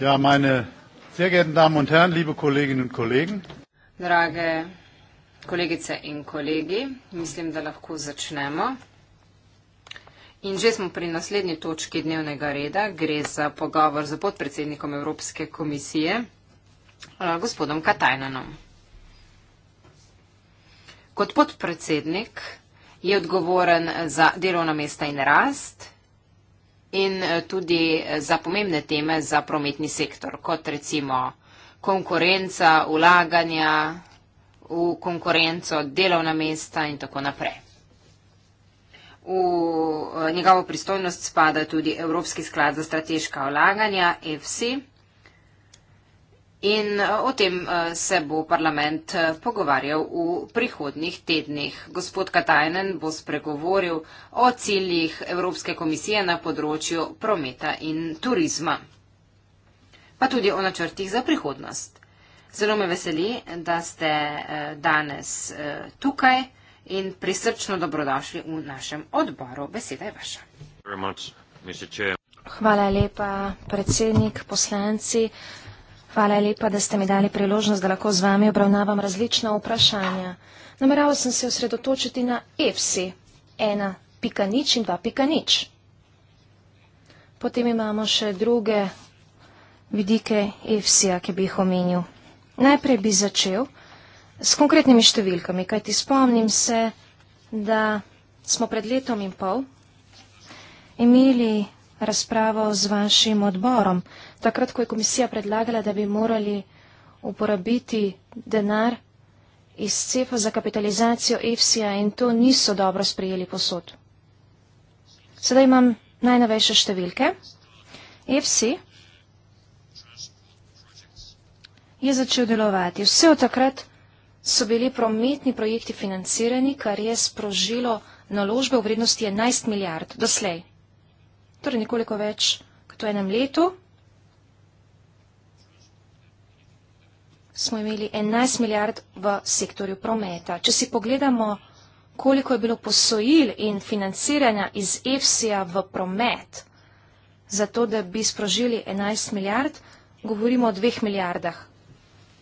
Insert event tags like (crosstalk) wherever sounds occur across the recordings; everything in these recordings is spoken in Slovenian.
Ja, meine sehr geehrten Damen und Herren, liebe Kolleginnen und Kollegen. Drage kolegice in kolegi, mislim, da lahko začnemo. In že smo pri naslednji točki dnevnega reda, gre za pogovor z podpredsednikom Evropske komisije, eh, gospodom Katajnanom. Kot podpredsednik je odgovoren za delovna mesta in rast, in eh, tudi eh, za pomembne teme za prometni sektor, kot recimo konkurenca, ulaganja v konkurenco, delovna mesta in tako naprej. V eh, njegovo pristojnost spada tudi Evropski sklad za strateška ulaganja, EFSI. In eh, o tem eh, se bo parlament eh, pogovarjal v prihodnih tednih. Gospod Katajnen bo spregovoril o ciljih Evropske komisije na področju prometa in turizma, pa tudi o načrtih za prihodnost. Zelo me veseli, da ste danes tukaj in prisrčno dobrodošli v našem odboru. Beseda je vaša. Hvala lepa, predsednik, poslanci. Hvala lepa, da ste mi dali priložnost, da lahko z vami obravnavam različna vprašanja. Nameraval sem se osredotočiti na EFSI. Ena pika nič in dva pika nič. Potem imamo še druge vidike EFSI-ja, ki bi jih omenil. Najprej bi začel s konkretnimi številkami, kaj ti spomnim se, da smo pred letom in pol imeli razpravo z vašim odborom, takrat, ko je komisija predlagala, da bi morali uporabiti denar iz CEPA za kapitalizacijo EFSI-ja in to niso dobro sprejeli posod. Sedaj imam najnovejše številke. EFSI je začel delovati. Vse od takrat so bili prometni projekti financirani, kar je sprožilo naložbe v vrednosti 11 milijard doslej. Torej nekoliko več kot v enem letu. smo imeli 11 milijard v sektorju prometa. Če si pogledamo, koliko je bilo posojil in financiranja iz EFSI-ja v promet, zato da bi sprožili 11 milijard, govorimo o 2 milijardah.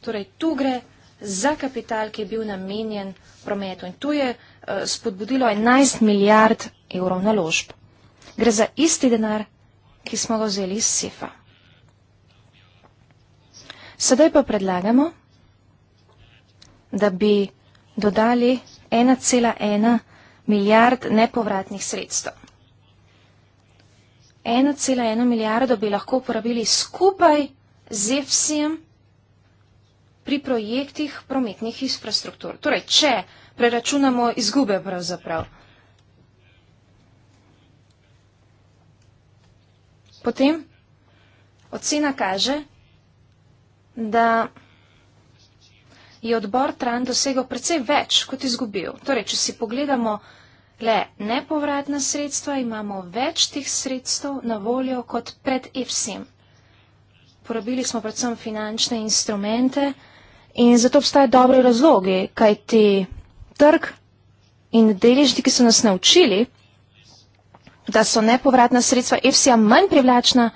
Torej, tu gre za kapital, ki je bil namenjen prometu in tu je uh, spodbudilo 11 milijard evrov naložb. Gre za isti denar, ki smo ga vzeli iz SEFA. Sedaj pa predlagamo, da bi dodali 1,1 milijard nepovratnih sredstev. 1,1 milijardo bi lahko uporabili skupaj z EFSI-jem pri projektih prometnih infrastruktur. Torej, če preračunamo izgube pravzaprav, potem ocena kaže, da je odbor Tran dosegal precej več kot izgubil. Torej, če si pogledamo le nepovratna sredstva, imamo več teh sredstev na voljo kot pred EFSIM. Porabili smo predvsem finančne instrumente in zato obstaja dobre razloge, kaj ti trg in deležniki, ki so nas naučili, da so nepovratna sredstva EFSIM manj privlačna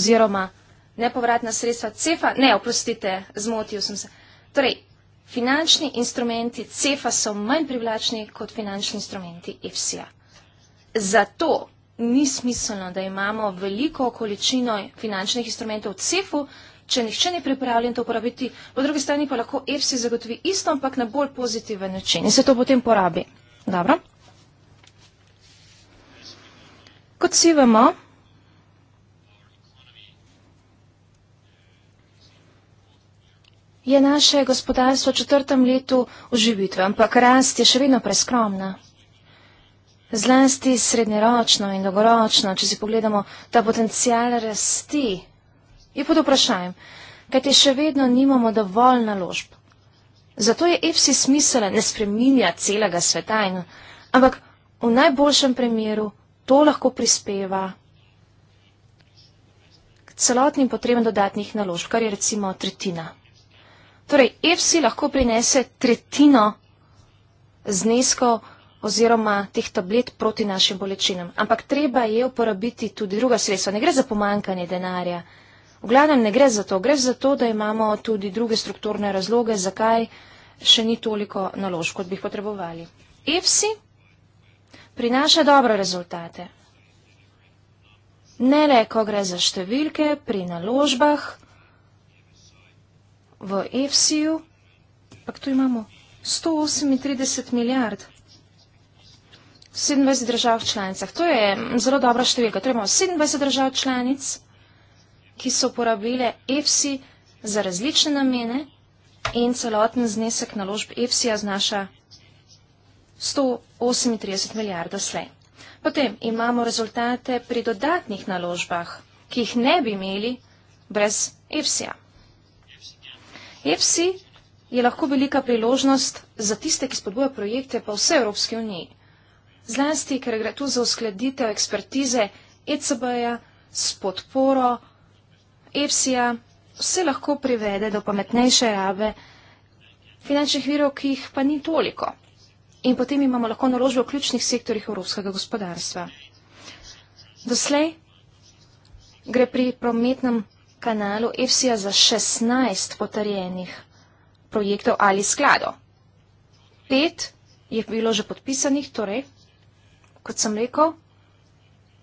oziroma nepovratna sredstva CEFA, ne, oprostite, zmotil sem se. Torej, finančni instrumenti CEFA so manj privlačni kot finančni instrumenti EFSI-a. Zato ni smiselno, da imamo veliko količino finančnih instrumentov v CEFU, če nihče ni pripravljen to uporabiti, po drugi strani pa lahko EFSI zagotovi isto, ampak na bolj pozitiven način in se to potem porabi. Dobro? Kot si vemo, je naše gospodarstvo v četrtem letu oživitve, ampak rast je še vedno preskromna. Zlasti srednjeročno in dolgoročno, če si pogledamo ta potencijal rasti, je pod vprašanjem, kaj te še vedno nimamo dovolj naložb. Zato je EFSI smisla ne spreminja celega sveta, in, ampak v najboljšem primeru to lahko prispeva k celotnim potrebam dodatnih naložb, kar je recimo tretjina. Torej, EFSI lahko prinese tretjino zneskov oziroma teh tablet proti našim bolečinam. Ampak treba je uporabiti tudi druga sredstva. Ne gre za pomankanje denarja. V glavnem ne gre za to. Gre za to, da imamo tudi druge strukturne razloge, zakaj še ni toliko naložb, kot bi potrebovali. EFSI prinaša dobre rezultate. Ne le, ko gre za številke pri naložbah v EFSI-ju, ampak tu imamo 138 milijard. 27 držav članicah. To je mm, zelo dobra številka. Torej imamo 27 držav članic, ki so uporabile EFSI za različne namene in celoten znesek naložb EFSI-ja znaša 138 milijard doslej. Potem imamo rezultate pri dodatnih naložbah, ki jih ne bi imeli brez EFSI-ja. EFSI je lahko velika priložnost za tiste, ki spodbujajo projekte po vsej Evropski uniji. Zlasti, ker gre tu za uskladitev ekspertize ECB-ja s podporo EFSI-ja, vse lahko privede do pametnejše rabe finančnih virov, ki jih pa ni toliko. In potem imamo lahko naložbe v ključnih sektorjih evropskega gospodarstva. Doslej gre pri prometnem kanalu EFSI-ja za 16 potrjenih projektov ali skladov. Pet je bilo že podpisanih, torej, kot sem rekel,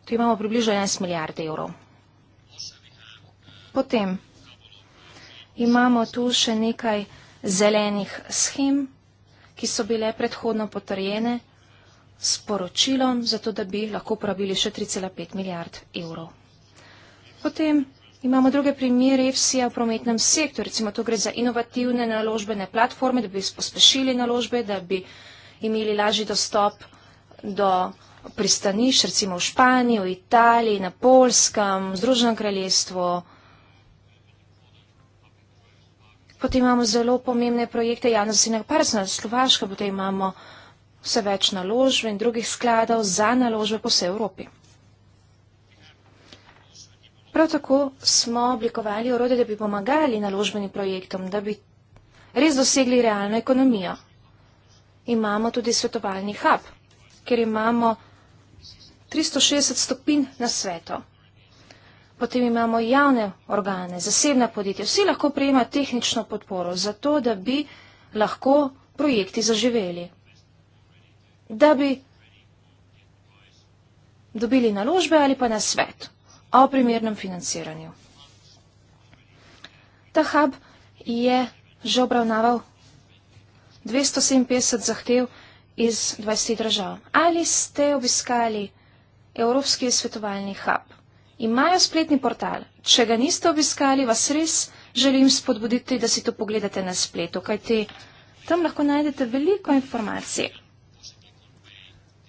tu imamo približno 11 milijard evrov. Potem imamo tu še nekaj zelenih schem, ki so bile predhodno potrjene s poročilom, zato da bi lahko uporabili še 3,5 milijard evrov. Potem Imamo druge primere FC-ja v prometnem sektorju, recimo to gre za inovativne naložbene platforme, da bi pospešili naložbe, da bi imeli lažji dostop do pristaniš, recimo v Španiji, v Italiji, na Polskem, v Združenem kraljestvu. Potem imamo zelo pomembne projekte javnosti in parcna Slovaška, potem imamo vse več naložbe in drugih skladov za naložbe po vsej Evropi. Prav tako smo oblikovali orode, da bi pomagali naložbenim projektom, da bi res dosegli realno ekonomijo. Imamo tudi svetovalni hub, ker imamo 360 stopinj na svetu. Potem imamo javne organe, zasebna podjetja. Vsi lahko prejemajo tehnično podporo za to, da bi lahko projekti zaživeli. Da bi dobili naložbe ali pa na svetu o primernem financiranju. Ta hub je že obravnaval 257 zahtev iz 20 držav. Ali ste obiskali Evropski svetovalni hub? Imajo spletni portal. Če ga niste obiskali, vas res želim spodbuditi, da si to pogledate na spletu, kajti tam lahko najdete veliko informacij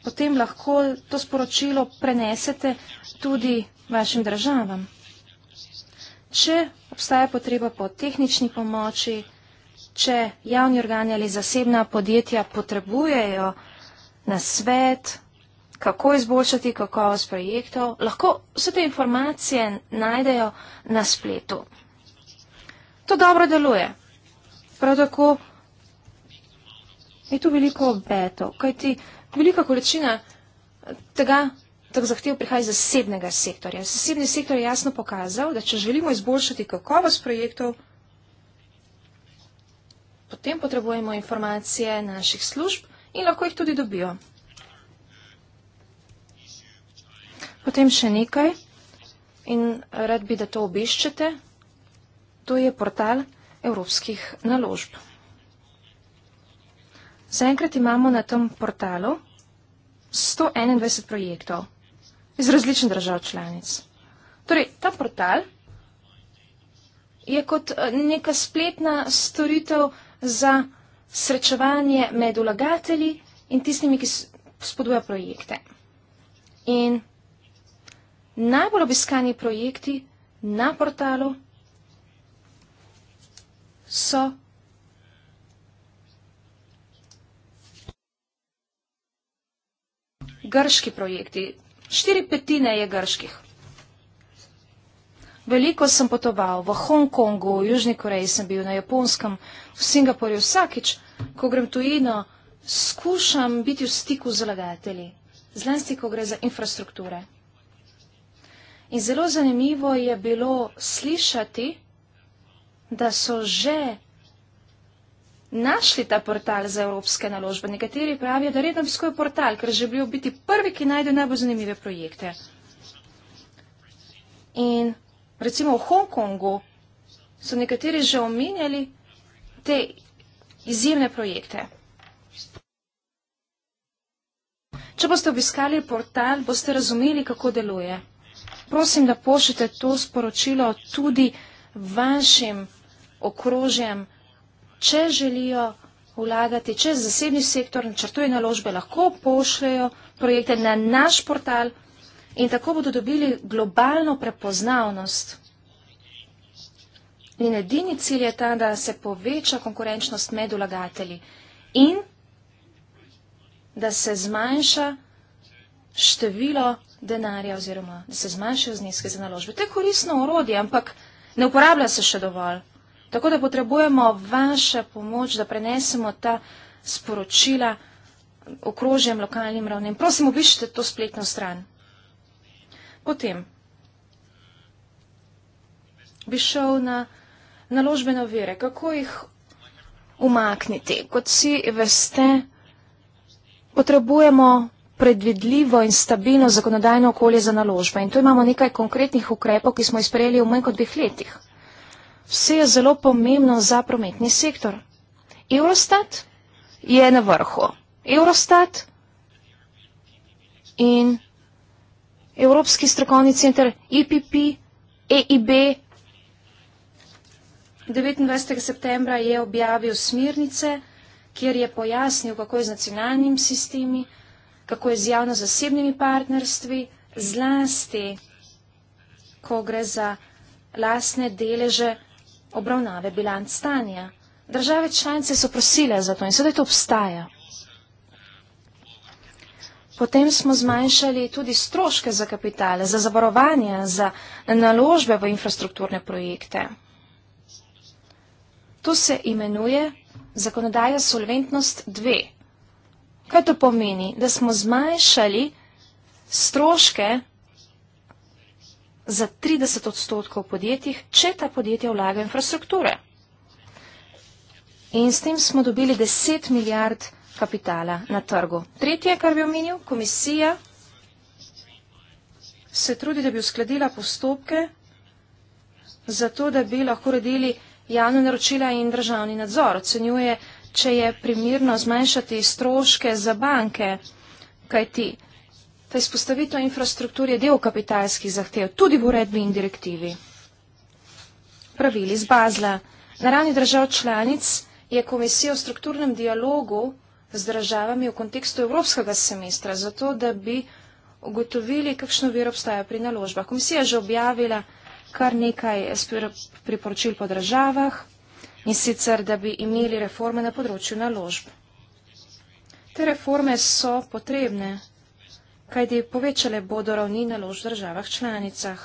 potem lahko to sporočilo prenesete tudi vašim državam. Če obstaja potreba po tehnični pomoči, če javni organi ali zasebna podjetja potrebujejo na svet, kako izboljšati kakovost projektov, lahko vse te informacije najdejo na spletu. To dobro deluje. Prav tako je tu veliko obetov, kajti Velika količina eh, tega tak zahtev prihaja iz zasebnega sektorja. Zasebni sektor je jasno pokazal, da če želimo izboljšati kakovost projektov, potem potrebujemo informacije naših služb in lahko jih tudi dobijo. Potem še nekaj in rad bi, da to obiščete. To je portal evropskih naložb. Zaenkrat imamo na tem portalu 121 projektov iz različnih držav članic. Torej, ta portal je kot eh, neka spletna storitev za srečevanje med vlagatelji in tistimi, ki spodbuja projekte. In najbolj obiskani projekti na portalu so grški projekti. Štiri petine je grških. Veliko sem potoval v Hongkongu, v Južni Koreji sem bil, na Japonskem, v Singapurju. Vsakič, ko grem tujino, skušam biti v stiku z lagateli. Zlasti, ko gre za infrastrukture. In zelo zanimivo je bilo slišati, da so že našli ta portal za evropske naložbe. Nekateri pravijo, da redno obiskujejo portal, ker želijo biti prvi, ki najdejo najbolj zanimive projekte. In recimo v Hongkongu so nekateri že omenjali te izjemne projekte. Če boste obiskali portal, boste razumeli, kako deluje. Prosim, da pošljete to sporočilo tudi vašim okrožjem, če želijo vlagati, če zasebni sektor načrtuje naložbe, lahko pošljajo projekte na naš portal in tako bodo dobili globalno prepoznavnost. In edini cilj je ta, da se poveča konkurenčnost med vlagatelji in da se zmanjša število denarja oziroma da se zmanjšajo zneske za naložbe. To je koristno orodje, ampak ne uporablja se še dovolj. Tako da potrebujemo vaša pomoč, da prenesemo ta sporočila okrožjem lokalnim ravnem. Prosim, obišite to spletno stran. Potem bi šel na naložbene vire. Kako jih umakniti? Kot vsi veste, potrebujemo predvidljivo in stabilno zakonodajno okolje za naložbe. In tu imamo nekaj konkretnih ukrepov, ki smo izprejeli v manj kot dveh letih vse je zelo pomembno za prometni sektor. Eurostat je na vrhu. Eurostat in Evropski strokovni center EPP, EIB 29. septembra je objavil smirnice, kjer je pojasnil, kako je z nacionalnim sistemi, kako je z javno-zasebnimi partnerstvi, zlasti, ko gre za lasne deleže obravnave bilanc stanja. Države članice so prosile za to in sedaj to obstaja. Potem smo zmanjšali tudi stroške za kapital, za zavarovanje, za naložbe v infrastrukturne projekte. To se imenuje zakonodaja solventnost 2. Kaj to pomeni? Da smo zmanjšali stroške za 30 odstotkov podjetij, če ta podjetja vlaga infrastrukture. In s tem smo dobili 10 milijard kapitala na trgu. Tretje, kar bi omenil, komisija se trudi, da bi uskladila postopke za to, da bi lahko redili javne naročila in državni nadzor. Ocenjuje, če je primirno zmanjšati stroške za banke, kajti da izpostavitev infrastrukture je del kapitalskih zahtev, tudi v uredbi in direktivi. Pravili iz Bazla. Na ravni držav članic je komisija v strukturnem dialogu z državami v kontekstu evropskega semestra, zato da bi ugotovili, kakšno vir obstaja pri naložbah. Komisija je že objavila kar nekaj priporočil po državah in sicer, da bi imeli reforme na področju naložb. Te reforme so potrebne, kajti povečale bodo ravni nalož v državah članicah.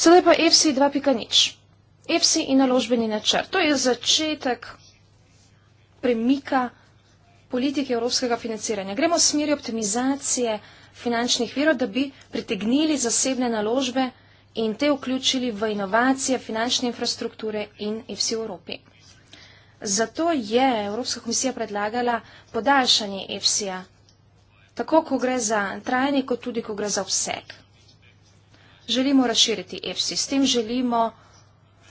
Sedaj pa EFSI 2.0. EFSI in naložbeni načrt. To je začetek premika politike evropskega financiranja. Gremo v smeri optimizacije finančnih virov, da bi pritegnili zasebne naložbe in te vključili v inovacije finančne infrastrukture in EFSI v Evropi. Zato je Evropska komisija predlagala podaljšanje EFSI-ja, tako ko gre za trajni, kot tudi ko gre za vseg. Želimo razširiti EFSI, s tem želimo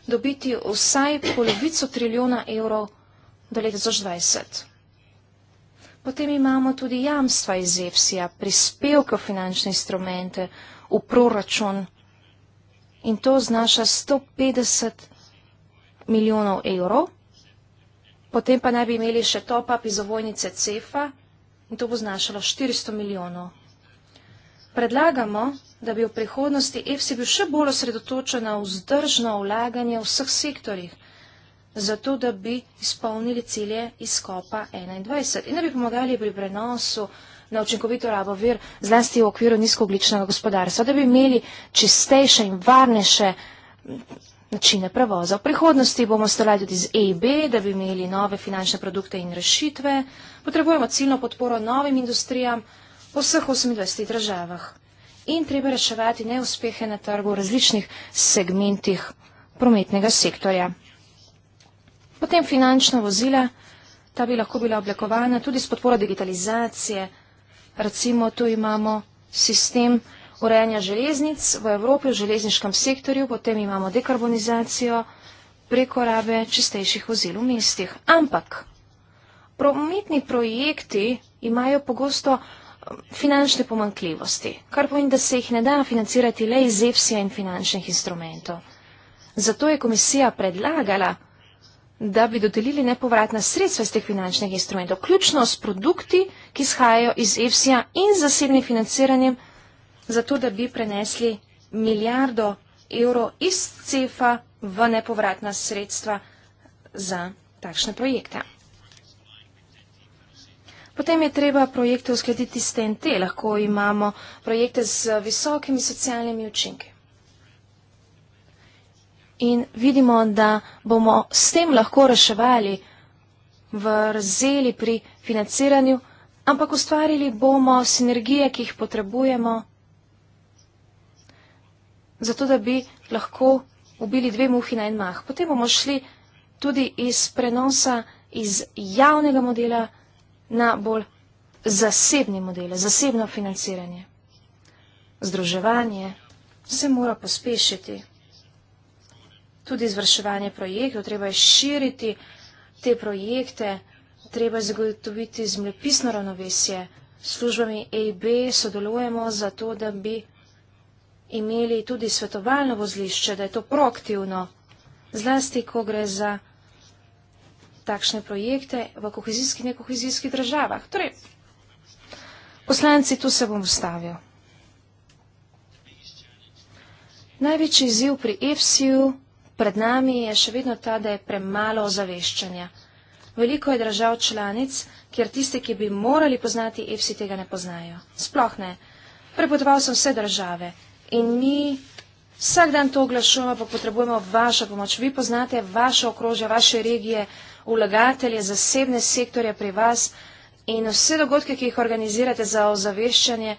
dobiti vsaj polovico trilijona evrov do leta 2020. Potem imamo tudi jamstva iz EFSI-ja, prispevke v finančne instrumente, v proračun in to znaša 150 milijonov evrov Potem pa naj bi imeli še top-up iz ovojnice CEFA in to bo znašalo 400 milijonov. Predlagamo, da bi v prihodnosti EFSI bil še bolj osredotočen na vzdržno vlaganje v vseh sektorjih, zato da bi izpolnili cilje izkopa 21 in da bi pomagali pri prenosu na učinkovito rabo vir, zlasti v okviru nizkogličnega gospodarstva, da bi imeli čistejše in varnejše načine prevoza. V prihodnosti bomo stavljali tudi z EIB, da bi imeli nove finančne produkte in rešitve. Potrebujemo ciljno podporo novim industrijam po vseh 28 državah. In treba reševati neuspehe na trgu v različnih segmentih prometnega sektorja. Potem finančna vozila, ta bi lahko bila oblikovana tudi s podporo digitalizacije. Recimo tu imamo sistem, urejanja železnic v Evropi v železniškem sektorju, potem imamo dekarbonizacijo preko rabe čistejših vozil v mestih. Ampak prometni projekti imajo pogosto eh, finančne pomankljivosti, kar pomeni, da se jih ne da financirati le iz EFSI-ja in finančnih instrumentov. Zato je komisija predlagala, da bi dodelili nepovratna sredstva iz teh finančnih instrumentov, ključno s produkti, ki izhajajo iz EFSI-ja in zasebnim financiranjem zato da bi prenesli milijardo evrov iz CEFA v nepovratna sredstva za takšne projekte. Potem je treba projekte uskladiti s TNT, lahko imamo projekte z visokimi socialnimi učinki. In vidimo, da bomo s tem lahko reševali v razeli pri financiranju, ampak ustvarili bomo sinergije, ki jih potrebujemo zato da bi lahko ubili dve muhi na en mah. Potem bomo šli tudi iz prenosa iz javnega modela na bolj zasebni model, zasebno financiranje. Združevanje se mora pospešiti. Tudi izvrševanje projektov, treba je širiti te projekte, treba je zagotoviti zmlepisno ravnovesje. S službami EIB sodelujemo zato, da bi imeli tudi svetovalno vozlišče, da je to proaktivno, zlasti, ko gre za takšne projekte v kohezijskih in nekohezijskih državah. Torej, poslanci, tu se bom ustavil. Največji izziv pri EFSI-ju pred nami je še vedno ta, da je premalo ozaveščanja. Veliko je držav članic, kjer tisti, ki bi morali poznati EFSI, tega ne poznajo. Sploh ne. Prepotoval sem vse države in mi vsak dan to oglašujemo, pa potrebujemo vašo pomoč. Vi poznate vaše okrožje, vaše regije, vlagatelje, zasebne sektorje pri vas in vse dogodke, ki jih organizirate za ozaveščanje,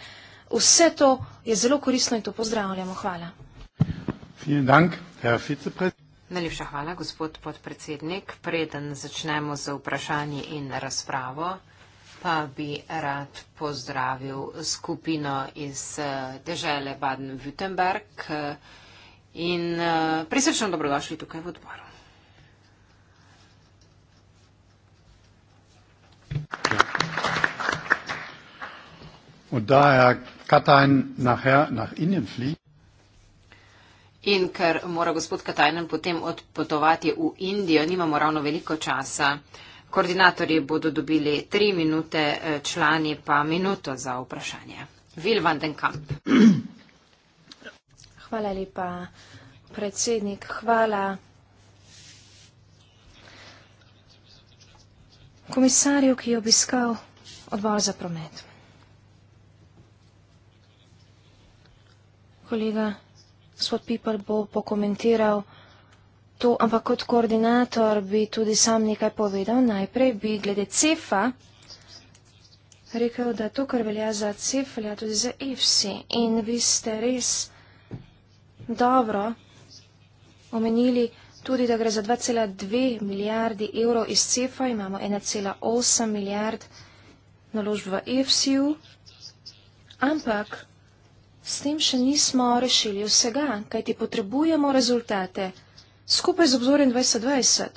vse to je zelo koristno in to pozdravljamo. Hvala. Najlepša hvala, gospod podpredsednik. Preden začnemo z vprašanji in razpravo, pa bi rad pozdravil skupino iz eh, dežele Baden-Württemberg eh, in eh, prisrčno dobrodošli tukaj v odboru. Ja. In ker mora gospod Katajnen potem odpotovati v Indijo, nimamo ravno veliko časa. Uh, Koordinatorji bodo dobili tri minute, eh, člani pa minuto za vprašanje. Vil van den Kamp. (clears throat) Hvala lepa, predsednik. Hvala. Komisarju, ki je obiskal odbor za promet. Kolega, gospod Piper bo pokomentiral to, ampak kot koordinator bi tudi sam nekaj povedal. Najprej bi glede CEFA rekel, da to, kar velja za CEF, velja tudi za EFSI. In vi ste res dobro omenili tudi, da gre za 2,2 milijardi evrov iz CEFA, imamo 1,8 milijard naložb v EFSI-u, ampak s tem še nismo rešili vsega, kajti potrebujemo rezultate. Skupaj z obzorjem 2020,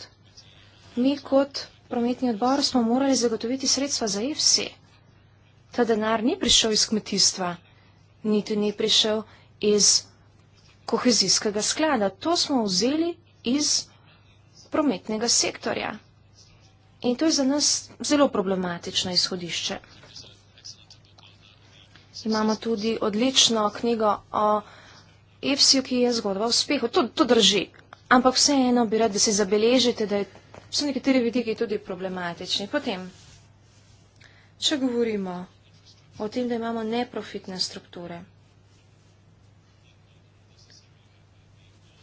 mi kot prometni odbor smo morali zagotoviti sredstva za EFSI. E. Ta denar ni prišel iz kmetijstva, niti ni prišel iz kohezijskega sklada. To smo vzeli iz prometnega sektorja. In to je za nas zelo problematično izhodišče. Imamo tudi odlično knjigo o EFSI-ju, ki je zgodba uspehu. To, to drži, Ampak vseeno bi rad, da si zabeležite, da so nekateri vidiki tudi problematični. Potem, če govorimo o tem, da imamo neprofitne strukture,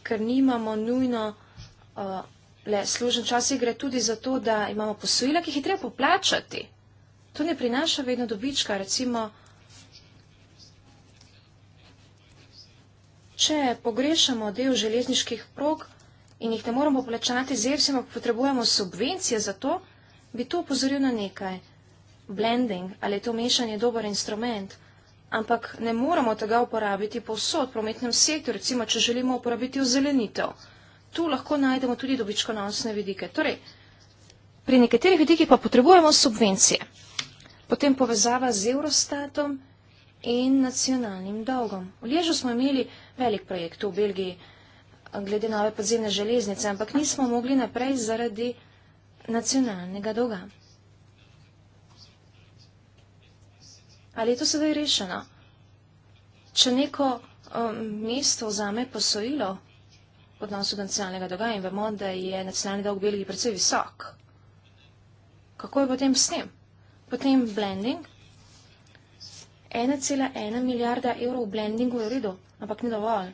ker nimamo nujno uh, le služen čas, gre tudi za to, da imamo posojila, ki jih je treba poplačati. To ne prinaša vedno dobička, recimo. če pogrešamo del železniških prog in jih ne moremo plačati z EFSI, ampak potrebujemo subvencije za to, bi to upozoril na nekaj. Blending ali je to mešanje dober instrument, ampak ne moramo tega uporabiti povsod v prometnem sektorju, recimo, če želimo uporabiti ozelenitev. Tu lahko najdemo tudi dobičkonosne vidike. Torej, pri nekaterih vidikih pa potrebujemo subvencije. Potem povezava z Eurostatom in nacionalnim dolgom. V Ležu smo imeli velik projekt v Belgiji glede nove podzemne železnice, ampak nismo mogli naprej zaradi nacionalnega dolga. Ali je to sedaj rešeno? Če neko um, mesto vzame posojilo v odnosu do nacionalnega dolga in vemo, da je nacionalni dolg v Belgiji precej visok, kako je potem s tem? Potem blending, 1,1 milijarda evrov v blendingu je v redu, ampak ni dovolj.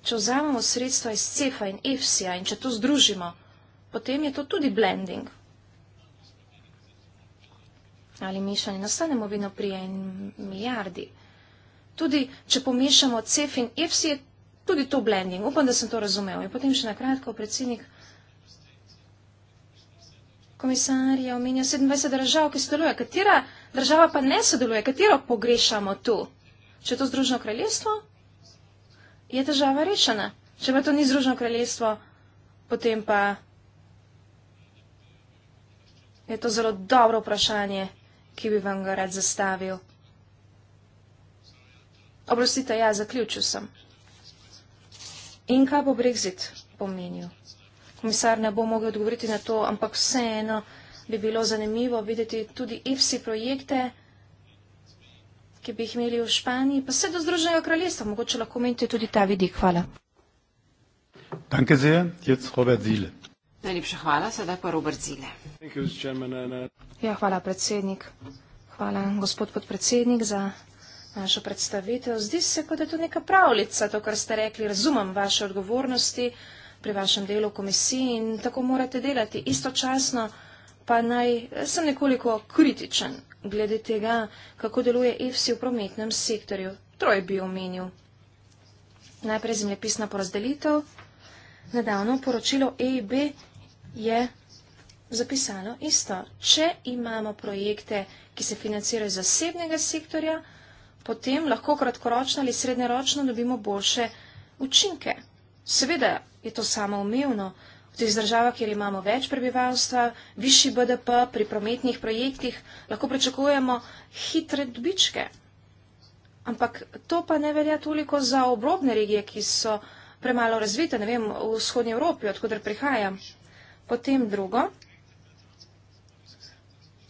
Če vzamemo sredstva iz CEFA in EFSI-ja in če to združimo, potem je to tudi blending. Ali mišanje nastanemo vino pri 1 milijardi. Tudi, če pomešamo CEFA in EFSI, je tudi to blending. Upam, da sem to razumel. In potem še nakratko, predsednik komisarja omenja 27 držav, ki sodelujejo. Katera država pa ne sodeluje? Katero pogrešamo tu? Če je to Združeno kraljestvo, je težava rešena. Če pa to ni Združeno kraljestvo, potem pa je to zelo dobro vprašanje, ki bi vam ga rad zastavil. Oprostite, ja, zaključil sem. In kaj bo Brexit pomenil? komisar ne bo mogel odgovoriti na to, ampak vseeno bi bilo zanimivo videti tudi IFSI projekte, ki bi jih imeli v Španiji, pa vse do Združenega kraljestva. Mogoče lahko omenite tudi ta vidik. Hvala. Danke sehr, jetzt Robert Ziele. Najlepša hvala, sedaj pa Robert Ziele. Uh, ja, hvala, predsednik. Hvala, gospod podpredsednik, za našo predstavitev. Zdi se, kot da je to neka pravljica, to, kar ste rekli. Razumem vaše odgovornosti pri vašem delu v komisiji in tako morate delati. Istočasno pa naj eh, sem nekoliko kritičen glede tega, kako deluje EFSI v prometnem sektorju. Troj bi omenil. Najprej zemljepisna porazdelitev. Nedavno poročilo EIB je zapisalo isto. Če imamo projekte, ki se financirajo zasebnega sektorja, potem lahko kratkoročno ali srednjeročno dobimo boljše učinke. Seveda je to samoumevno. V teh državah, kjer imamo več prebivalstva, višji BDP pri prometnih projektih, lahko pričakujemo hitre dobičke. Ampak to pa ne velja toliko za obrobne regije, ki so premalo razvite, ne vem, v vzhodnji Evropi, odkudar prihajam. Potem drugo,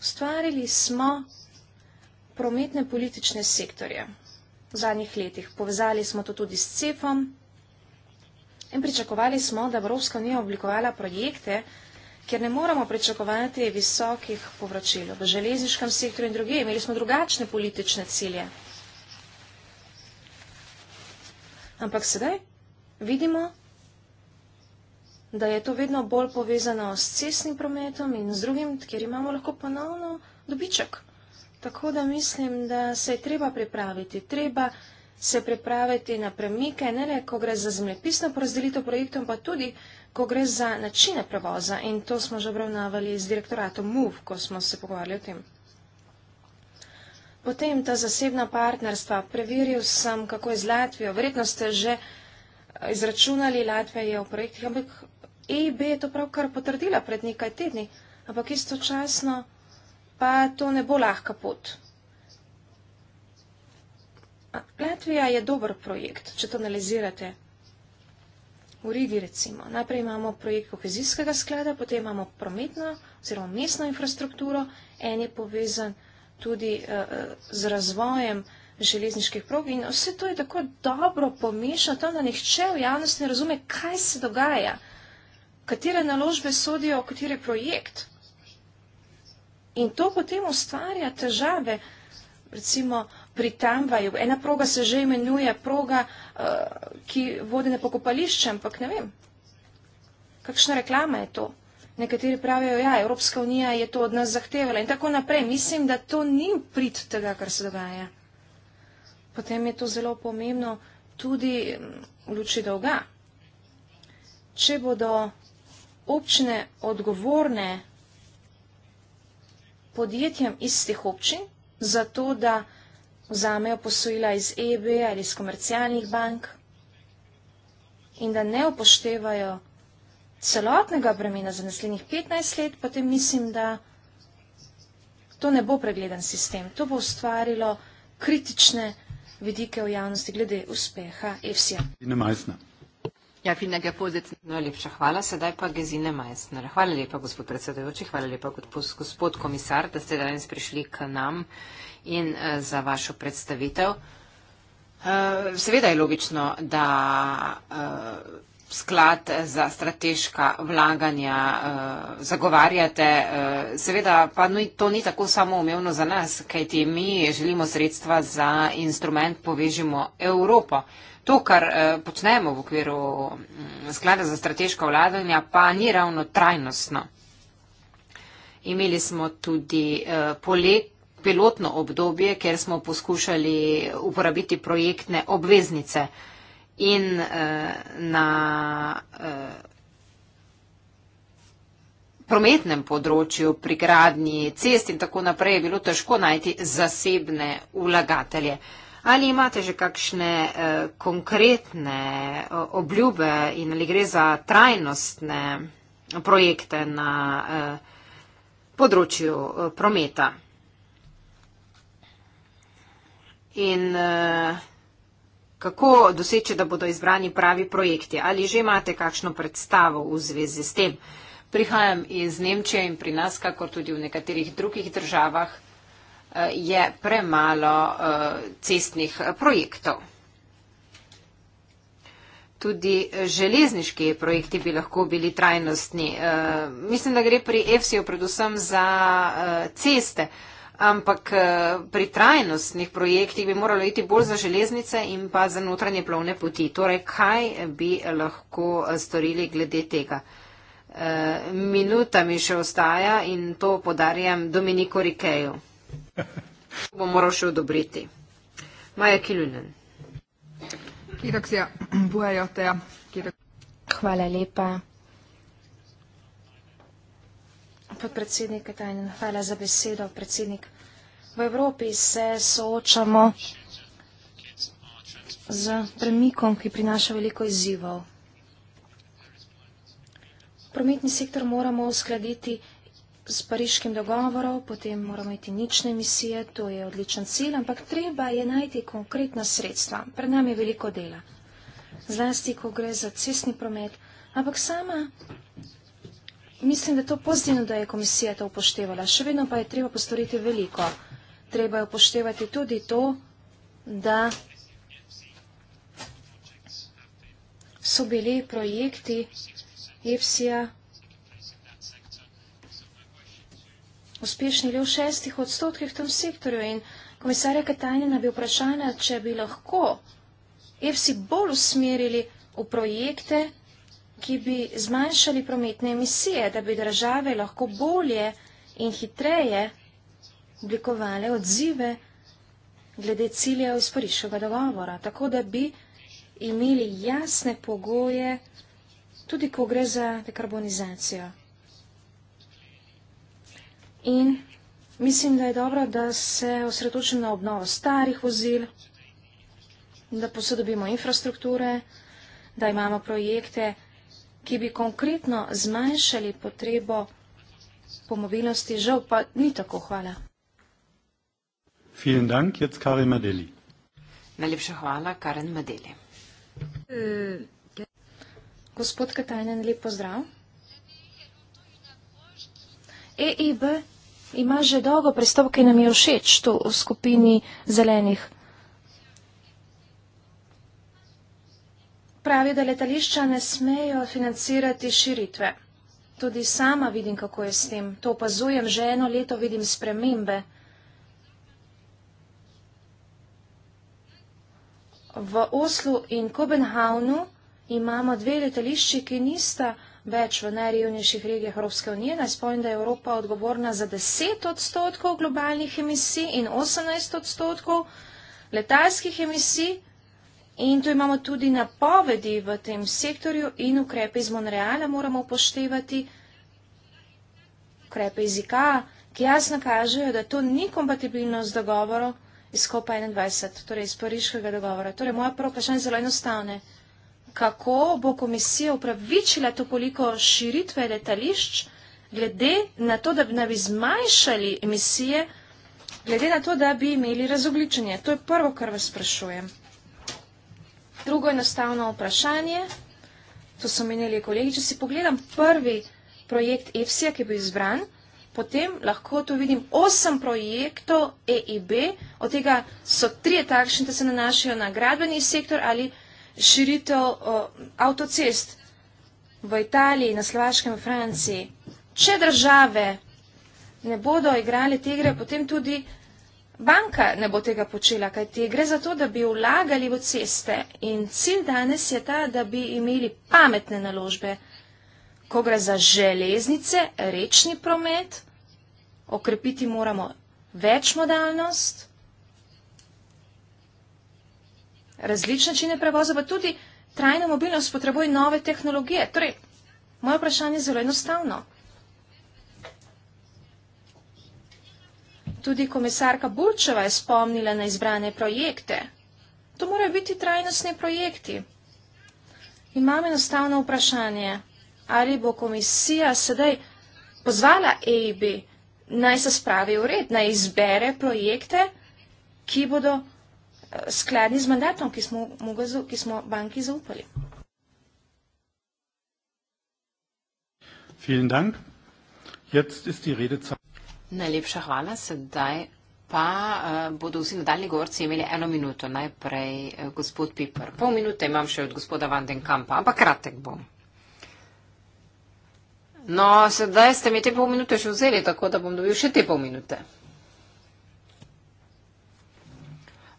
ustvarili smo prometne politične sektorje v zadnjih letih. Povezali smo to tudi s CEF-om, In pričakovali smo, da Evropska unija oblikovala projekte, kjer ne moremo pričakovati visokih povračil v železniškem sektorju in druge. Imeli smo drugačne politične cilje. Ampak sedaj vidimo, da je to vedno bolj povezano s cestnim prometom in z drugim, kjer imamo lahko ponovno dobiček. Tako da mislim, da se je treba pripraviti, treba pripraviti se pripraviti na premike, ne le, ko gre za zemljepisno porazdelitev projektov, pa tudi, ko gre za načine prevoza. In to smo že obravnavali z direktoratom MUV, ko smo se pogovarjali o tem. Potem ta zasebna partnerstva. Preveril sem, kako je z Latvijo. Verjetno ste že eh, izračunali, Latvija je v projektih, ampak EIB je to pravkar potrdila pred nekaj tedni, ampak istočasno pa to ne bo lahka pot. Latvija je dober projekt, če to analizirate. V Rigi recimo. Najprej imamo projekt kohezijskega sklada, potem imamo prometno oziroma mestno infrastrukturo. En je povezan tudi uh, z razvojem železniških prog in vse to je tako dobro pomešano, tam, da nihče v javnosti ne razume, kaj se dogaja, katere naložbe sodijo, kateri projekt. In to potem ustvarja težave. Recimo, uh, pri tramvaju. Ena proga se že imenuje proga, eh, ki vodi na pokopališče, ampak ne vem, kakšna reklama je to. Nekateri pravijo, ja, Evropska unija je to od nas zahtevala in tako naprej. Mislim, da to ni prid tega, kar se dogaja. Potem je to zelo pomembno tudi mm, v luči dolga. Če bodo občine odgovorne podjetjem istih občin za to, da vzamejo posojila iz EB ali iz komercialnih bank in da ne upoštevajo celotnega bremena za naslednjih 15 let, potem mislim, da to ne bo pregleden sistem. To bo ustvarilo kritične vidike v javnosti glede uspeha EFSI-ja. Gezine Majsner. Ja, fina ga pozitivno, najlepša hvala. Sedaj pa Gezine Majsner. Hvala lepa, gospod predsedujoči, hvala lepa, gospod komisar, da ste danes prišli k nam in eh, za vašo predstavitev. Eh, seveda je logično, da eh, sklad za strateška vlaganja zagovarjate. Seveda pa to ni tako samoumevno za nas, kajti mi želimo sredstva za instrument Povežimo Evropo. To, kar počnemo v okviru mm, sklada za strateška vladanja, pa ni ravno trajnostno. Imeli smo tudi poletje pilotno obdobje, kjer smo poskušali uporabiti projektne obveznice in eh, na eh, prometnem področju pri gradnji cest in tako naprej je bilo težko najti zasebne vlagatelje. Ali imate že kakšne eh, konkretne eh, obljube in ali gre za trajnostne projekte na eh, področju eh, prometa? in eh, kako doseči, da bodo izbrani pravi projekti. Ali že imate kakšno predstavo v zvezi s tem? Prihajam iz Nemčije in pri nas, kako tudi v nekaterih drugih državah, eh, je premalo eh, cestnih projektov. Tudi železniški projekti bi lahko bili trajnostni. Mislim, da gre pri EFSI-u predvsem za ceste ampak eh, pri trajnostnih projektih bi moralo iti bolj za železnice in pa za notranje plovne poti. Torej, kaj bi lahko eh, storili glede tega? Eh, minuta mi še ostaja in to podarjam Dominiko Rikeju. To (laughs) bom moral še odobriti. Maja Kilunen. Hvala lepa. podpredsednik Katajnen, hvala za besedo, predsednik. V Evropi se soočamo z premikom, ki prinaša veliko izzivov. Prometni sektor moramo uskladiti s pariškim dogovorom, potem moramo imeti nične emisije, to je odličen cilj, ampak treba je najti konkretna sredstva. Pred nami je veliko dela, zlasti, ko gre za cestni promet, ampak sama Mislim, da je to pozitivno, da je komisija to upoštevala. Še vedno pa je treba postoriti veliko. Treba je upoštevati tudi to, da so bili projekti EFSI-ja uspešni le v šestih odstotkih v tem sektorju. In komisarja Katajnina bi vprašala, če bi lahko EFSI bolj usmerili v projekte, ki bi zmanjšali prometne emisije, da bi države lahko bolje in hitreje oblikovale odzive glede ciljev iz Parišega dogovora, tako da bi imeli jasne pogoje, tudi ko gre za dekarbonizacijo. In mislim, da je dobro, da se osredotočim na obnovo starih vozil, da posodobimo infrastrukture, da imamo projekte, ki bi konkretno zmanjšali potrebo po mobilnosti, žal pa ni tako. Hvala. Dank, Najlepša hvala, Karen Madeli. Gospod Katajnen, lep pozdrav. EIB ima že dolgo prestopke, nam je všeč tu v skupini zelenih. Pravi, da letališča ne smejo financirati širitve. Tudi sama vidim, kako je s tem. To opazujem že eno leto, vidim spremembe. V Oslu in Kopenhavnu imamo dve letališči, ki nista več v najrevnejših regijah Evropske unije. Naj spomnim, da je Evropa odgovorna za 10 odstotkov globalnih emisij in 18 odstotkov letalskih emisij. In tu imamo tudi napovedi v tem sektorju in ukrepe iz Monreala moramo upoštevati, ukrepe iz IKA, ki jasno kažejo, da to ni kompatibilno z dogovorom iz COP21, torej iz pariškega dogovora. Torej, moja prva vprašanja je zelo enostavna. Kako bo komisija upravičila to koliko širitve letališč, glede na to, da bi nam zmanjšali emisije, glede na to, da bi imeli razogličenje? To je prvo, kar vas sprašujem. Drugo enostavno vprašanje, to so menili kolegi, če si pogledam prvi projekt EFSI-ja, ki je bil izbran, potem lahko tu vidim osem projektov EIB, od tega so tri takšni, da se nanašajo na gradbeni sektor ali širitev avtocest v Italiji, na Slovaškem, v Franciji. Če države ne bodo igrali te igre, potem tudi Banka ne bo tega počela, kajti gre za to, da bi vlagali v ceste in cilj danes je ta, da bi imeli pametne naložbe, ko gre za železnice, rečni promet, okrepiti moramo večmodalnost, različne čine prevoza, pa tudi trajna mobilnost potrebuje nove tehnologije. Torej, moje vprašanje je zelo enostavno. Tudi komisarka Bulčeva je spomnila na izbrane projekte. To morajo biti trajnostni projekti. Imam enostavno vprašanje, ali bo komisija sedaj pozvala EIB, naj se spravi v red, naj izbere projekte, ki bodo eh, skladni z mandatom, ki smo, ki smo banki zaupali. Vielen Dank. Jetzt ist die Redezeit. Najlepša hvala. Sedaj pa uh, bodo vsi nadaljni govorci imeli eno minuto. Najprej uh, gospod Piper. Pol minute imam še od gospoda Vandenkampa, ampak kratek bom. No, sedaj ste mi te pol minute še vzeli, tako da bom dobil še te pol minute.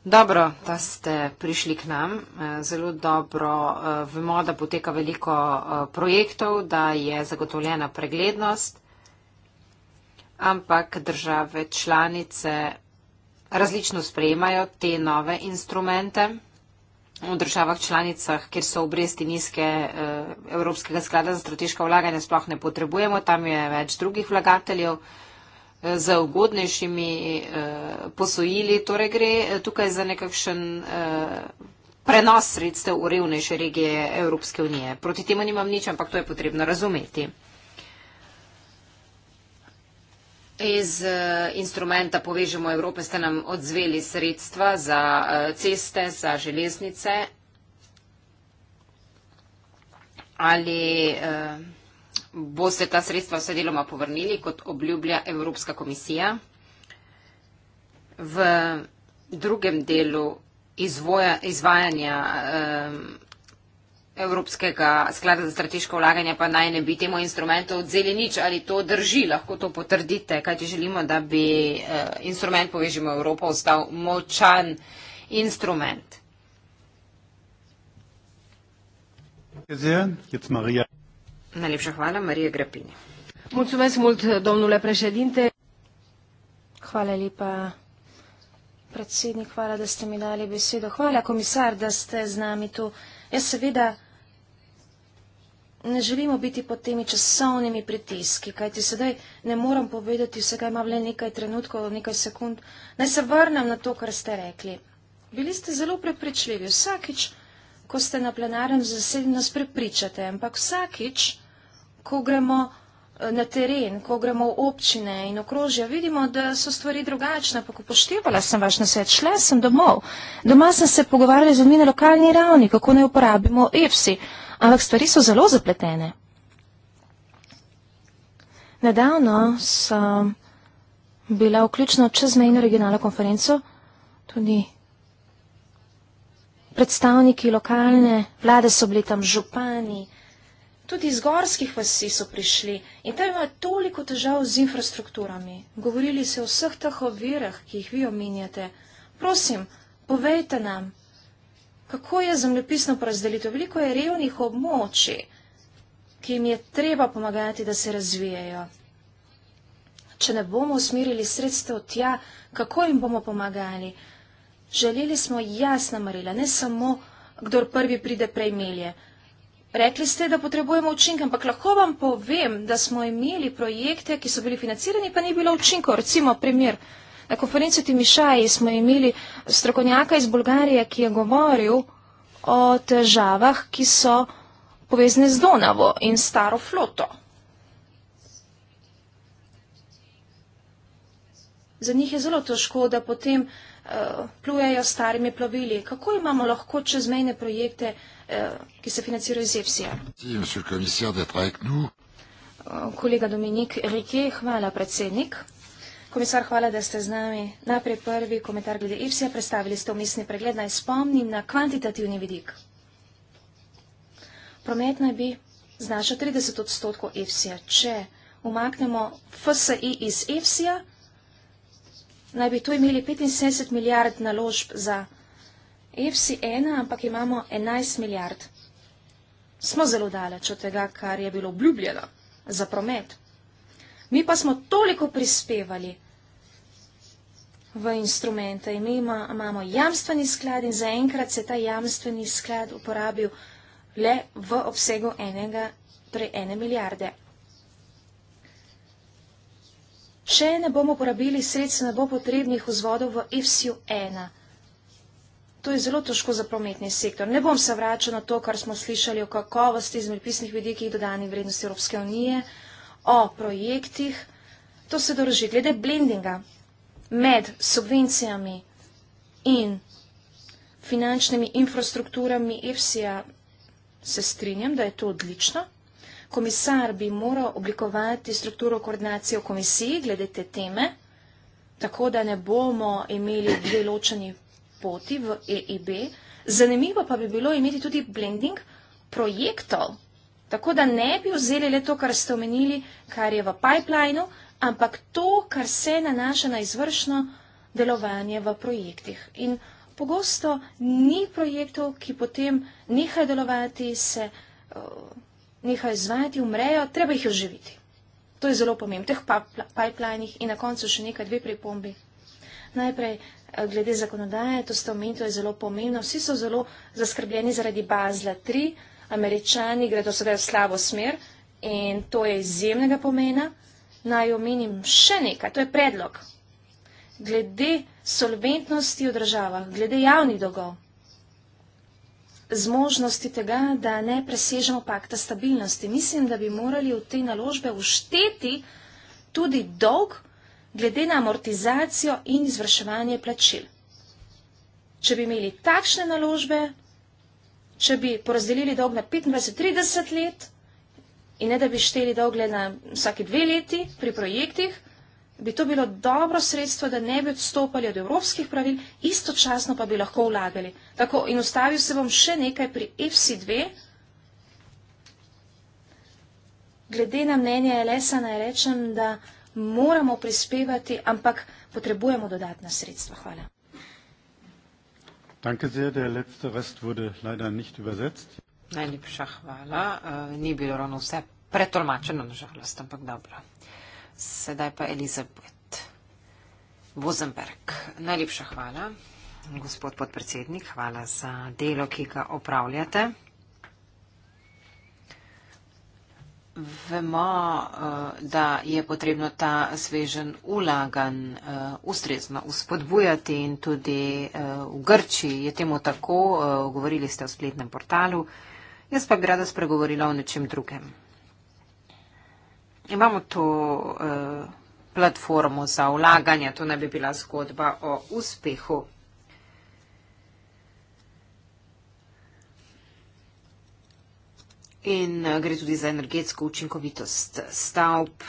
Dobro, da ste prišli k nam. Eh, zelo dobro vemo, da poteka veliko projektov, da je zagotovljena preglednost ampak države članice različno sprejemajo te nove instrumente. V državah članicah, kjer so obresti nizke eh, Evropskega sklada za strateška vlaganja, sploh ne potrebujemo, tam je več drugih vlagateljev eh, z ugodnejšimi eh, posojili. Torej gre tukaj za nekakšen prenos sredstev v revnejše regije Evropske unije. Proti temu nimam nič, ampak to je potrebno razumeti. iz eh, instrumenta Povežemo Evrope ste nam odzveli sredstva za eh, ceste, za železnice. Ali eh, boste ta sredstva vse deloma povrnili, kot obljublja Evropska komisija? V drugem delu izvoja, izvajanja Evropskega sklada za strateško vlaganje pa naj ne bi temu instrumentu odzeli nič. Ali to drži, lahko to potrdite, kaj ti želimo, da bi eh, instrument Povežimo Evropo ostal močan instrument? Najlepša hvala, Marija Grapini. Mulțumesc mult, domnule președinte. Hvala lepa, predsednik, hvala, da ste mi dali besedo. Hvala, komisar, da ste z nami tu. Jaz seveda ne želimo biti pod temi časovnimi pritiski, kajti sedaj ne moram povedati vsega, imam le nekaj trenutkov, nekaj sekund. Naj se vrnem na to, kar ste rekli. Bili ste zelo prepričljivi. Vsakič, ko ste na plenarnem zasedanju, nas prepričate, ampak vsakič, ko gremo eh, na teren, ko gremo v občine in okrožje, vidimo, da so stvari drugačne, ampak upoštevala sem vaš nasvet, šla sem domov, doma sem se pogovarjala z vami na lokalni ravni, kako naj uporabimo EFSI. Ampak stvari so zelo zapletene. Nedavno sem bila vključena čezmejno regionalno konferenco, tudi predstavniki lokalne vlade so bili tam župani, tudi iz gorskih vasi so prišli in tam imajo toliko težav z infrastrukturami. Govorili se o vseh teh ovirah, ki jih vi omenjate. Prosim, povejte nam, kako je zemljepisno porazdelitev. Veliko je revnih območij, ki jim je treba pomagati, da se razvijajo. Če ne bomo usmerili sredstev tja, kako jim bomo pomagali? Želeli smo jasna marila, ne samo, kdor prvi pride prej melje. Rekli ste, da potrebujemo učinke, ampak lahko vam povem, da smo imeli projekte, ki so bili financirani, pa ni bilo učinkov. Recimo primer. Na konferenci Timišaji smo imeli strokovnjaka iz Bolgarije, ki je govoril o težavah, ki so povezane z Donavo in staro floto. Za njih je zelo težko, da potem uh, plujejo starimi plovili. Kako imamo lahko čezmejne projekte, uh, ki se financirajo iz EFSI-ja? Uh, eh, kolega Dominik Rike, hvala predsednik. Komisar, hvala, da ste z nami. Najprej prvi komentar glede IFSI-ja, predstavili ste omisni pregled, naj spomnim na kvantitativni vidik. Promet naj bi znašal 30 odstotkov IFSI-ja. Če umaknemo FSI iz IFSI-ja, naj bi tu imeli 75 milijard naložb za IFSI-1, ampak imamo 11 milijard. Smo zelo daleč od tega, kar je bilo obljubljeno za promet. Mi pa smo toliko prispevali v instrumente in mi imamo jamstveni sklad in zaenkrat se ta jamstveni sklad uporabil le v obsegu enega, torej ene milijarde. Še ne bomo porabili sredstva, ne bo potrebnih vzvodov v FSU-1. To je zelo težko za prometni sektor. Ne bom se vračal na to, kar smo slišali o kakovosti izmed pisnih vidikih dodanih vrednosti Evropske unije. Uh, o projektih, to se drži glede blendinga med subvencijami in finančnimi infrastrukturami EFSI-ja, se strinjam, da je to odlično. Komisar bi moral oblikovati strukturo koordinacije v komisiji glede te teme, tako da ne bomo imeli dve ločeni poti v EIB. Zanimivo pa bi bilo imeti tudi blending projektov Tako da ne bi vzeli le to, kar ste omenili, kar je v pipelinu, ampak to, kar se nanaša na izvršno delovanje v projektih. In pogosto ni projektov, ki potem nehajo delovati, se uh, nehajo izvajati, umrejo, treba jih oživiti. To je zelo pomembno, teh pipelinih in na koncu še nekaj dve pripombi. Najprej eh, glede zakonodaje, to ste omenili, to je zelo pomembno. Vsi so zelo zaskrbljeni zaradi bazla 3 američani gredo sedaj v slabo smer in to je izjemnega pomena. Naj omenim še nekaj, to je predlog. Glede solventnosti v državah, glede javnih dolgov, zmožnosti tega, da ne presežemo pakta stabilnosti. Mislim, da bi morali v te naložbe ušteti tudi dolg, glede na amortizacijo in izvrševanje plačil. Če bi imeli takšne naložbe, če bi porazdelili dolg na 25-30 let in ne da bi šteli dolg le na vsake dve leti pri projektih, bi to bilo dobro sredstvo, da ne bi odstopali od evropskih pravil, istočasno pa bi lahko vlagali. Tako in ustavil se bom še nekaj pri FC2. Glede na mnenje LS-a naj rečem, da moramo prispevati, ampak potrebujemo dodatna sredstva. Hvala. Danke sehr. Der letzte Rest wurde leider nicht übersetzt. Najlepša hvala. Uh, ni bilo ravno vse pretolmačeno, nažalost, ampak dobro. Sedaj pa Elizabeth Vozenberg. Najlepša hvala, gospod podpredsednik. Hvala za delo, ki ga opravljate. vemo, eh, da je potrebno ta svežen ulagan eh, ustrezno uspodbujati in tudi eh, v Grčiji je temu tako, govorili ste o spletnem portalu, jaz pa bi rada spregovorila o nečem drugem. Imamo to platformo za ulaganje, to ne bi bila zgodba o uspehu In eh, gre tudi za energetsko učinkovitost stavb.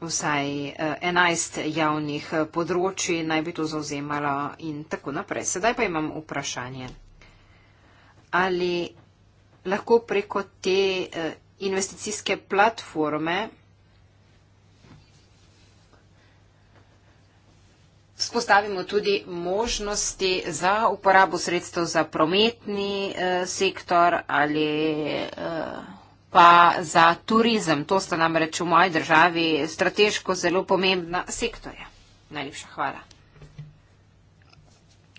Vsaj 11 eh, javnih eh, področji naj bi to zauzemalo in tako naprej. Sedaj pa imam vprašanje. Ali lahko preko te investicijske platforme Spostavimo tudi možnosti za uporabo sredstev za prometni eh, sektor ali eh, pa za turizem. To sta namreč v moji državi strateško zelo pomembna sektorja. Najlepša hvala.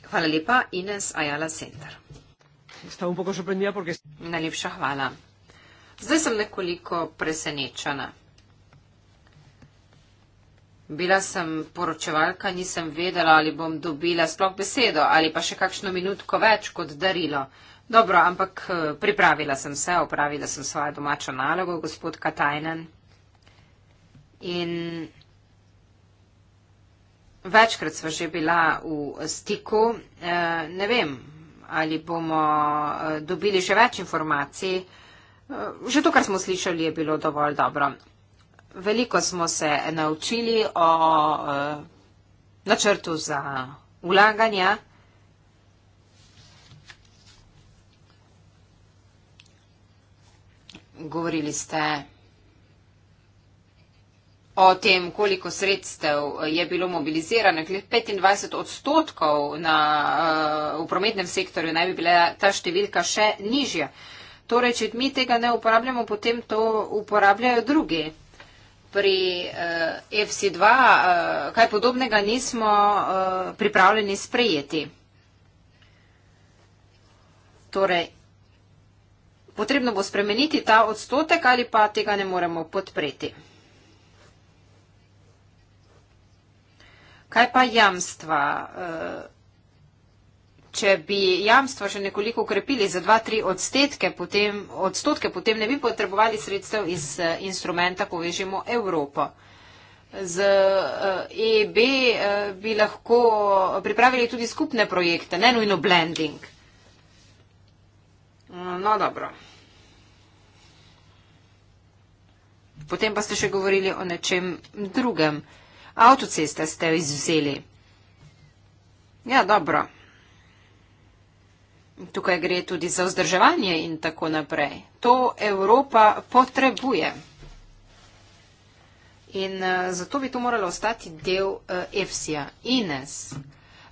Hvala lepa, Ines Ajala Center. Najlepša hvala. Zdaj sem nekoliko presenečena. Bila sem poročevalka, nisem vedela, ali bom dobila sploh besedo ali pa še kakšno minutko več kot darilo. Dobro, ampak eh, pripravila sem se, opravila sem svojo domačo nalogo, gospod Katajnen. In večkrat sva že bila v stiku, eh, ne vem, ali bomo eh, dobili še več informacij. Že to, kar smo slišali, je bilo dovolj dobro. Veliko smo se naučili o eh, načrtu za ulaganja. Govorili ste o tem, koliko sredstev je bilo mobilizirano. 25 odstotkov na, eh, v prometnem sektorju naj bi bila ta številka še nižja. Torej, če mi tega ne uporabljamo, potem to uporabljajo drugi pri uh, eh, FC2 uh, eh, kaj podobnega nismo uh, pripravljeni sprejeti. Torej, potrebno bo spremeniti ta odstotek ali pa tega ne moremo podpreti. Kaj pa jamstva? Uh, če bi jamstva še nekoliko ukrepili za 2-3 odstotke, odstotke, potem ne bi potrebovali sredstev iz eh, instrumenta Povežimo Evropo. Z EB eh, e eh, bi lahko pripravili tudi skupne projekte, ne nujno blending. Mm, no, dobro. Potem pa ste še govorili o nečem drugem. Avtoceste ste izvzeli. Ja, dobro. Tukaj gre tudi za vzdrževanje in tako naprej. To Evropa potrebuje. In eh, zato bi to moralo ostati del EFSI-ja. Eh, Ines,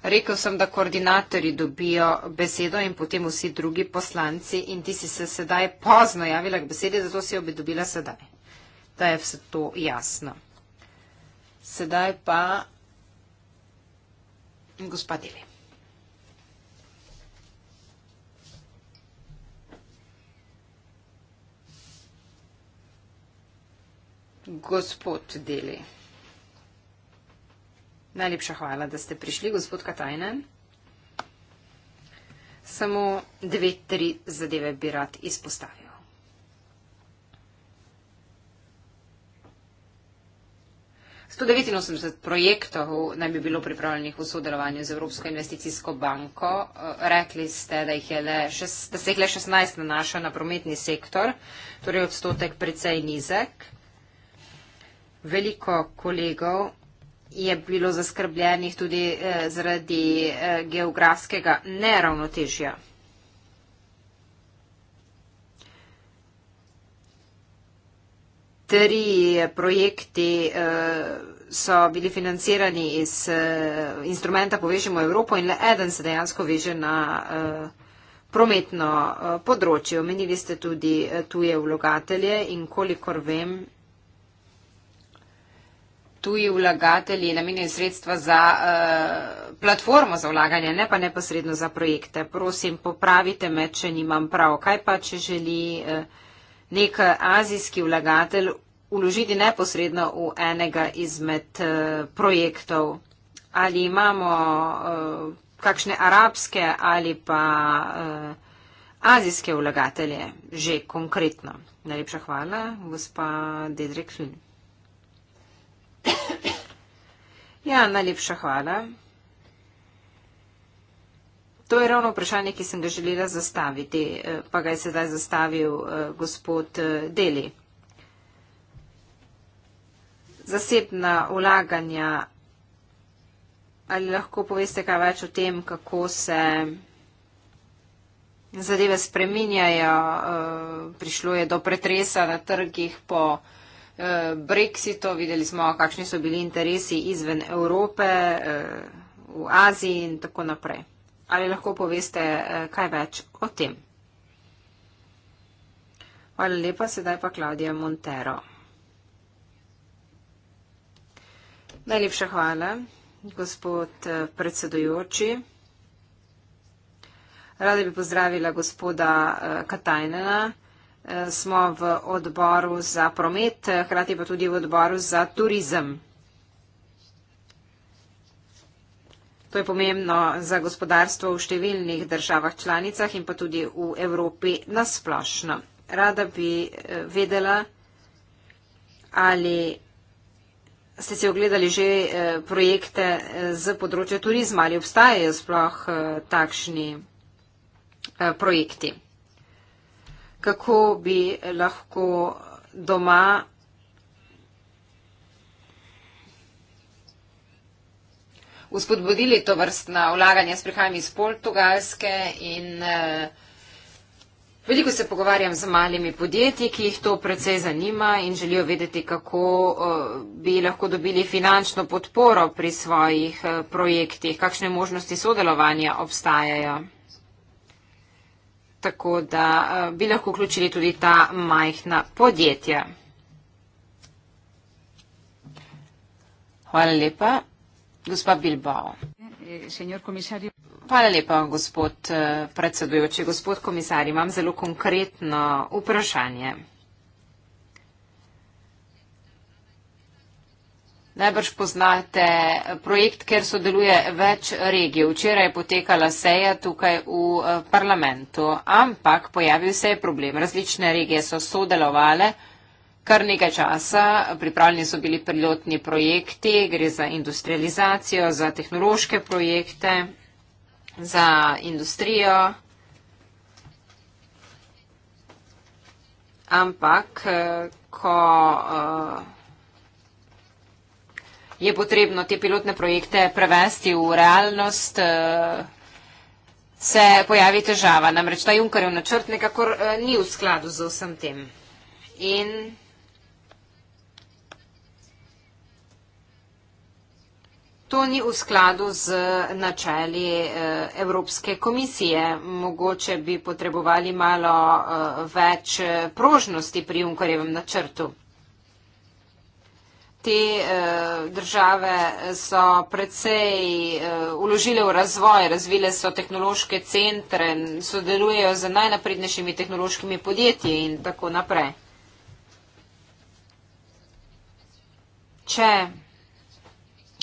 rekel sem, da koordinatori dobijo besedo in potem vsi drugi poslanci in ti si se sedaj pozno javila k besedi, zato si jo bi dobila sedaj. Da je vse to jasno. Sedaj pa gospod Deli. gospod Deli. Najlepša hvala, da ste prišli, gospod Katajne. Samo dve, tri zadeve bi rad izpostavil. Sto devetinosemdeset projektov naj bi bilo pripravljenih v sodelovanju z Evropsko investicijsko banko. Eh, rekli ste, da, jih le, da se jih le šestnajst nanaša na prometni sektor, torej odstotek precej nizek veliko kolegov je bilo zaskrbljenih tudi eh, zaradi eh, geografskega neravnotežja. Tri eh, projekti eh, so bili financirani iz eh, instrumenta Povežemo Evropo in le eden se dejansko veže na eh, prometno eh, področje. Omenili ste tudi eh, tuje vlogatelje in kolikor vem, tuji vlagatelji namenjajo sredstva za uh, platformo za vlaganje, ne pa neposredno za projekte. Prosim, popravite me, če nimam prav. Kaj pa, če želi uh, nek azijski vlagatelj uložiti neposredno v enega izmed uh, projektov? Ali imamo uh, kakšne arabske ali pa uh, azijske vlagatelje že konkretno? Najlepša hvala, gospa Dedrek Klin. Ja, najlepša hvala. To je ravno vprašanje, ki sem ga želela zastaviti, eh, pa ga je sedaj zastavil eh, gospod eh, Deli. Zasebna vlaganja. Ali lahko poveste kaj več o tem, kako se zadeve spreminjajo? Prišlo je do pretresa na trgih po. Eh, Brexitu, videli smo, kakšni so bili interesi izven Evrope, eh, v Aziji in tako naprej. Ali lahko poveste eh, kaj več o tem? Hvala lepa, sedaj pa Klaudija Montero. Najlepša hvala, gospod predsedujoči. Rada bi pozdravila gospoda Katajnena smo v odboru za promet, hkrati pa tudi v odboru za turizem. To je pomembno za gospodarstvo v številnih državah članicah in pa tudi v Evropi nasplošno. Rada bi eh, vedela, ali ste si ogledali že eh, projekte eh, z področja turizma, ali obstajajo sploh takšni projekti kako bi lahko doma uspodbudili to vrstna vlaganja. Sprihajam iz Portugalske in eh, Veliko se pogovarjam z malimi podjetji, ki jih to precej zanima in želijo vedeti, kako eh, bi lahko dobili finančno podporo pri svojih eh, projektih, kakšne možnosti sodelovanja obstajajo tako da eh, bi lahko vključili tudi ta majhna podjetja. Hvala lepa, gospa Bilbao. Hvala lepa, gospod eh, predsedujoči. Gospod komisar, imam zelo konkretno vprašanje. Najbrž poznate projekt, ker sodeluje več regij. Včeraj je potekala seja tukaj v eh, parlamentu, ampak pojavil se je problem. Različne regije so sodelovale kar nekaj časa, pripravljeni so bili prilotni projekti, gre za industrializacijo, za tehnološke projekte, za industrijo. Ampak, eh, ko. Uh, je potrebno te pilotne projekte prevesti v realnost, eh, se pojavi težava. Namreč ta Junkarjev načrt nekako eh, ni v skladu z vsem tem. In to ni v skladu z načeli eh, Evropske komisije. Mogoče bi potrebovali malo več prožnosti pri Junkarjevem načrtu te uh, države so precej uh, eh, uložile v razvoj, razvile so tehnološke centre in sodelujejo z najnaprednejšimi tehnološkimi podjetji in tako naprej. Če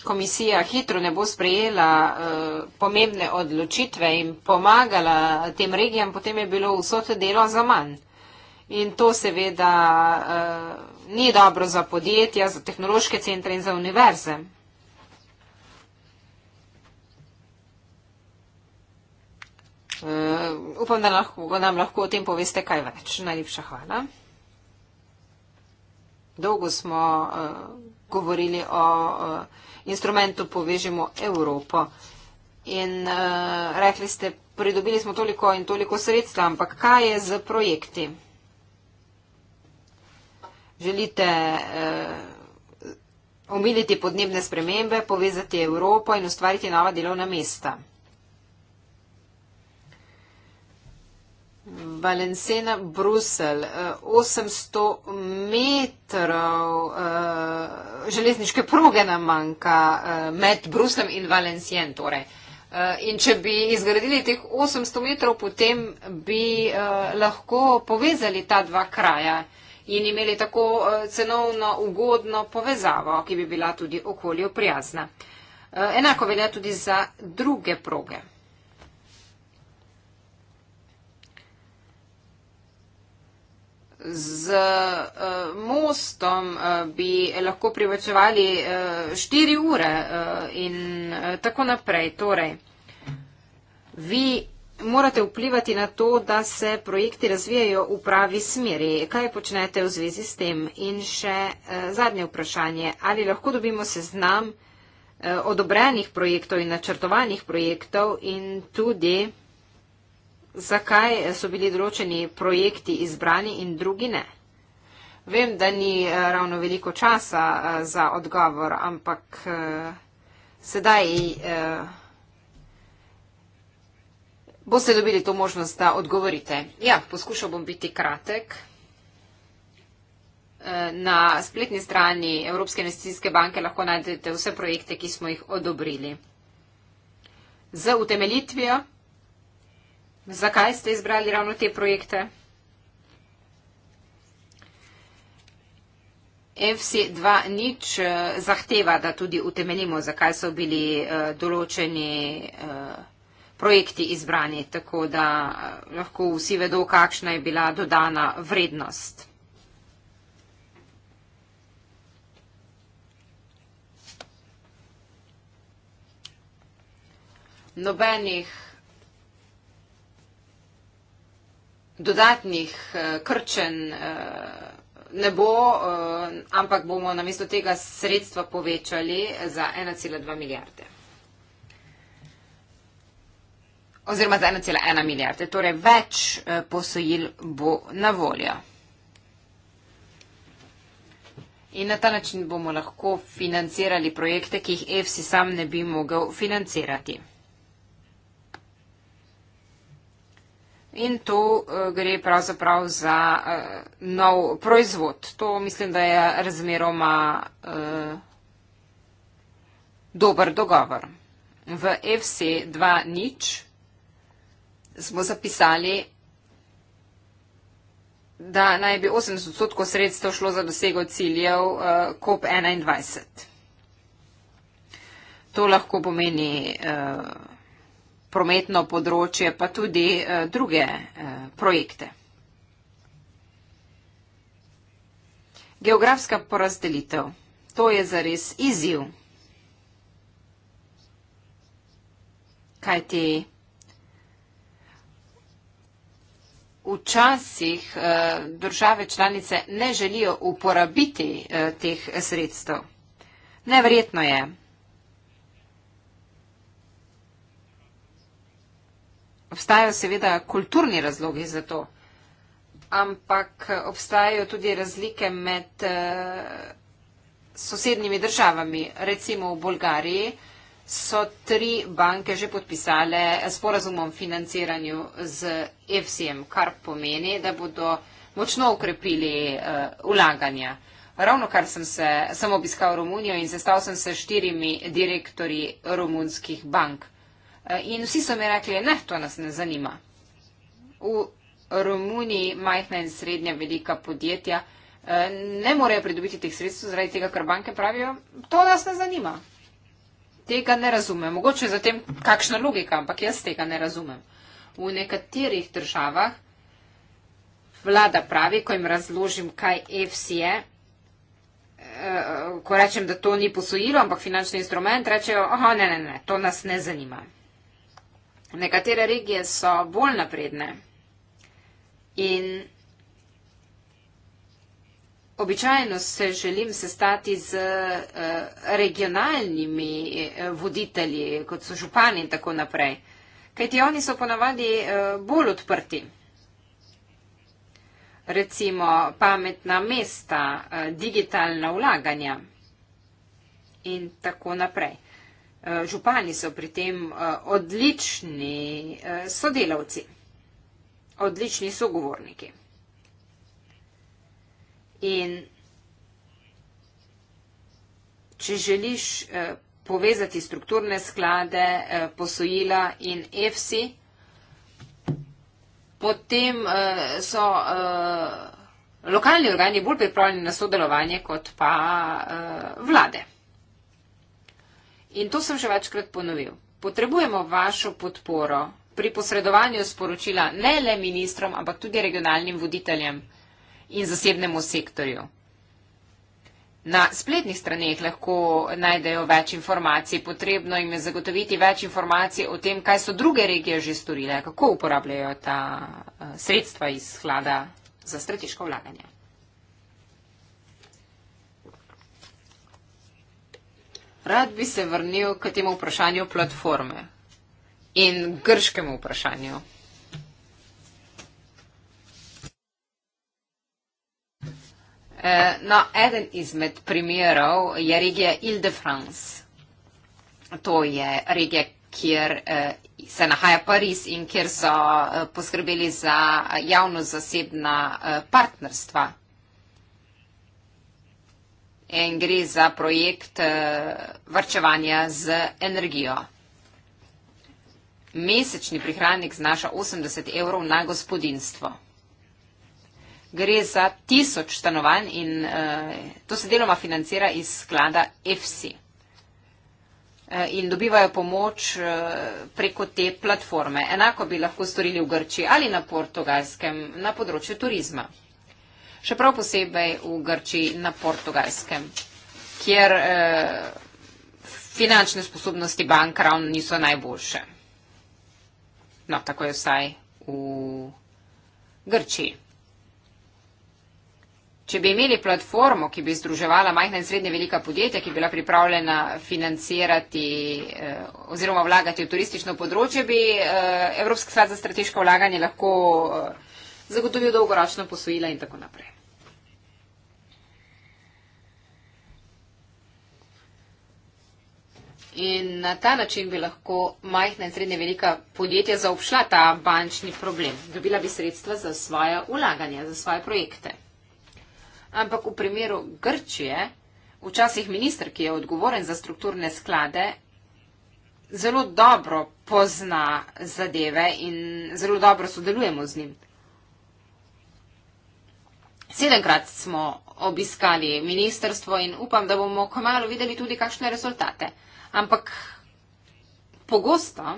komisija hitro ne bo sprejela uh, pomembne odločitve in pomagala tem regijam, potem je bilo vso to delo za manj. In to seveda. Uh, ni dobro za podjetja, za tehnološke centre in za univerze. Uh, upam, da lahko, nam lahko o tem poveste kaj več. Najlepša hvala. Dolgo smo uh, govorili o uh, instrumentu Povežimo Evropo in uh, rekli ste, pridobili smo toliko in toliko sredstva, ampak kaj je z projekti? želite eh, omiliti podnebne spremembe, povezati Evropo in ustvariti nova delovna mesta. Valencena, Bruselj, 800 eh, metrov eh, železniške proge nam manjka eh, med Bruslem in Valencien. Torej. In če bi izgradili teh 800 metrov, potem bi lahko povezali ta dva kraja in imeli tako eh, cenovno ugodno povezavo, ki bi bila tudi okolju prijazna. Eh, enako velja tudi za druge proge. Z eh, mostom bi lahko privečevali 4 ure in tako naprej. Torej, vi morate vplivati na to, da se projekti razvijajo v pravi smeri. Kaj počnete v zvezi s tem? In še eh, zadnje vprašanje. Ali lahko dobimo seznam eh, odobrenih projektov in načrtovanih projektov in tudi, zakaj so bili določeni projekti izbrani in drugi ne? Vem, da ni eh, ravno veliko časa eh, za odgovor, ampak eh, sedaj. Eh, boste dobili to možnost, da odgovorite. Ja, poskušal bom biti kratek. E, na spletni strani Evropske investicijske banke lahko najdete vse projekte, ki smo jih odobrili. Z utemeljitvijo, zakaj ste izbrali ravno te projekte? FC2 nič e, zahteva, da tudi utemeljimo, zakaj so bili e, določeni projekte projekti izbrani, tako da eh, lahko vsi vedo, kakšna je bila dodana vrednost. Nobenih dodatnih eh, krčen eh, ne bo, ampak bomo namesto tega sredstva povečali za 1,2 milijarde oziroma za 1,1 milijarde, torej več eh, posojil bo na voljo. In na ta način bomo lahko financirali projekte, ki jih EFSI sam ne bi mogel financirati. In to eh, gre pravzaprav za uh, nov proizvod. To mislim, da je razmeroma uh, dober dogovor. V FC2 nič smo zapisali, da naj bi 80 odstotkov sredstev šlo za dosego ciljev uh, eh, COP21. To lahko pomeni uh, prometno področje, pa tudi uh, druge uh, projekte. Geografska porazdelitev. To je zares izziv. Kaj ti je? včasih eh, države članice ne želijo uporabiti eh, teh sredstev. Neverjetno je. Obstajajo seveda kulturni razlogi za to, ampak obstajajo tudi razlike med eh, sosednjimi državami, recimo v Bolgariji, so tri banke že podpisale sporazum o financiranju z FCM, kar pomeni, da bodo močno ukrepili uh, eh, ulaganja. Ravno kar sem, se, sem obiskal Romunijo in sestal sem se s štirimi direktori romunskih bank. Eh, in vsi so mi rekli, ne, to nas ne zanima. V Romuniji majhna in srednja velika podjetja eh, ne morejo pridobiti teh sredstv zaradi tega, kar banke pravijo, to nas ne zanima tega ne razumem. Mogoče je zatem kakšna logika, ampak jaz tega ne razumem. V nekaterih državah vlada pravi, ko jim razložim, kaj EFS je, eh, ko rečem, da to ni posojilo, ampak finančni instrument, rečejo, oh, ne, ne, ne, to nas ne zanima. Nekatere regije so bolj napredne in Običajno se želim sestati z eh, regionalnimi eh, voditelji, kot so župani in tako naprej. Kaj ti oni so ponavadi eh, bolj odprti? Recimo pametna mesta, digitalna vlaganja in tako naprej. Župani so pri tem odlični sodelavci, odlični sogovorniki. In če želiš eh, povezati strukturne sklade, eh, posojila in EFSI, potem eh, so eh, lokalni organi bolj pripravljeni na sodelovanje kot pa eh, vlade. In to sem že večkrat ponovil. Potrebujemo vašo podporo pri posredovanju sporočila ne le ministrom, ampak tudi regionalnim voditeljem in zasebnemu sektorju. Na spletnih straneh lahko najdejo več informacij, potrebno jim je zagotoviti več informacij o tem, kaj so druge regije že storile, kako uporabljajo ta eh, sredstva iz hlada za strateško vlaganje. Rad bi se vrnil k temu vprašanju platforme in grškemu vprašanju. Eh, no, eden izmed primerov je regija Ile-de-France. To je regija, kjer eh, se nahaja Pariz in kjer so eh, poskrbeli za javno-zasebna partnerstva. In gre za projekt vrčevanja z energijo. Mesečni prihranek znaša 80 evrov na gospodinstvo gre za tisoč stanovanj in uh, to se deloma financira iz sklada EFSI. Uh, in dobivajo pomoč uh, preko te platforme. Enako bi lahko storili v Grči ali na portugalskem na področju turizma. Še prav posebej v Grči na portugalskem, kjer uh, finančne sposobnosti bank ravno niso najboljše. No, tako je vsaj v Grčiji. Če bi imeli platformo, ki bi združevala majhna in srednje velika podjetja, ki bi bila pripravljena financirati eh, oziroma vlagati v turistično področje, bi eh, Evropski sklad za strateško vlaganje lahko eh, zagotovil dolgoročno posojila in tako naprej. In na ta način bi lahko majhna in srednje velika podjetja zaobšla ta bančni problem. Dobila bi sredstva za svoje vlaganje, za svoje projekte ampak v primeru Grčije, včasih minister, ki je odgovoren za strukturne sklade, zelo dobro pozna zadeve in zelo dobro sodelujemo z njim. Sedemkrat smo obiskali ministerstvo in upam, da bomo komalo videli tudi kakšne rezultate. Ampak pogosto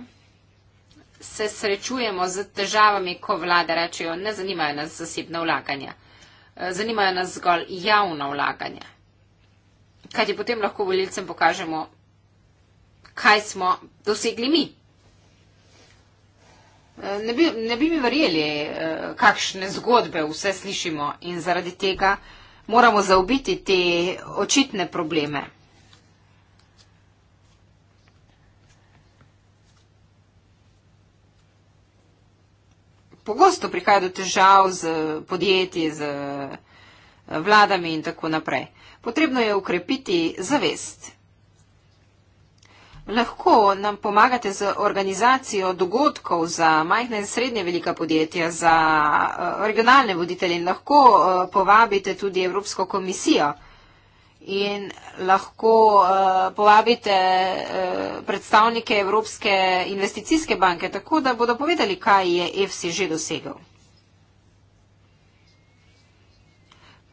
se srečujemo z težavami, ko vlade rečejo, ne zanimajo nas zasebna vlaganja. Eh, zanimajo nas zgolj javna vlaganja. Kaj ti potem lahko voljivcem pokažemo, kaj smo dosegli mi? Eh, ne bi, ne bi mi verjeli, eh, kakšne zgodbe vse slišimo in zaradi tega moramo zaobiti te očitne probleme. pogosto prihaja do težav z podjetji, z eh, vladami in tako naprej. Potrebno je ukrepiti zavest. Lahko nam pomagate z organizacijo dogodkov za majhne in srednje velika podjetja, za eh, regionalne voditelje in lahko eh, povabite tudi Evropsko komisijo in lahko uh, povabite uh, predstavnike Evropske investicijske banke, tako da bodo povedali, kaj je EFSI že dosegel.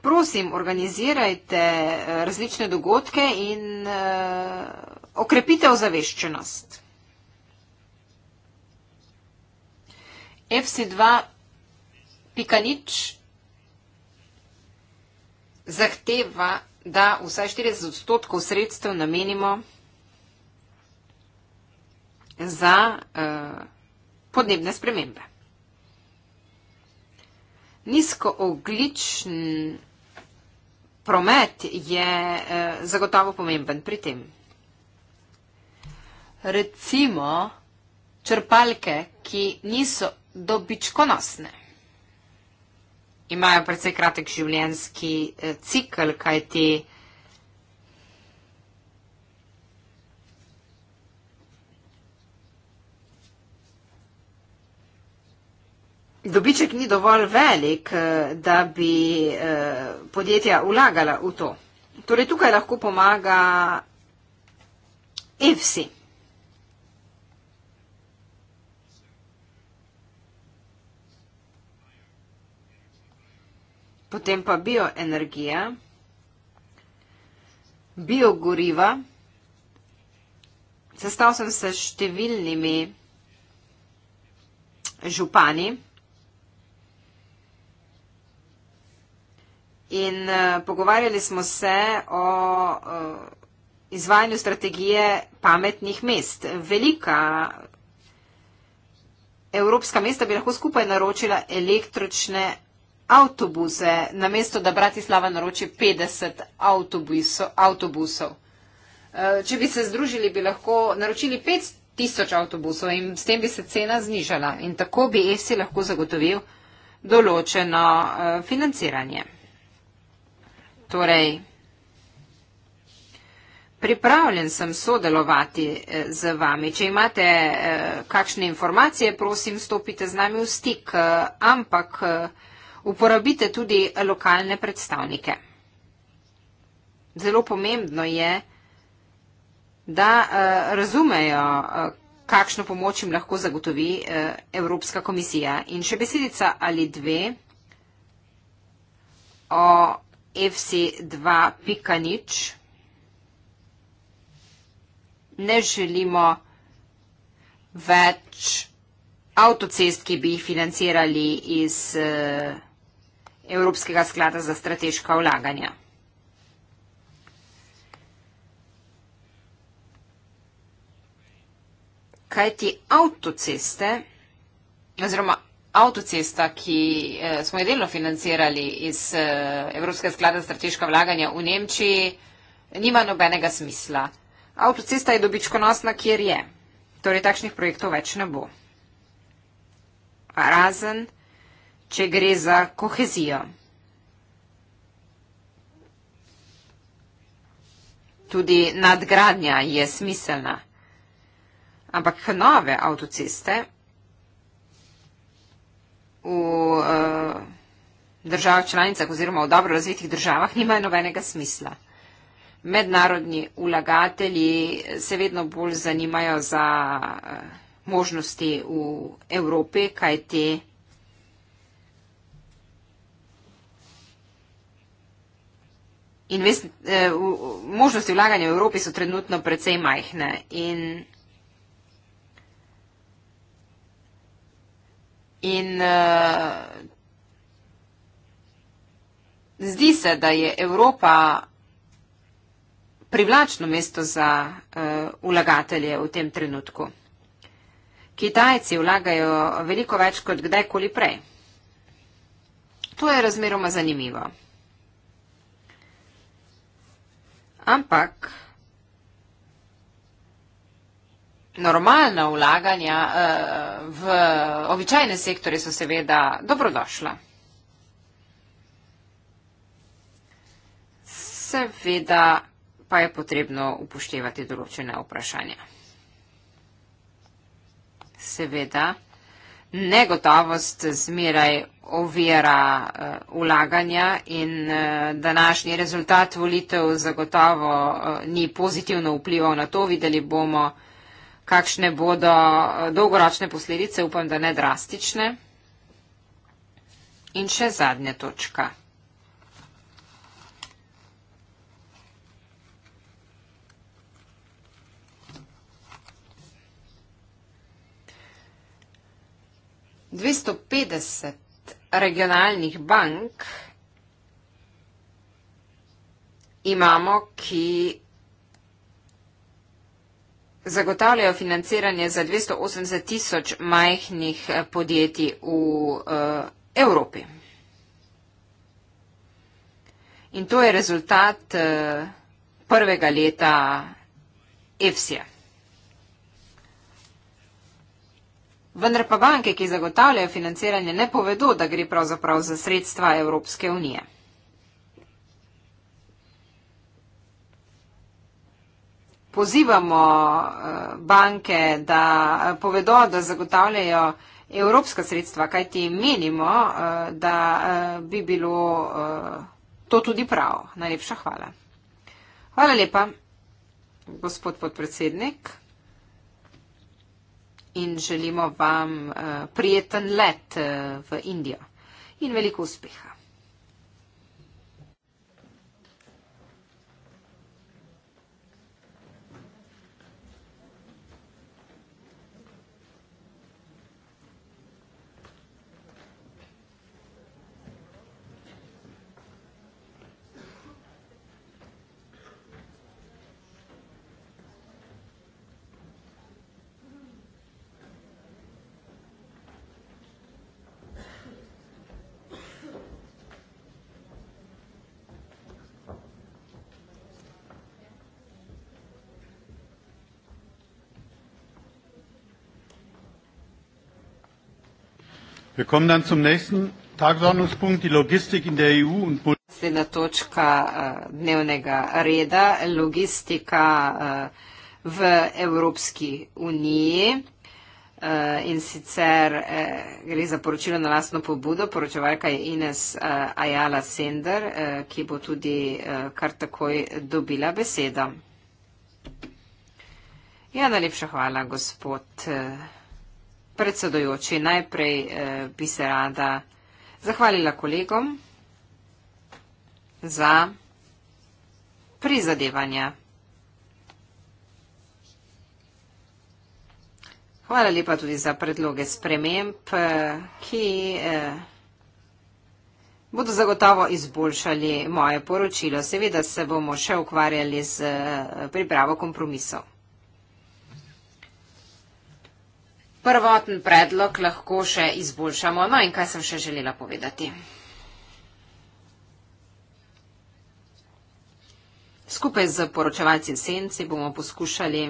Prosim, organizirajte eh, različne dogodke in uh, okrepite ozaveščenost. FC2 Pikanič zahteva da vsaj 40 odstotkov sredstev namenimo za uh, podnebne spremembe. Nizkooglični promet je uh, zagotovo pomemben pri tem. Recimo črpalke, ki niso dobičkonosne imajo predvsej kratek življenjski eh, cikl, kaj ti. Dobiček ni dovolj velik, eh, da bi eh, podjetja vlagala v to. Torej, tukaj lahko pomaga EFSI. potem pa bioenergija, biogoriva, sestal sem se številnimi župani in eh, pogovarjali smo se o eh, izvajanju strategije pametnih mest. Velika evropska mesta bi lahko skupaj naročila električne mesta avtobuse, namesto da Bratislava naroči 50 avtobusov. E, če bi se združili, bi lahko naročili 5000 avtobusov in s tem bi se cena znižala in tako bi ESI lahko zagotovil določeno e, financiranje. Torej, pripravljen sem sodelovati e, z vami. Če imate kakšne informacije, prosim, stopite z nami v stik, ampak Uporabite tudi lokalne predstavnike. Zelo pomembno je, da eh, razumejo, eh, kakšno pomoč jim lahko zagotovi eh, Evropska komisija. In še besedica ali dve o FC2 Pikanič. Ne želimo več avtocest, ki bi jih financirali iz Evropske komisije Evropskega sklada za strateška vlaganja. Kaj ti avtoceste oziroma avtocesta, ki eh, smo jo delno financirali iz eh, Evropskega sklada za strateška vlaganja v Nemčiji, nima nobenega smisla. Avtocesta je dobičkonosna, kjer je. Torej, takšnih projektov več ne bo. Razen če gre za kohezijo. Tudi nadgradnja je smiselna, ampak nove avtoceste v uh, državah članicah oziroma v dobro razvitih državah nimajo nobenega smisla. Mednarodni ulagatelji se vedno bolj zanimajo za eh, možnosti v Evropi, kaj te. invest, eh, možnosti vlaganja v Evropi so trenutno precej majhne. In, in, eh, zdi se, da je Evropa privlačno mesto za eh, vlagatelje v tem trenutku. Kitajci vlagajo veliko več kot kdajkoli prej. To je razmeroma zanimivo. ampak normalna vlaganja eh, v običajne sektore so seveda dobrodošla. Seveda pa je potrebno upoštevati določene vprašanja. Seveda negotovost zmeraj vprašanja ovira uh, ulaganja in uh, današnji rezultat volitev zagotovo uh, ni pozitivno vplival na to. Videli bomo, kakšne bodo uh, dolgoročne posledice, upam, da ne drastične. In še zadnja točka. Dvesto petdeset regionalnih bank imamo, ki zagotavljajo financiranje za 280 tisoč majhnih podjetij v uh, Evropi. In to je rezultat uh, prvega leta EFSI-a. vendar pa banke, ki zagotavljajo financiranje, ne povedo, da gre pravzaprav za sredstva Evropske unije. Pozivamo eh, banke, da eh, povedo, da zagotavljajo evropska sredstva, kaj ti menimo, eh, da bi bilo to tudi prav. Najlepša hvala. Hvala lepa, gospod podpredsednik in želimo vam eh, prijeten let eh, v Indijo in veliko uspeha. Wir kommen dann zum nächsten Tagesordnungspunkt, die Logistik in der EU und Naslednja točka uh, dnevnega reda, logistika uh, v Evropski uniji uh, in sicer uh, gre za poročilo na lastno pobudo, poročevalka je Ines uh, Ayala Sender, uh, ki bo tudi uh, kar takoj dobila besedo. Ja, najlepša hvala, gospod. Uh, predsedojoči, najprej eh, bi se rada zahvalila kolegom za prizadevanja. Hvala lepa tudi za predloge sprememb, eh, ki eh, bodo zagotovo izboljšali moje poročilo. Seveda se bomo še ukvarjali z eh, pripravo kompromisov. prvoten predlog lahko še izboljšamo. No in kaj sem še želela povedati? Skupaj z poročevalci in senci bomo poskušali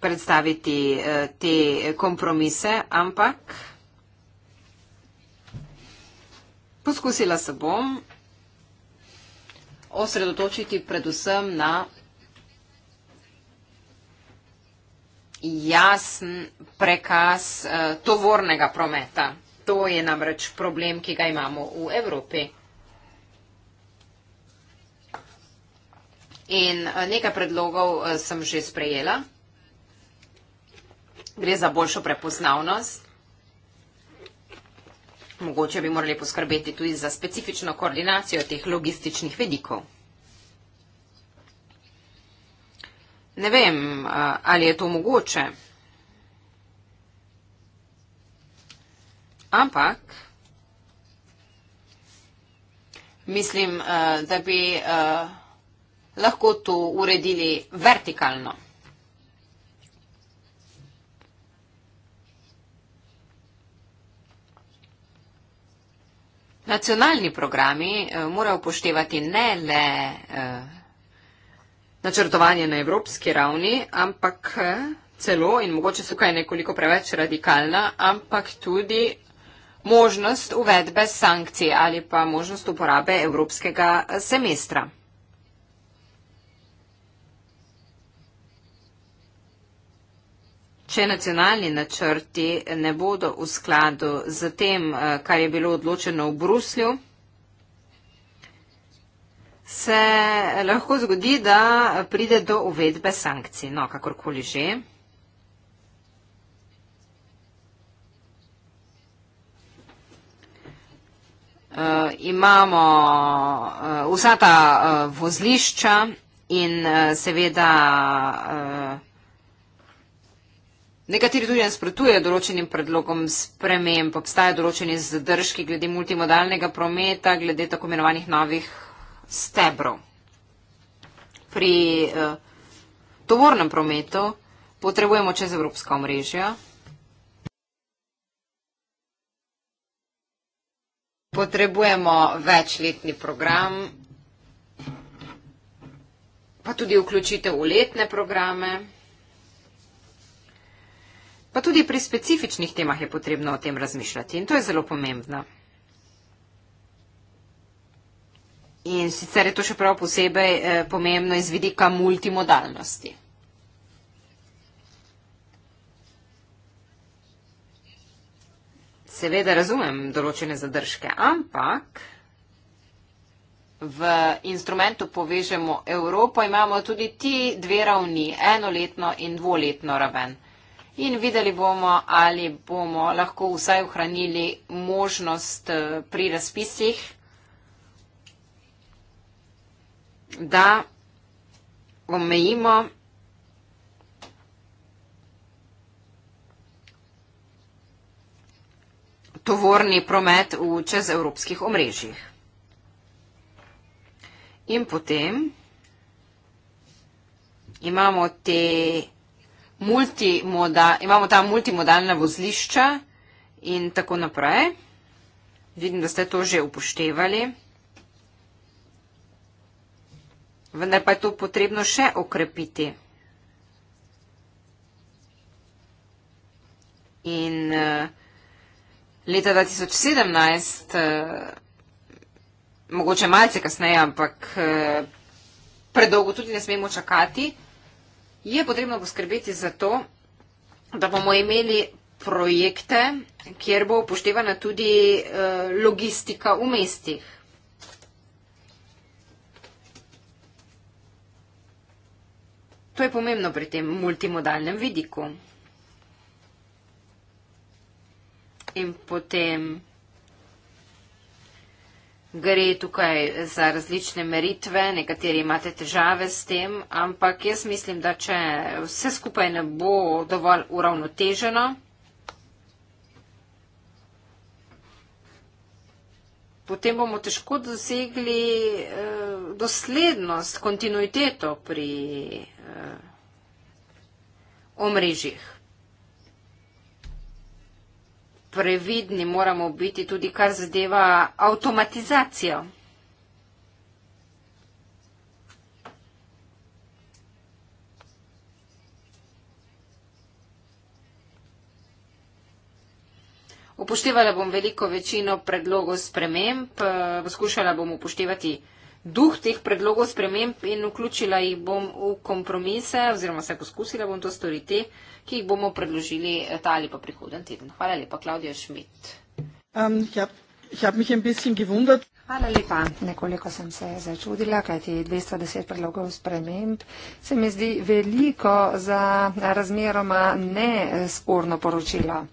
predstaviti eh, te kompromise, ampak poskusila se bom osredotočiti predvsem na jasen prekaz eh, tovornega prometa. To je namreč problem, ki ga imamo v Evropi. In eh, nekaj predlogov eh, sem že sprejela. Gre za boljšo prepoznavnost Mogoče bi morali poskrbeti tudi za specifično koordinacijo teh logističnih vedikov. Ne vem, ali je to mogoče. Ampak mislim, da bi lahko to uredili vertikalno. Nacionalni programi eh, morajo upoštevati ne le eh, načrtovanje na evropski ravni, ampak eh, celo, in mogoče so kaj nekoliko preveč radikalna, ampak tudi možnost uvedbe sankcij ali pa možnost uporabe evropskega semestra. če nacionalni načrti ne bodo v skladu z tem, eh, kar je bilo odločeno v Bruslju, se lahko zgodi, da pride do uvedbe sankcij, no, kakorkoli že. Uh, imamo uh, vsa ta uh, vozlišča in uh, seveda uh, Nekateri tudi nasprotujejo določenim predlogom sprememb, obstaja določeni zadržki glede multimodalnega prometa, glede tako imenovanih novih stebrov. Pri eh, tovornem prometu potrebujemo čez Evropsko omrežje. Potrebujemo večletni program, pa tudi vključitev v letne programe pa tudi pri specifičnih temah je potrebno o tem razmišljati in to je zelo pomembno. In sicer je to še prav posebej eh, pomembno iz vidika multimodalnosti. Seveda razumem določene zadržke, ampak v instrumentu povežemo Evropo, imamo tudi ti dve ravni, enoletno in dvoletno raven in videli bomo, ali bomo lahko vsaj ohranili možnost eh, pri razpisih, da omejimo tovorni promet v čezevropskih omrežjih. In potem imamo te imamo ta multimodalna vozlišča in tako naprej. Vidim, da ste to že upoštevali. Vendar pa je to potrebno še okrepiti. In eh, leta 2017, eh, mogoče malce kasneje, ampak eh, predolgo tudi ne smemo čakati, je potrebno poskrbeti za to, da bomo imeli projekte, kjer bo upoštevana tudi eh, logistika v mestih. To je pomembno pri tem multimodalnem vidiku. In potem gre tukaj za različne meritve, nekateri imate težave s tem, ampak jaz mislim, da če vse skupaj ne bo dovolj uravnoteženo, potem bomo težko dosegli eh, doslednost, kontinuiteto pri eh, omrežjih previdni moramo biti tudi, kar zadeva avtomatizacijo. Upoštevala bom veliko večino predlogov sprememb, eh, poskušala bom upoštevati duh teh predlogov sprememb in vključila jih bom v kompromise oziroma se poskusila bom to storiti, ki jih bomo predložili eh, ta ali pa prihoden teden. Hvala lepa, Klaudija Šmit. Um, ja, Hvala lepa. Nekoliko sem se začudila, kajti 210 predlogov sprememb se mi zdi veliko za razmeroma nesporno poročilo.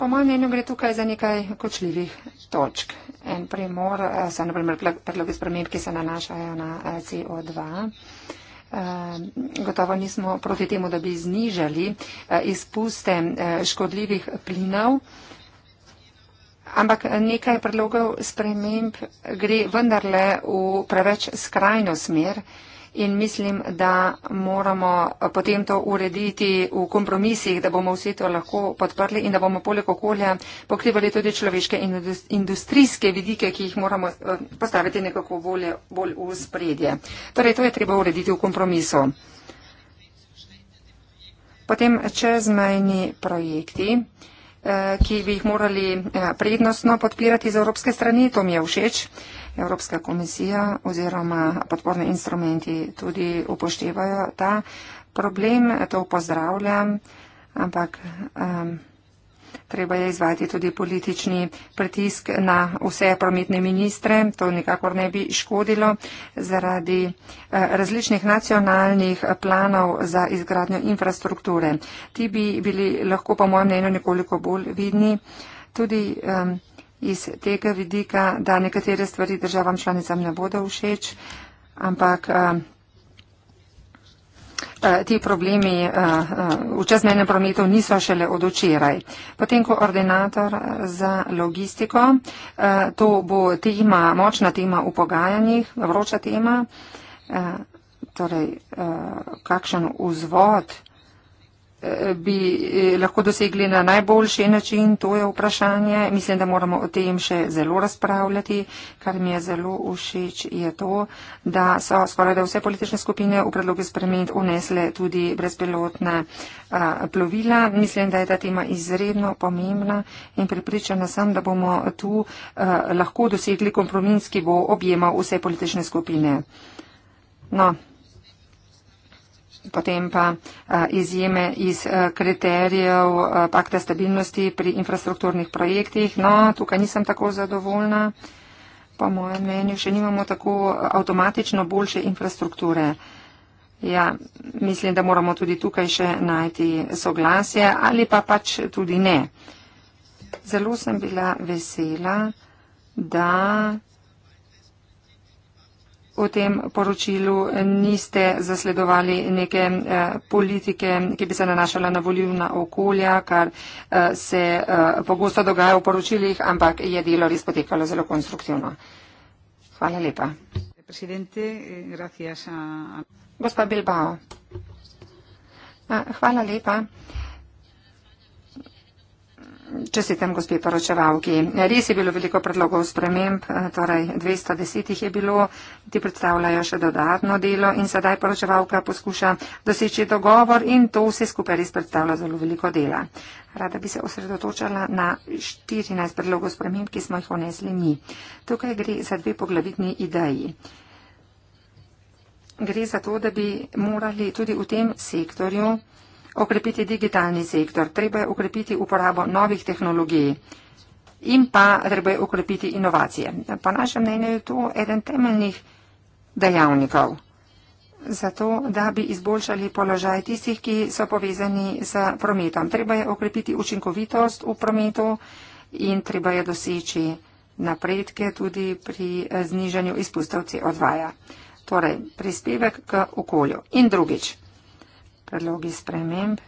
Po mojem mnenju gre tukaj za nekaj kočljivih točk. En primor eh, so naprimer predloge sprememb, ki se nanašajo na eh, CO2. Eh, gotovo nismo proti temu, da bi znižali izpuste škodljivih plinov, ampak nekaj predlogov sprememb gre vendarle v preveč skrajno smer, in mislim, da moramo potem to urediti v kompromisih, da bomo vsi to lahko podprli in da bomo poleg okolja pokrivali tudi človeške in industrijske vidike, ki jih moramo eh, postaviti nekako bolje, bolj v spredje. Torej, to je treba urediti v kompromisu. Potem čezmejni projekti eh, ki bi jih morali eh, prednostno podpirati z evropske strani, to mi je všeč. Evropska komisija oziroma podporni instrumenti tudi upoštevajo ta problem. To pozdravljam, ampak um, treba je izvajati tudi politični pritisk na vse prometne ministre. To nikakor ne bi škodilo zaradi uh, različnih nacionalnih planov za izgradnjo infrastrukture. Ti bi bili lahko, po mojem mnenju, nekoliko bolj vidni. Tudi, um, iz tega vidika, da nekatere stvari državam članicam ne bodo všeč, ampak eh, eh, ti problemi eh, v čezmenem prometu niso šele od včeraj. Potem, ko ordinator za logistiko, to bo tema, močna tema v pogajanjih, vroča tema, torej kakšen vzvod, Eh, bi eh, lahko dosegli na najboljši način, to je vprašanje. Mislim, da moramo o tem še zelo razpravljati. Kar mi je zelo všeč je to, da so skoraj da vse politične skupine v predlogu spremenit unesle tudi brezpilotna a, plovila. Mislim, da je ta tema izredno pomembna in pripričana sem, da bomo tu a, lahko dosegli kompromis, ki bo objemal vse politične skupine. No potem pa izjeme iz kriterijev pakta stabilnosti pri infrastrukturnih projektih. No, tukaj nisem tako zadovoljna. Po mojem mnenju še nimamo tako avtomatično boljše infrastrukture. Ja, mislim, da moramo tudi tukaj še najti soglasje ali pa pač tudi ne. Zelo sem bila vesela, da v tem poročilu niste zasledovali neke eh, politike, ki bi se nanašala na volivna okolja, kar eh, se eh, pogosto dogaja v poročilih, ampak je delo res potekalo zelo konstruktivno. Hvala lepa. Gospa Bilbao. Ah, hvala lepa. Čestitam, gospe poročevalki. Res je bilo veliko predlogov sprememb, eh, torej 210 jih je bilo, ti predstavljajo še dodatno delo in sedaj poročevalka poskuša doseči dogovor in to vse skupaj res predstavlja zelo veliko dela. Rada bi se osredotočala na 14 predlogov sprememb, ki smo jih onesli mi. Tukaj gre za dve poglavitni ideji. Gre za to, da bi morali tudi v tem sektorju okrepiti digitalni sektor, treba je okrepiti uporabo novih tehnologij in pa treba je okrepiti inovacije. Po našem mnenju je to eden temeljnih dejavnikov za to, da bi izboljšali položaj tistih, ki so povezani z prometom. Treba je okrepiti učinkovitost v prometu in treba je doseči napredke tudi pri eh, znižanju izpustov CO2. Torej, prispevek k okolju. In drugič predlogi sprememb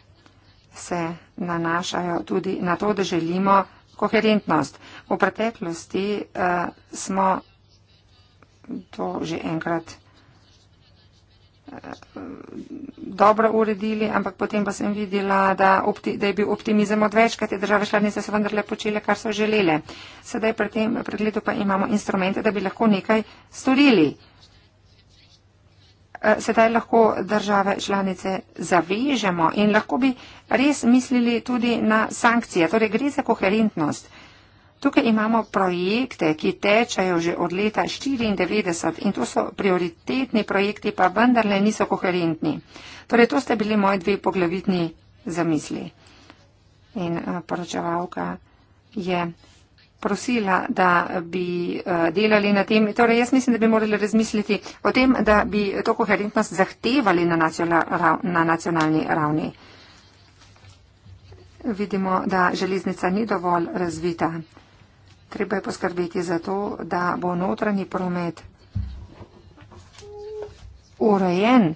se nanašajo tudi na to, da želimo koherentnost. V preteklosti uh, smo to že enkrat eh, dobro uredili, ampak potem pa sem videla, da, opti, da je bil optimizem odveč, kaj te države članice so vendarle počele, kar so želele. Sedaj pri tem pregledu pa imamo instrumente, da bi lahko nekaj storili. Uh, Eh, sedaj lahko države članice zavežemo in lahko bi res mislili tudi na sankcije. Torej gre za koherentnost. Tukaj imamo projekte, ki tečajo že od leta 1994 in to so prioritetni projekti, pa vendarle niso koherentni. Torej to ste bili moji dve poglavitni zamisli. In eh, poročevalka je prosila, da bi eh, delali na tem. Torej, jaz mislim, da bi morali razmisliti o tem, da bi to koherentnost zahtevali na, nacional, na nacionalni ravni. Vidimo, da železnica ni dovolj razvita. Treba je poskrbeti za to, da bo notranji promet urejen.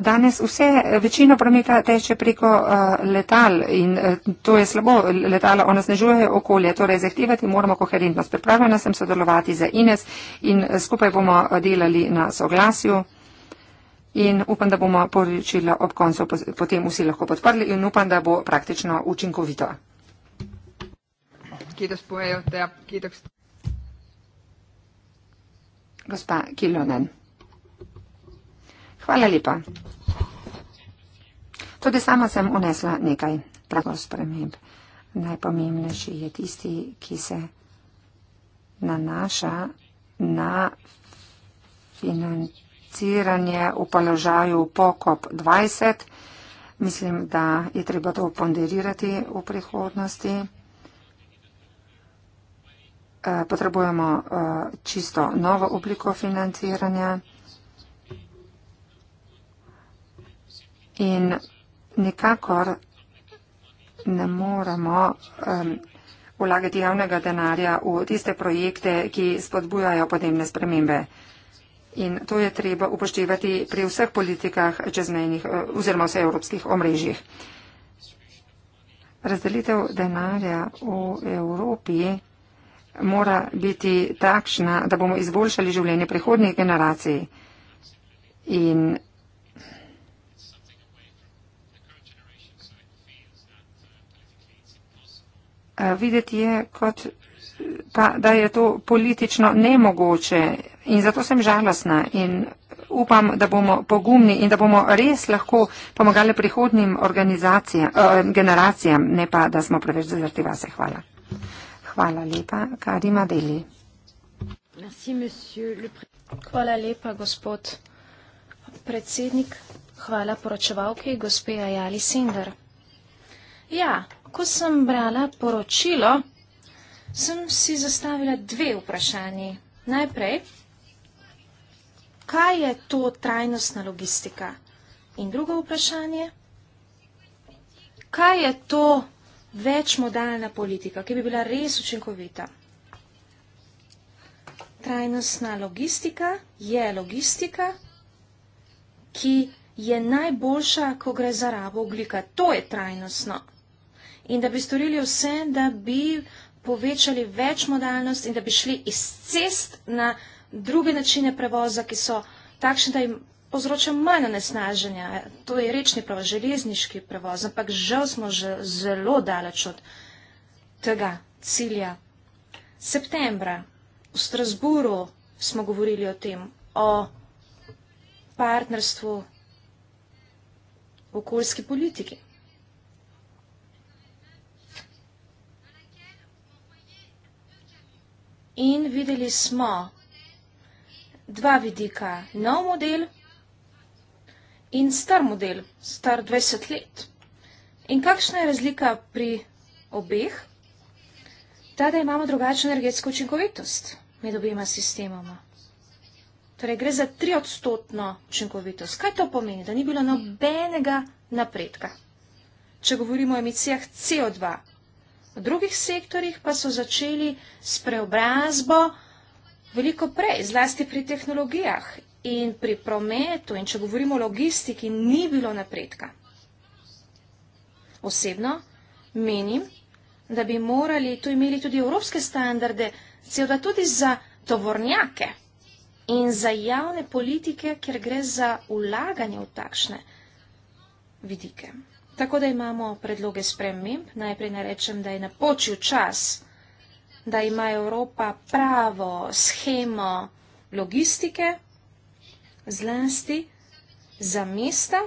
Danes vse, večino prometa teče preko uh, letal in uh, to je slabo, letala onesnežujejo okolje, torej zahtevati moramo koherentnost. Pripravljena sem sodelovati za Ines in uh, skupaj bomo delali na soglasju in upam, da bomo poročila ob koncu potem vsi lahko podprli in upam, da bo praktično učinkovito. Gospa Kilonen. Hvala lepa. Tudi sama sem unesla nekaj pravo sprememb. Najpomembnejši je tisti, ki se nanaša na financiranje v položaju POKOP 20. Mislim, da je treba to ponderirati v prihodnosti. Eh, potrebujemo eh, čisto novo obliko financiranja. In nekakor ne moremo um, vlagati javnega denarja v tiste projekte, ki spodbujajo podnebne spremembe. In to je treba upoštevati pri vseh politikah čezmejnih eh, oziroma vseh evropskih omrežjih. Razdelitev denarja v Evropi mora biti takšna, da bomo izboljšali življenje prihodnjih generacij. In Eh, videti je, kot, pa, da je to politično nemogoče in zato sem žalostna in upam, da bomo pogumni in da bomo res lahko pomagali prihodnim organizacijam, eh, generacijam, ne pa, da smo preveč zazrti vase. Hvala. Hvala lepa, Karima Deli. Hvala lepa, gospod predsednik. Hvala poročevalki, gospe Ajali Sindar. Ja, ko sem brala poročilo, sem si zastavila dve vprašanji. Najprej, kaj je to trajnostna logistika? In drugo vprašanje, kaj je to večmodalna politika, ki bi bila res učinkovita? Trajnostna logistika je logistika, ki je najboljša, ko gre za rabo oglika. To je trajnostno in da bi storili vse, da bi povečali več modalnost in da bi šli iz cest na druge načine prevoza, ki so takšni, da jim povzroča manj nesnaženja. To je rečni prevoz, železniški prevoz, ampak žal smo že zelo daleč od tega cilja. Septembra v Strasburu smo govorili o tem, o partnerstvu v okoljski politiki. in videli smo dva vidika, nov model in star model, star 20 let. In kakšna je razlika pri obeh? Ta, da imamo drugačno energetsko učinkovitost med obema sistemoma. Torej, gre za tri odstotno učinkovitost. Kaj to pomeni? Da ni bilo nobenega napredka. Če govorimo o emisijah CO2, drugih sektorjih pa so začeli s preobrazbo veliko prej, zlasti pri tehnologijah in pri prometu in če govorimo o logistiki, ni bilo napredka. Osebno menim, da bi morali tu imeli tudi evropske standarde, celo da tudi za tovornjake in za javne politike, ker gre za ulaganje v takšne vidike. Tako da imamo predloge spremem. Najprej narečem, da je napočil čas, da ima Evropa pravo schemo logistike, zlasti za mesta,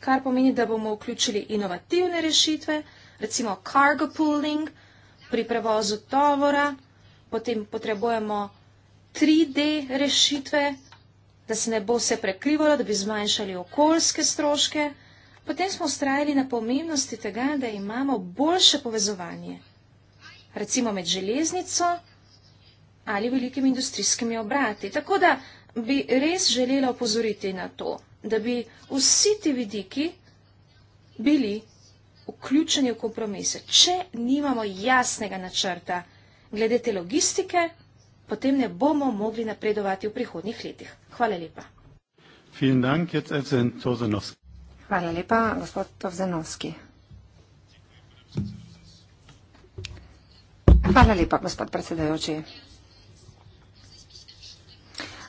kar pomeni, da bomo vključili inovativne rešitve, recimo cargo pooling pri prevozu tovora, potem potrebujemo 3D rešitve, da se ne bo vse prekrivalo, da bi zmanjšali okoljske stroške. Potem smo ustrajali na pomembnosti tega, da imamo boljše povezovanje, recimo med železnico ali velikimi industrijskimi obrati. Tako da bi res želela opozoriti na to, da bi vsi ti vidiki bili vključeni v kompromise. Če nimamo jasnega načrta glede te logistike, potem ne bomo mogli napredovati v prihodnih letih. Hvala lepa. Vielen Dank, jetzt Evzen Tozenowski. Hvala lepa, gospod Tozenovski. Hvala lepa, gospod predsedajoči.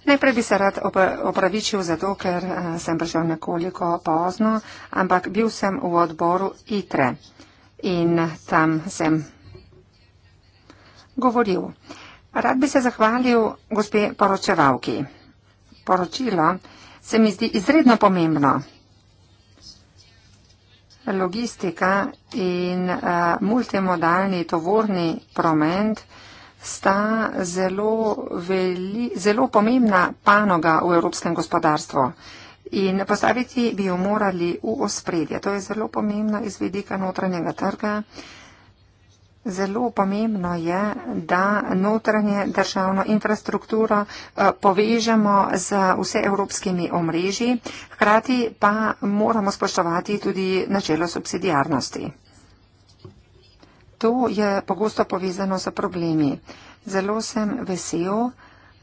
Najprej bi se rad opravičil zato, ker eh, sem prišel nekoliko pozno, ampak bil sem v odboru ITRE in tam sem govoril. Rad bi se zahvalil gospe poročevalki poročila, se mi zdi izredno pomembno. Logistika in uh, multimodalni tovorni promet sta zelo, veli, zelo pomembna panoga v evropskem gospodarstvu in postaviti bi jo morali v ospredje. To je zelo pomembno izvedika notranjega trga. Uh, Zelo pomembno je, da notranje državno infrastrukturo eh, povežemo z vse evropskimi omrežji, hkrati pa moramo spoštovati tudi načelo subsidijarnosti. To je pogosto povezano s problemi. Zelo sem vesel,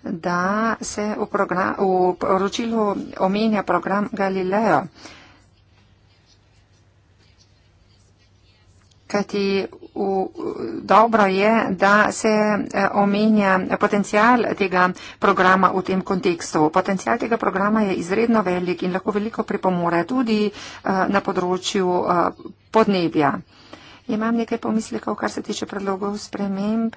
da se v, v poročilu omenja program Galileo. Kajti v, dobro je, da se eh, omenja potencial tega programa v tem kontekstu. Potencial tega programa je izredno velik in lahko veliko pripomore tudi eh, na področju eh, podnebja. Imam nekaj pomislekov, kar se tiče predlogov sprememb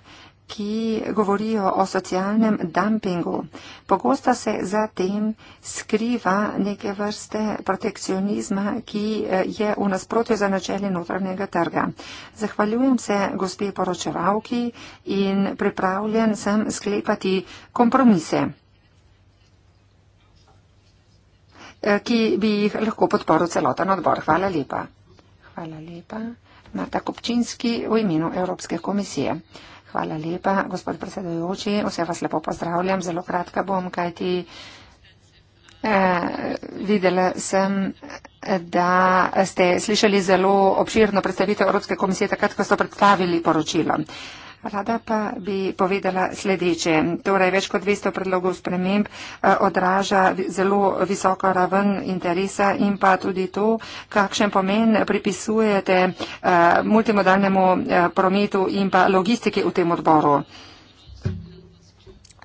ki govorijo o socialnem dumpingu. Pogosto se za tem skriva neke vrste protekcionizma, ki eh, je v nasprotju za načeli notranjega trga. Zahvaljujem se gospe poročevalki in pripravljen sem sklepati kompromise, eh, ki bi jih lahko podporil celoten odbor. Hvala lepa. Hvala lepa. Marta Kopčinski v imenu Evropske komisije. Hvala lepa, gospod predsedujoči. Vse vas lepo pozdravljam. Zelo kratka bom, kajti eh, videla sem, da ste slišali zelo obširno predstavitev Evropske komisije, takrat, ko so predstavili poročilo. Eh, Rada pa bi povedala sledeče. Torej, več kot 200 predlogov sprememb eh, odraža zelo visoka raven interesa in pa tudi to, kakšen pomen pripisujete eh, multimodalnemu eh, prometu in pa logistike v tem odboru.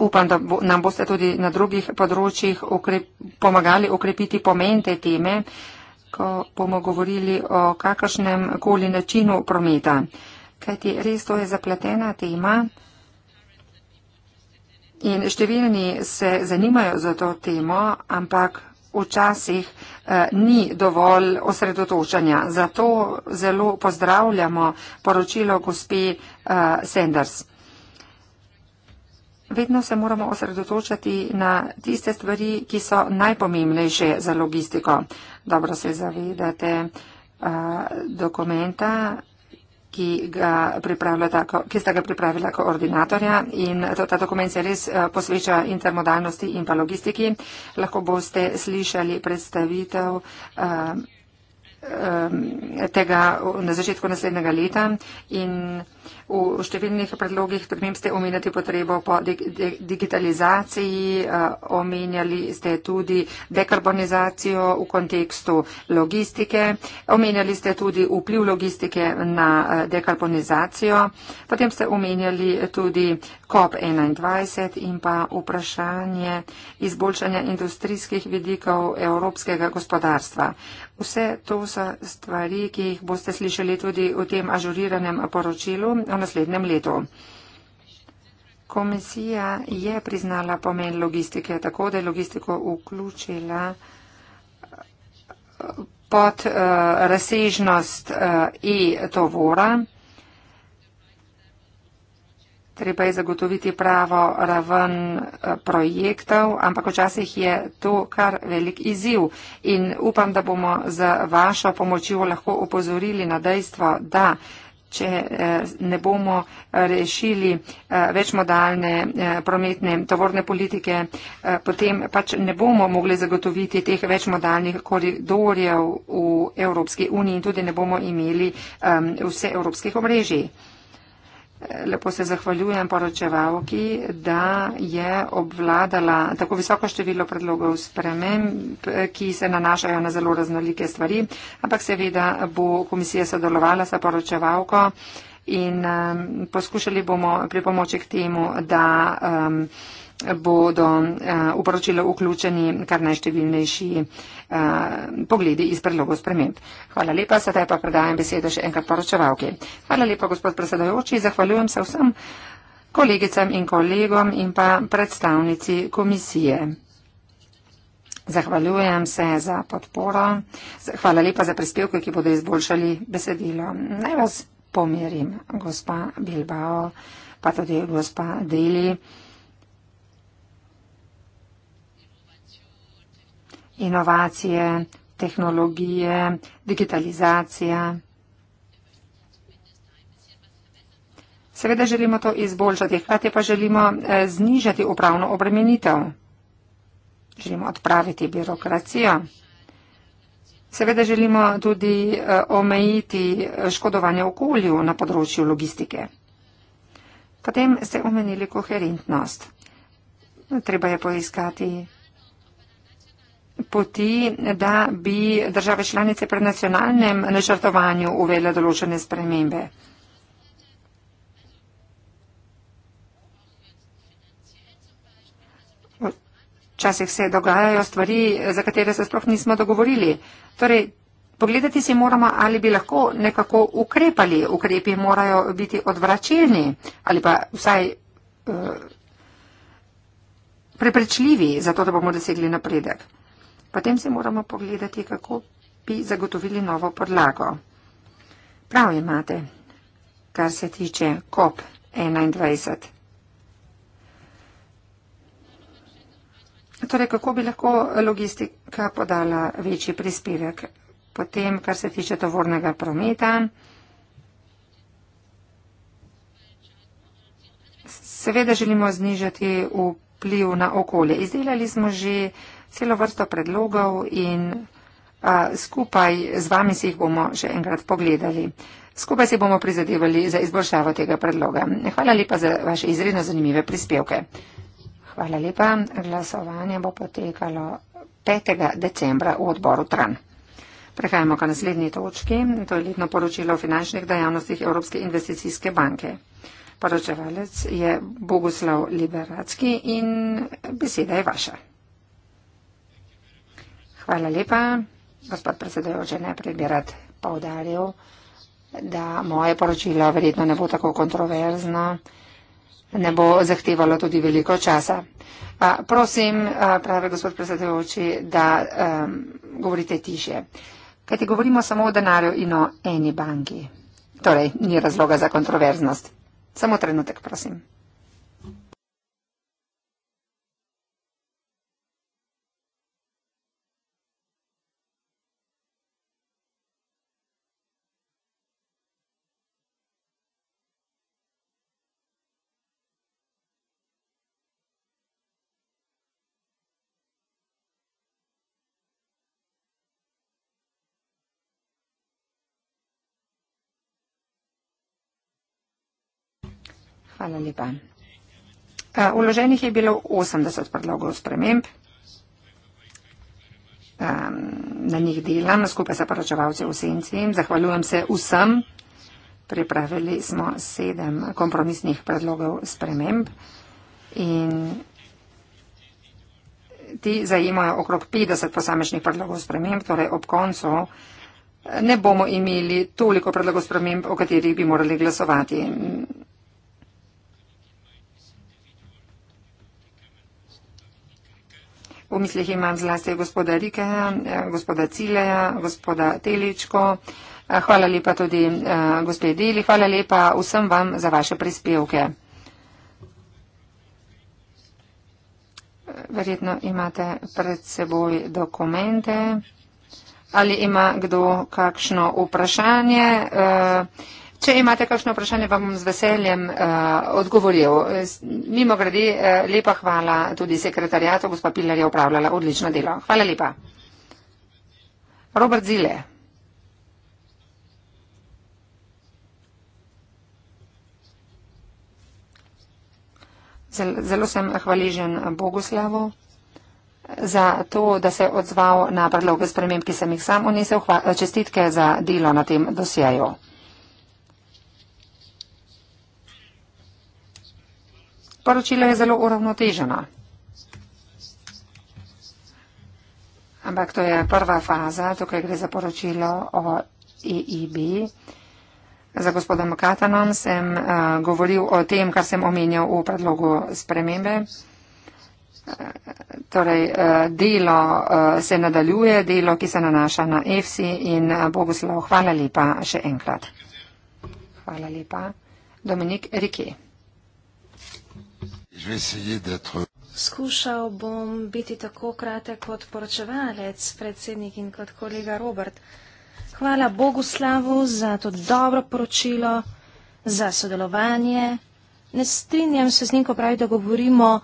Upam, da bo, nam boste tudi na drugih področjih okrep, pomagali okrepiti pomen te teme, ko bomo govorili o kakršnem koli načinu prometa kajti res to je zapletena tema in številni se zanimajo za to temo, ampak včasih eh, ni dovolj osredotočanja. Zato zelo pozdravljamo poročilo gospe eh, Sanders. Vedno se moramo osredotočati na tiste stvari, ki so najpomembnejše za logistiko. Dobro se zavedate eh, dokumenta ki, ko, ki sta ga pripravila koordinatorja in to, ta dokument se res eh, posveča intermodalnosti in pa logistiki. Lahko boste slišali predstavitev. Uh, Um, tega na začetku naslednjega leta in v številnih predlogih predmem ste omenjati potrebo po digitalizaciji, uh, omenjali ste tudi dekarbonizacijo v kontekstu logistike, omenjali ste tudi vpliv logistike na uh, dekarbonizacijo, potem ste omenjali tudi COP21 in pa vprašanje izboljšanja industrijskih vidikov evropskega gospodarstva. Vse to so stvari, ki jih boste slišali tudi v tem ažuriranem poročilu v naslednjem letu. Komisija je priznala pomen logistike tako, da je logistiko vključila eh, pod uh, razsežnost uh, e-tovora treba je zagotoviti pravo raven eh, projektov, ampak včasih je to kar velik izziv in upam, da bomo z vašo pomočjo lahko upozorili na dejstvo, da če eh, ne bomo rešili eh, večmodalne prometne tovorne politike, potem pač ne bomo mogli zagotoviti teh večmodalnih koridorjev v Evropski uniji in tudi ne bomo imeli vse evropskih omrežij. Lepo se zahvaljujem poročevalki, da je obvladala tako visoko število predlogov sprememb, ki se nanašajo na zelo raznolike stvari, ampak seveda bo komisija sodelovala sa poročevalko in um, poskušali bomo pripomoči k temu, da. Um, bodo eh, v poročilo vključeni kar najštevilnejši eh, pogledi iz predlogov sprememb. Hvala lepa, sedaj pa predajam besedo še enkrat poročevalki. Hvala lepa, gospod predsedajoči, zahvaljujem se vsem kolegicam in kolegom in pa predstavnici komisije. Zahvaljujem se za podporo. Hvala lepa za prispevke, ki bodo izboljšali besedilo. Naj vas pomirim, gospa Bilbao, pa tudi gospa Deli. inovacije, tehnologije, digitalizacija. Seveda želimo to izboljšati, hkrati pa želimo eh, znižati upravno obremenitev. Želimo odpraviti birokracijo. Seveda želimo tudi eh, omejiti eh, škodovanje okolju na področju logistike. Potem ste omenili koherentnost. Treba je poiskati poti, da bi države članice pri nacionalnem načrtovanju uvele določene spremembe. Včasih se dogajajo stvari, za katere se sploh nismo dogovorili. Torej, pogledati si moramo, ali bi lahko nekako ukrepali. Ukrepi morajo biti odvračilni ali pa vsaj uh, eh, preprečljivi, zato da bomo dosegli napredek. Potem se moramo pogledati, kako bi zagotovili novo podlago. Prav imate, kar se tiče COP21. Torej, kako bi lahko logistika podala večji prispevek? Potem, kar se tiče tovornega prometa, seveda želimo znižati vpliv na okolje. Izdelali smo že uh, celo vrsto predlogov in a, skupaj z vami si jih bomo še enkrat pogledali. Skupaj si bomo prizadevali za izboljšavo tega predloga. Hvala lepa za vaše izredno zanimive prispevke. Hvala lepa. Glasovanje bo potekalo 5. decembra v odboru TRAN. Prehajamo ka naslednji točki. To je letno poročilo o finančnih dejavnostih Evropske investicijske banke. Poročevalec je Boguslav Liberacki in beseda je vaša. Hvala lepa. Gospod predsedojoče, najprej bi rad povdaril, da moje poročilo verjetno ne bo tako kontroverzno, ne bo zahtevalo tudi veliko časa. A, prosim, a, pravi gospod predsedojoči, da a, govorite tiše. Kaj ti govorimo samo o denarju in o eni banki? Torej, ni razloga za kontroverznost. Samo trenutek, prosim. Hvala lepa. Uloženih eh, je bilo 80 predlogov sprememb. Na njih delam, skupaj sa poročevalce v senci. Zahvaljujem se vsem. Pripravili smo sedem kompromisnih predlogov sprememb in ti zajimajo okrog 50 posamečnih predlogov sprememb, torej ob koncu ne bomo imeli toliko predlogov sprememb, o katerih bi morali glasovati. V mislih imam zlasti gospoda Rikeja, eh, gospoda Cileja, gospoda Teličko. Eh, hvala lepa tudi eh, gospod Deli. Hvala lepa vsem vam za vaše prispevke. Verjetno imate pred seboj dokumente. Ali ima kdo kakšno vprašanje? Uh, Če imate kakšno vprašanje, vam bom z veseljem uh, odgovoril. Mimo grede, uh, lepa hvala tudi sekretarjatu, gospa Pilar je upravljala odlično delo. Hvala lepa. Robert Zile. Zelo sem hvaležen Bogoslavu za to, da se je odzval na predloge sprememb, ki sem jih sam unesel. Čestitke za delo na tem dosjeju. poročila je zelo uravnotežena. Ampak to je prva faza, tukaj gre za poročilo o EIB. E za gospodom Katanom sem uh, govoril o tem, kar sem omenjal v predlogu spremembe. Eh, torej, eh, delo se nadaljuje, delo, ki se nanaša na EFSI in Boguslav, hvala lepa še enkrat. Hvala lepa. Dominik Rike. Skušal bom biti tako kratek kot poročevalec, predsednik in kot kolega Robert. Hvala Boguslavu za to dobro poročilo, za sodelovanje. Ne strinjam se z njim, ko pravi, da govorimo,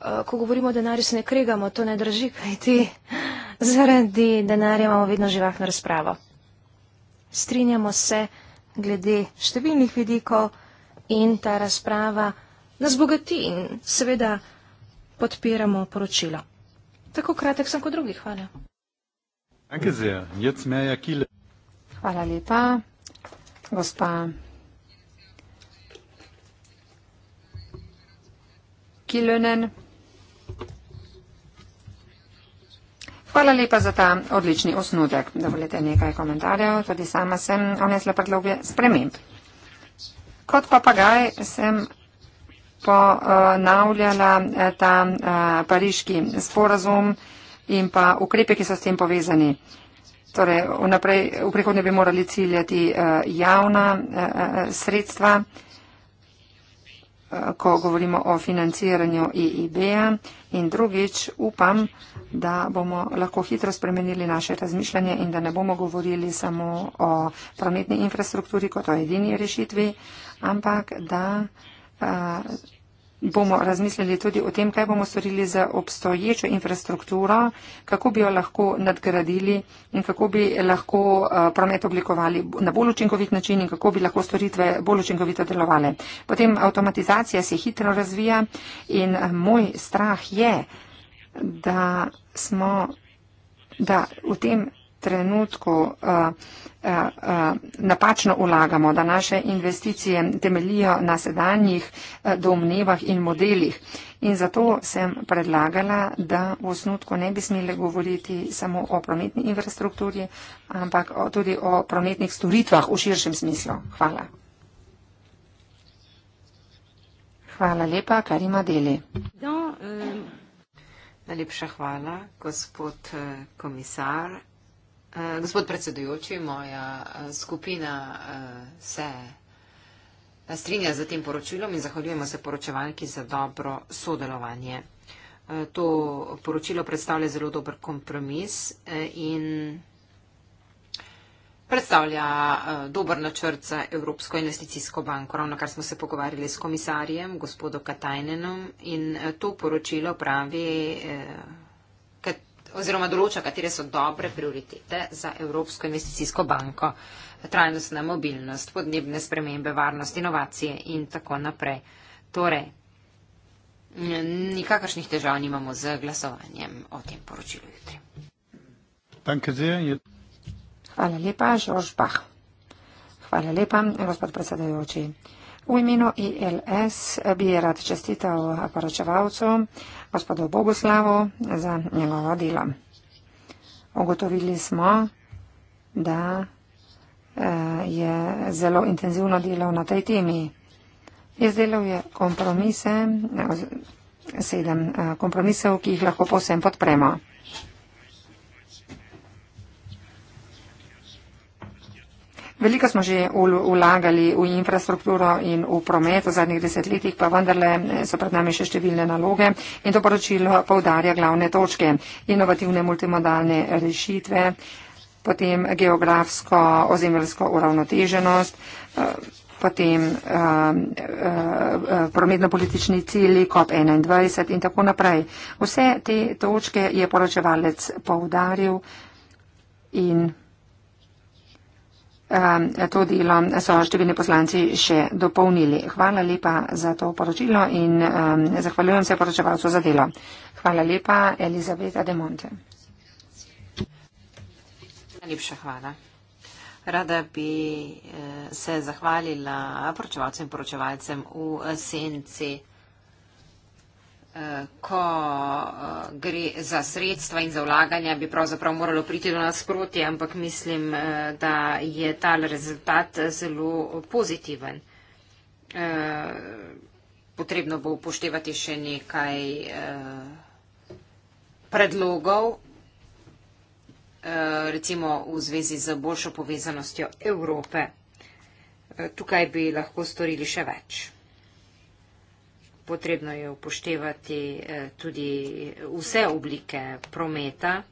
eh, ko govorimo o denarju, se ne kregamo, to ne drži, kaj ti (laughs) zaradi denarja imamo vedno živahno razpravo. Strinjamo se glede številnih vidikov in ta razprava nas bogati in seveda podpiramo poročilo. Tako kratek sem kot drugi. Hvala. Hvala lepa, gospa. Kilenen. Hvala lepa za ta odlični osnutek. Dovolite nekaj komentarjev, tudi sama sem onesla predloge sprememb. Kot papagaj sem ponavljala eh, ta eh, pariški sporazum in pa ukrepe, ki so s tem povezani. Torej, vnaprej, v prihodnje bi morali ciljati eh, javna sredstva, ko govorimo o financiranju EIB-a in drugič upam, da bomo lahko hitro spremenili naše razmišljanje in da ne bomo govorili samo o prometni infrastrukturi kot o edini rešitvi, ampak da bomo razmislili tudi o tem, kaj bomo storili z obstoječo infrastrukturo, kako bi jo lahko nadgradili in kako bi lahko promet oblikovali na bolj učinkovit način in kako bi lahko storitve bolj učinkovito delovale. Potem avtomatizacija se hitro razvija in moj strah je, da smo da v tem trenutku uh, uh, uh, napačno ulagamo, da naše investicije temelijo na sedanjih uh, domnevah in modelih. In zato sem predlagala, da v osnutku ne bi smeli govoriti samo o prometni infrastrukturi, ampak o, tudi o prometnih storitvah v širšem smislu. Hvala. Hvala lepa, kar ima deli. Najlepša hvala, gospod komisar. Eh, gospod predsedujoči, moja eh, skupina eh, se strinja z tem poročilom in zahvaljujemo se poročevalki za dobro sodelovanje. To poročilo predstavlja zelo dober kompromis in predstavlja dober načrt za Evropsko investicijsko banko. Ravno kar smo se pogovarjali s komisarjem, gospodom Katajnenom, in to poročilo pravi oziroma določa, katere so dobre prioritete za Evropsko investicijsko banko, trajnostna mobilnost, podnebne spremembe, varnost, inovacije in tako naprej. Torej, nikakršnih težav nimamo z glasovanjem o tem poročilu jutri. Hvala lepa, Žorž Bah. Hvala lepa, gospod predsedajoči. V imenu ILS bi rad čestital poročevalcu gospodu Bogoslavu za njegova dela. Ogotovili smo, da eh, je zelo intenzivno delal na tej temi. Izdelal je kompromise, eh, sedem eh, kompromisov, ki jih lahko posem podpremo. Veliko smo že ulagali v infrastrukturo in v promet v zadnjih desetletjih, pa vendarle eh, so pred nami še številne naloge in to poročilo povdarja glavne točke. Inovativne multimodalne rešitve, potem geografsko ozemelsko uravnoteženost eh, potem um, um, prometno-politični cilji COP21 in tako naprej. Vse te točke je poročevalec poudaril in Ehm, to delo so številni poslanci še dopolnili. Hvala lepa za to poročilo in ehm, zahvaljujem se poročevalcu za delo. Hvala lepa, Elizabeta de Monte. Najlepša hvala. Rada bi eh, se zahvalila poročevalcem in poročevalcem v Senci ko eh, gre za sredstva in za vlaganja, bi pravzaprav moralo priti do nasprotja, ampak mislim, eh, da je ta rezultat eh, zelo pozitiven. Potrebno bo upoštevati še nekaj predlogov, recimo v zvezi z boljšo povezanostjo Evrope. Tukaj bi lahko storili še več potrebno je upoštevati eh, tudi vse oblike prometa,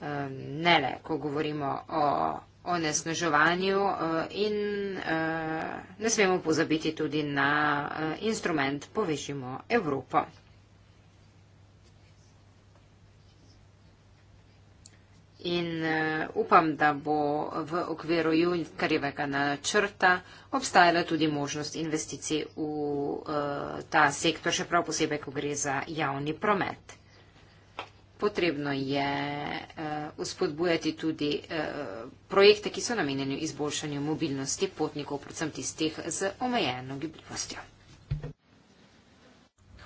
ehm, ne le, ko govorimo o onesnaževanju eh, in eh, ne smemo pozabiti tudi na instrument Povežimo Evropo. in eh, upam, da bo v okviru junkarjevega načrta obstajala tudi možnost investicij v eh, ta sektor, še prav posebej, ko gre za javni promet. Potrebno je uspodbujati eh, tudi projekte, ki so namenjeni izboljšanju mobilnosti potnikov, predvsem tistih z omejeno gibljivostjo.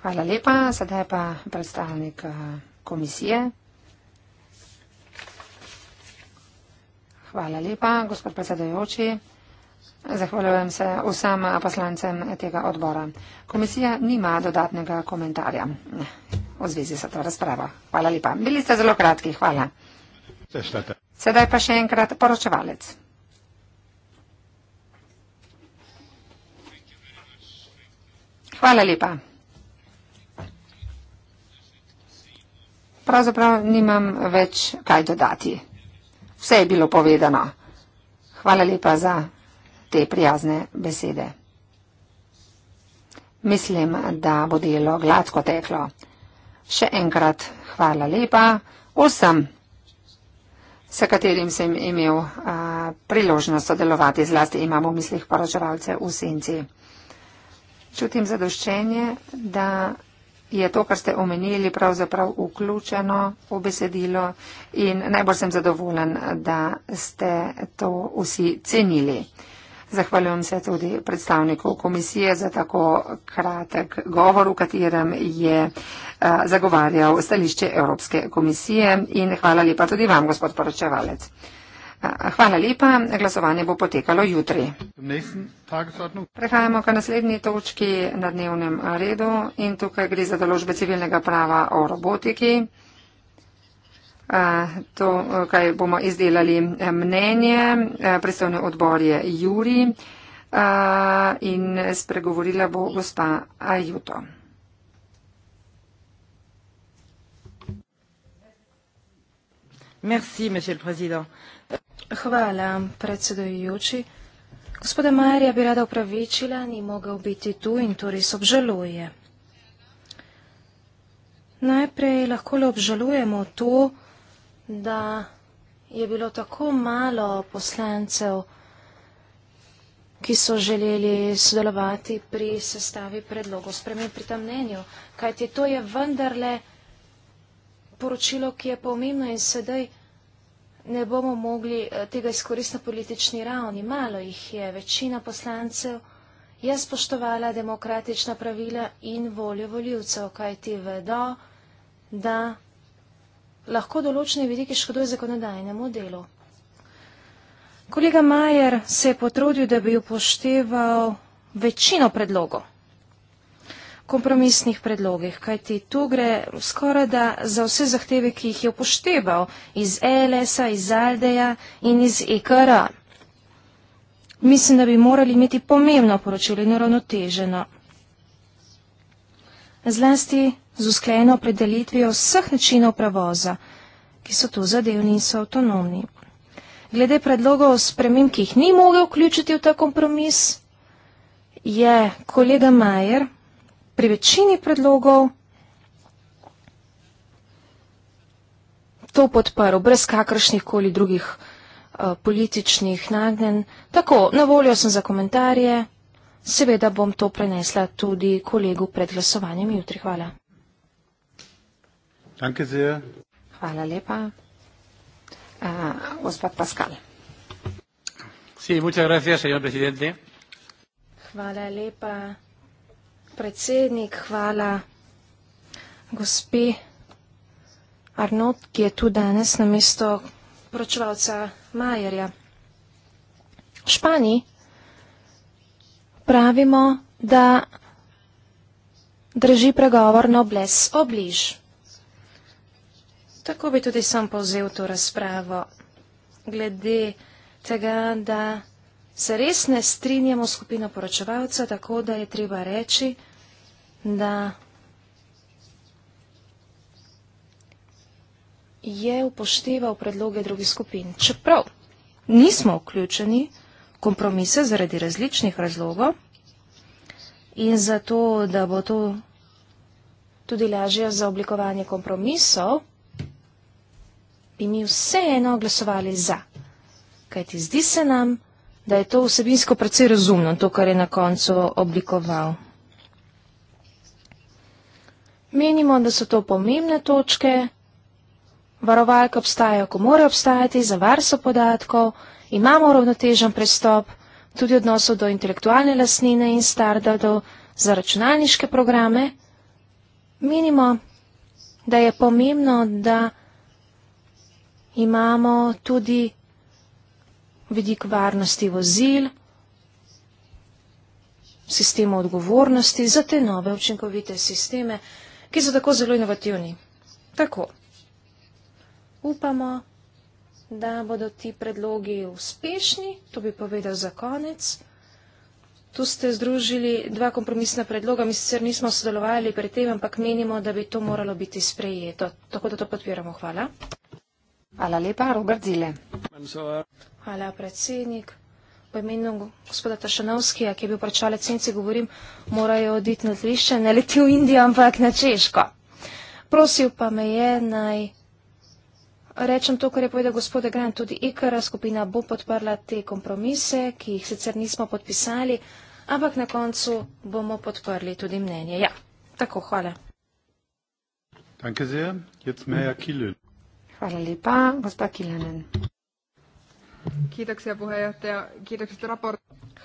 Hvala lepa. Sedaj pa predstavnik komisije. Hvala lepa, gospod predsedajoči. Zahvaljujem se vsem poslancem tega odbora. Komisija nima dodatnega komentarja v zvezi s to razpravo. Hvala lepa. Bili ste zelo kratki. Hvala. Sedaj pa še enkrat poročevalec. Hvala lepa. Pravzaprav nimam več kaj dodati vse je bilo povedano. Hvala lepa za te prijazne besede. Mislim, da bo delo gladko teklo. Še enkrat hvala lepa vsem, s katerim sem imel a, priložnost sodelovati, zlasti imam v mislih poročevalce v senci. Čutim zadoščenje, da je to, kar ste omenili, pravzaprav vključeno v besedilo in najbolj sem zadovoljen, da ste to vsi cenili. Zahvaljujem se tudi predstavniku komisije za tako kratek govor, v katerem je eh, zagovarjal stališče Evropske komisije in hvala lepa tudi vam, gospod poročevalec. Hvala lepa. Glasovanje bo potekalo jutri. Prehajamo k naslednji točki na dnevnem redu in tukaj gre za določbe civilnega prava o robotiki. To, kaj bomo izdelali e, mnenje, e, predstavni odbor je Juri in spregovorila bo gospa Ajuto. Merci, monsieur le Président. Hvala, predsedujoči. Gospoda Marija bi rada upravičila, ni mogel biti tu in to res obžaluje. Najprej lahko le obžalujemo to, da je bilo tako malo poslancev, ki so želeli sodelovati pri sestavi predlogov spremen pri tem mnenju, kajti to je vendarle poročilo, ki je pomembno in sedaj ne bomo mogli eh, tega izkoristiti na politični ravni. Malo jih je, večina poslancev je spoštovala demokratična pravila in voljo voljivcev, kaj ti vedo, da lahko določene vidike škodoj zakonodajnemu delu. Kolega Majer se je potrudil, da bi upošteval večino predlogov kompromisnih predlogih, kajti tu gre skoraj da za vse zahteve, ki jih je upošteval iz ELS-a, iz Aldeja in iz EKR-a. Mislim, da bi morali imeti pomembno poročilo in uravnoteženo. Zlasti z uskleno opredelitvijo vseh načinov pravoza, ki so tu zadevni in so avtonomni. Glede predlogov spremem, ki jih ni mogel vključiti v ta kompromis, je kolega Majer pri večini predlogov to podprl, brez kakršnih koli drugih eh, političnih nagnen. Tako, na voljo sem za komentarje, seveda bom to prenesla tudi kolegu pred glasovanjem jutri. Hvala. Hvala lepa. Eh, Gospod uh, Pascal. Sí, muchas gracias, señor presidente. Hvala lepa predsednik, hvala gospe Arnot, ki je tu danes na mesto pročevalca Majerja. V Španiji pravimo, da drži pregovor nobles obliž. Tako bi tudi sam povzel to razpravo glede tega, da se res ne strinjamo skupino poročevalca, tako da je treba reči, da je upošteval predloge drugih skupin. Čeprav nismo vključeni kompromise zaradi različnih razlogov in zato, da bo to tudi lažje za oblikovanje kompromisov, bi mi vseeno glasovali za. Kajti zdi se nam, da je to vsebinsko precej razumno, to, kar je na koncu oblikoval. Menimo, da so to pomembne točke. Varovalke obstajajo, ko morajo obstajati, za varstvo podatkov, imamo ravnotežen pristop, tudi odnosov do intelektualne lasnine in startadov za računalniške programe. Menimo, da je pomembno, da imamo tudi vidik varnosti vozil, sistemu odgovornosti za te nove učinkovite sisteme ki so tako zelo inovativni. Tako. Upamo, da bodo ti predlogi uspešni, to bi povedal za konec. Tu ste združili dva kompromisna predloga, mi sicer nismo sodelovali pri tem, ampak menimo, da bi to moralo biti sprejeto. Tako da to podpiramo. Hvala. Hvala lepa, Robert Zile. Hvala, predsednik po imenu gospoda Tašanovski, ki je bil pričalec senci, govorim, morajo oditi na tlišče, ne leti v Indijo, ampak na Češko. Prosil pa me je naj rečem to, kar je povedal gospod Grant, tudi IKR skupina bo podprla te kompromise, ki jih sicer nismo podpisali, ampak na koncu bomo podprli tudi mnenje. Ja, tako, hvala. Danke sehr, jetzt Meja Kilen. Hvala lepa, gospod Kilenen. Kiitoksia puheenjohtaja. Kiitokset raport...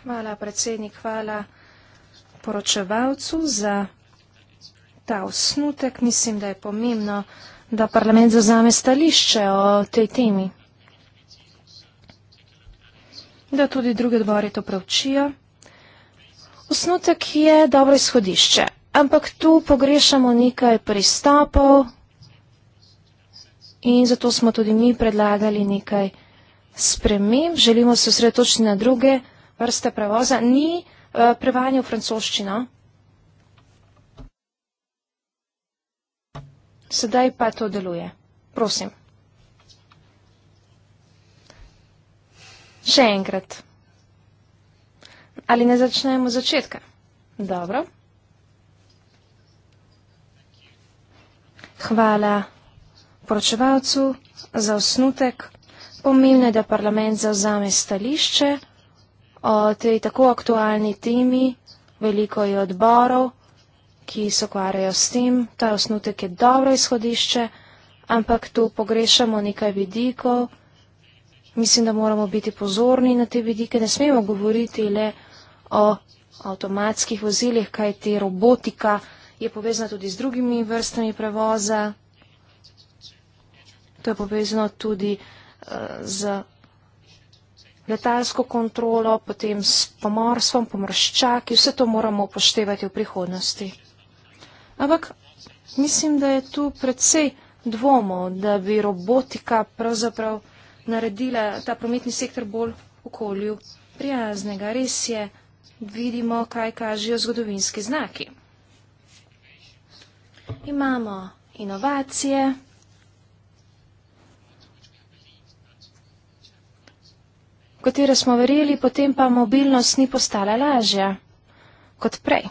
Hvala predsednik, hvala poročevalcu za ta osnutek. Mislim, da je pomembno, da parlament zazame stališče o tej temi. Da tudi druge dvore to pravčijo. Osnutek je dobro izhodišče, ampak tu pogrešamo nekaj pristopov in zato smo tudi mi predlagali nekaj pristopov sprememb, želimo se osredotočiti na druge vrste prevoza. Ni uh, prevajanje v francoščino. Sedaj pa to deluje. Prosim. Še enkrat. Ali ne začnemo začetka? Dobro. Hvala poročevalcu za osnutek pomembno je, da parlament zauzame stališče o tej tako aktualni temi. Veliko je odborov, ki se ukvarjajo s tem. Ta osnutek je dobro izhodišče, ampak tu pogrešamo nekaj vidikov. Mislim, da moramo biti pozorni na te vidike. Ne smemo govoriti le o avtomatskih vozilih, kaj te robotika je povezana tudi z drugimi vrstami prevoza. To je povezano tudi z letalsko kontrolo, potem s pomorstvom, pomorščaki, vse to moramo upoštevati v prihodnosti. Ampak mislim, da je tu predvsej dvomov, da bi robotika pravzaprav naredila ta prometni sektor bolj okolju prijaznega. Res je, vidimo, kaj kažejo zgodovinski znaki. Imamo inovacije. katere smo verjeli, potem pa mobilnost ni postala lažja kot prej.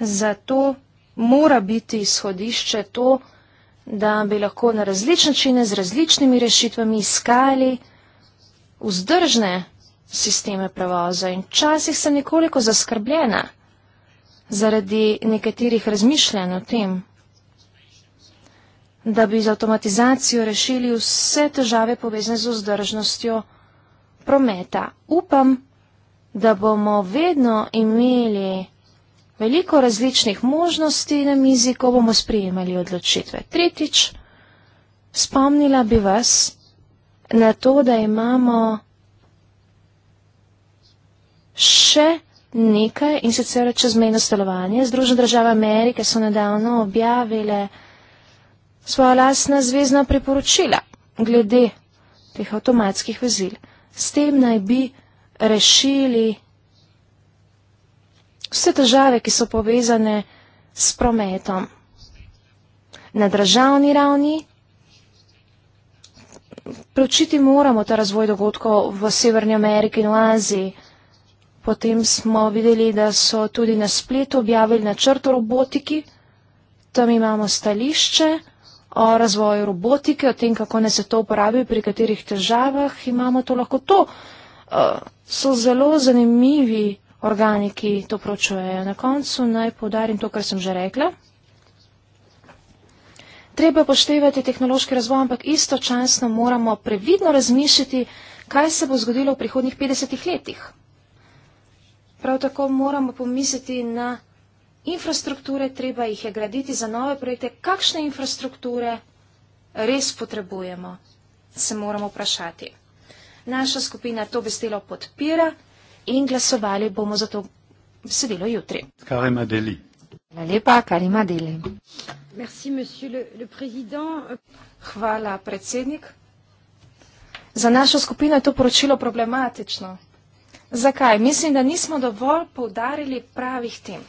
Zato mora biti izhodišče to, da bi lahko na različne načine z različnimi rešitvami iskali vzdržne sisteme prevoza. In včasih sem nekoliko zaskrbljena zaradi nekaterih razmišljanj o tem, da bi z avtomatizacijo rešili vse težave povezane z vzdržnostjo prometa. Upam, da bomo vedno imeli veliko različnih možnosti na mizi, ko bomo sprejemali odločitve. Tretjič, spomnila bi vas na to, da imamo še nekaj in sicer čezmejno stalovanje. Združene države Amerike so nedavno objavile svoja lasna zvezdna priporočila glede teh avtomatskih vozil s tem naj bi rešili vse težave, ki so povezane s prometom. Na državni ravni preučiti moramo ta razvoj dogodkov v Severni Ameriki in v Aziji. Potem smo videli, da so tudi na spletu objavili načrt o robotiki. Tam imamo stališče o razvoju robotike, o tem, kako ne se to uporabi, pri katerih težavah imamo to lahko to. Eh, so zelo zanimivi organi, ki to pročujejo. Na koncu naj povdarim to, kar sem že rekla. Treba poštevati tehnološki razvoj, ampak istočasno moramo previdno razmišljati, kaj se bo zgodilo v prihodnjih 50 letih. Prav tako moramo pomisliti na infrastrukture, treba jih je graditi za nove projekte. Kakšne infrastrukture res potrebujemo, se moramo vprašati. Naša skupina to bestelo podpira in glasovali bomo za to besedilo jutri. Karima Deli. Hvala lepa, Karima Deli. Merci, le, le Hvala, predsednik. Za našo skupino je to poročilo problematično. Zakaj? Mislim, da nismo dovolj poudarili pravih tem.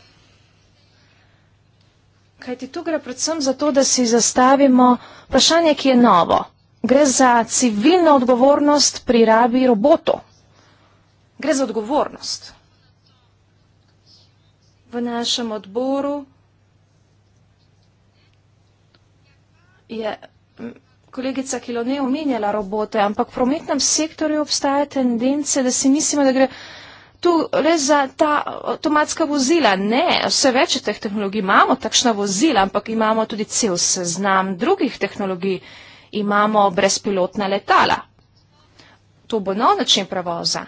Kaj ti tu gre predvsem za to, da si zastavimo vprašanje, ki je novo? Gre za civilno odgovornost pri rabi robotov. Gre za odgovornost. V našem odboru je kolegica Kilone omenjala robote, ampak v prometnem sektorju obstaja tendence, da si mislimo, da gre tu le za ta avtomatska vozila. Ne, vse več teh tehnologij imamo, takšna vozila, ampak imamo tudi cel seznam drugih tehnologij. Imamo brezpilotna letala. To bo nov način prevoza.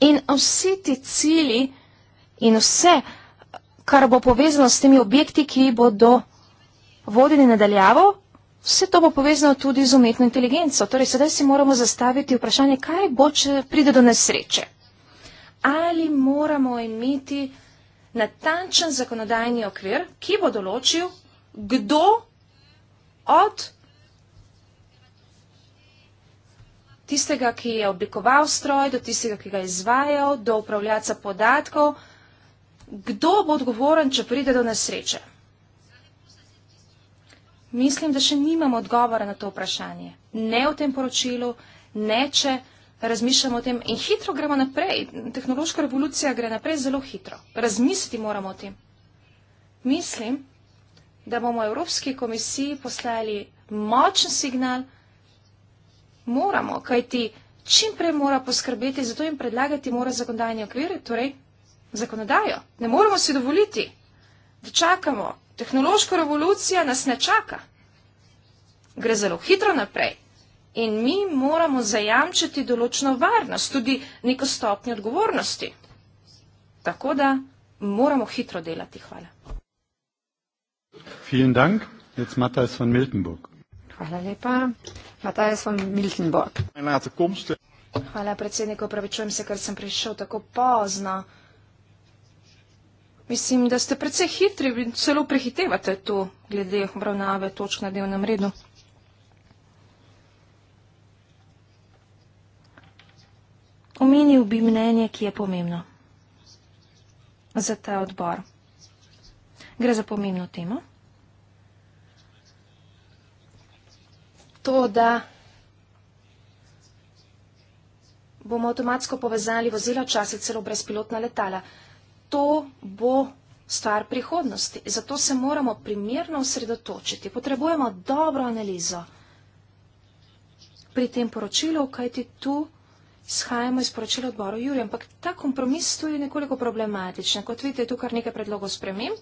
In vsi ti cili in vse, kar bo povezano s temi objekti, ki bodo vodeni nadaljavo, Vse to bo povezano tudi z umetno inteligenco. Torej, sedaj si moramo zastaviti vprašanje, kaj bo, če pride do nesreče. Ali moramo imeti natančen zakonodajni okvir, ki bo določil, kdo od tistega, ki je oblikoval stroj, do tistega, ki ga je izvajal, do upravljaca podatkov, kdo bo odgovoren, če pride do nesreče mislim, da še nimamo odgovora na to vprašanje. Ne v tem poročilu, ne če razmišljamo o tem in hitro gremo naprej. Tehnološka revolucija gre naprej zelo hitro. Razmisliti moramo o tem. Mislim, da bomo Evropski komisiji poslali močen signal, moramo, kajti čim prej mora poskrbeti, zato jim predlagati mora zakonodajni okvir, torej zakonodajo. Ne moramo si dovoliti, da čakamo Tehnološka revolucija nas ne čaka. Gre zelo hitro naprej. In mi moramo zajamčiti določno varnost, tudi neko stopnjo odgovornosti. Tako da moramo hitro delati. Hvala. Dank. Von Hvala lepa. Matajas von Miltenburg. Hvala predsedniku, pravičujem se, ker sem prišel tako pozno. Mislim, da ste precej hitri, celo prehitevate to, glede obravnave točk na delnem redu. Omenil bi mnenje, ki je pomembno za ta odbor. Gre za pomembno temo. To, da bomo avtomatsko povezali vozila, včasih celo brezpilotna letala to bo stvar prihodnosti. Zato se moramo primerno osredotočiti. Potrebujemo dobro analizo pri tem poročilu, kajti tu shajamo iz poročila odboru Jurija. Ampak ta kompromis tu je nekoliko problematičen. Kot vidite, je tu kar nekaj predlogov sprememb,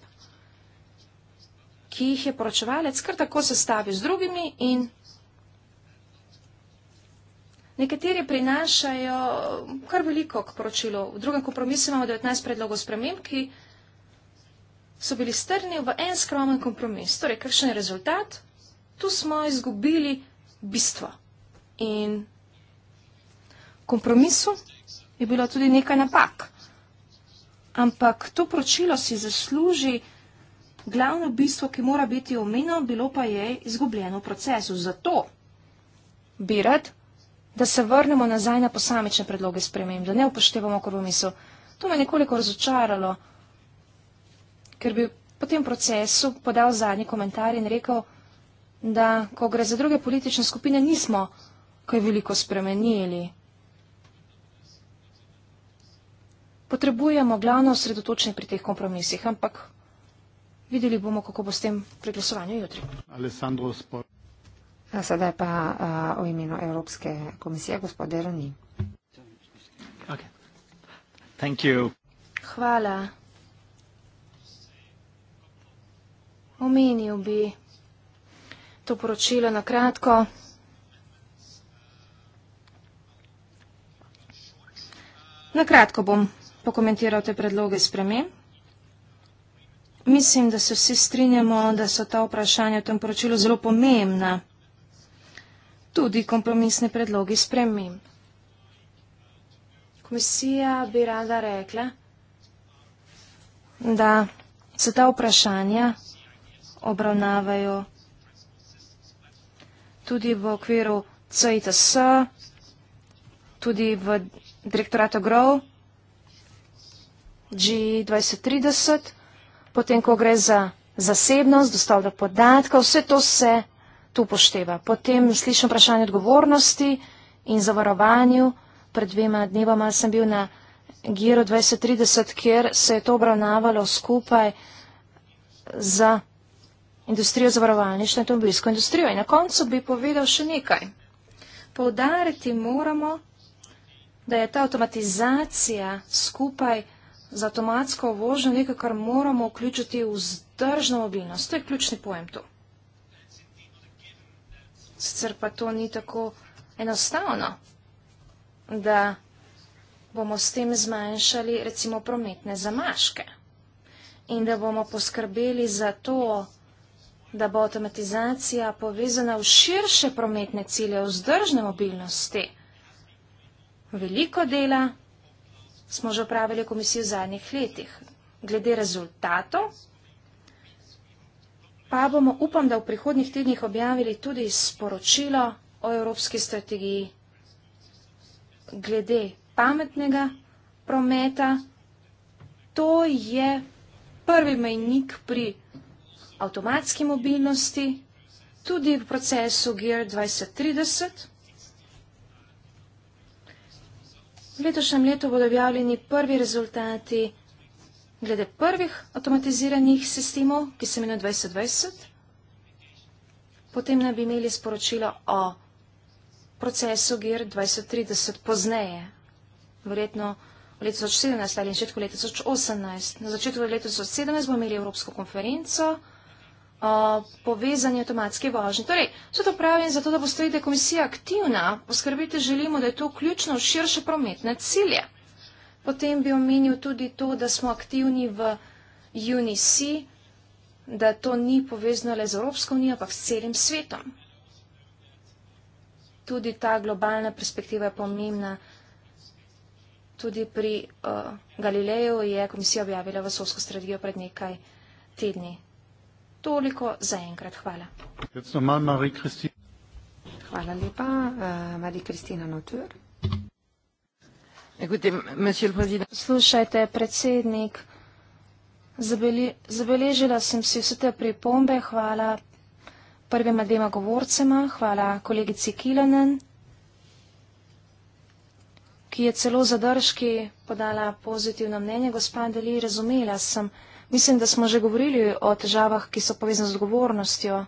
ki jih je poročevalec kar tako sestavil z drugimi in Nekateri prinašajo kar veliko k poročilu. V drugem kompromisu imamo 19 predlogov sprememb, ki so bili strni v en skromen kompromis. Torej, kakšen je rezultat? Tu smo izgubili bistvo. In v kompromisu je bilo tudi nekaj napak. Ampak to poročilo si zasluži glavno bistvo, ki mora biti omenjeno, bilo pa je izgubljeno v procesu. Zato bi rad da se vrnemo nazaj na posamične predloge sprememb, da ne upoštevamo kompromisov. To me je nekoliko razočaralo, ker bi po tem procesu podal zadnji komentar in rekel, da ko gre za druge politične skupine, nismo kaj veliko spremenili. Potrebujemo glavno osredotočenje pri teh kompromisih, ampak videli bomo, kako bo s tem pri glasovanju jutri. Alessandro Spor. Sedaj pa a, o imenu Evropske komisije, gospod Derani. Okay. Hvala. Omenil bi to poročilo na kratko. Na kratko bom pokomentiral te predloge spremem. Mislim, da se vsi strinjamo, da so ta vprašanja v tem poročilu zelo pomembna tudi kompromisne predlogi spremim. Komisija bi rada rekla, da se ta vprašanja obravnavajo tudi v okviru CITS, tudi v direktorato GROW, G2030, potem ko gre za zasebnost, dostop do podatkov, vse to se obravnava tu pošteva. Potem slišim vprašanje odgovornosti in zavarovanju. Pred dvema dnevama sem bil na Giro 2030, kjer se je to obravnavalo skupaj za industrijo zavarovalništva in avtomobilsko industrijo. In na koncu bi povedal še nekaj. Poudariti moramo, da je ta avtomatizacija skupaj za avtomatsko vožnjo nekaj, kar moramo vključiti v vzdržno mobilnost. To je ključni pojem tu sicer pa to ni tako enostavno, da bomo s tem zmanjšali recimo prometne zamaške in da bomo poskrbeli za to, da bo avtomatizacija povezana v širše prometne cilje vzdržne mobilnosti. Veliko dela smo že opravili v komisiji v zadnjih letih. Glede rezultatov pa bomo, upam, da v prihodnjih tednih objavili tudi sporočilo o evropski strategiji glede pametnega prometa. To je prvi mejnik pri avtomatski mobilnosti, tudi v procesu GEAR 2030. V letošnjem letu bodo objavljeni prvi rezultati glede prvih avtomatiziranih sistemov, ki se imenuje 2020. Potem naj bi imeli sporočilo o procesu GER 2030 pozneje, verjetno v letu 2017 ali začetku leta 2018. Na začetku leta 2017 bomo imeli Evropsko konferenco o povezanju avtomatske vožnje. Torej, vse to pravim zato, da postojite komisija aktivna, poskrbite želimo, da je to vključno v širše prometne cilje. Potem bi omenil tudi to, da smo aktivni v UNIC, da to ni povezano le z Evropsko unijo, ampak s celim svetom. Tudi ta globalna perspektiva je pomembna. Tudi pri uh, Galileju je komisija objavila vesolsko strategijo pred nekaj tedni. Toliko za enkrat. Hvala. Hvala lepa, uh, eh, Marija Kristina Notur. Poslušajte, predsednik, zabeležila sem si vse te pripombe. Hvala prvima dvema govorcema, hvala kolegici Kilanen, ki je celo zadržki podala pozitivno mnenje. Gospa Deli, razumela sem. Mislim, da smo že govorili o težavah, ki so povezane z odgovornostjo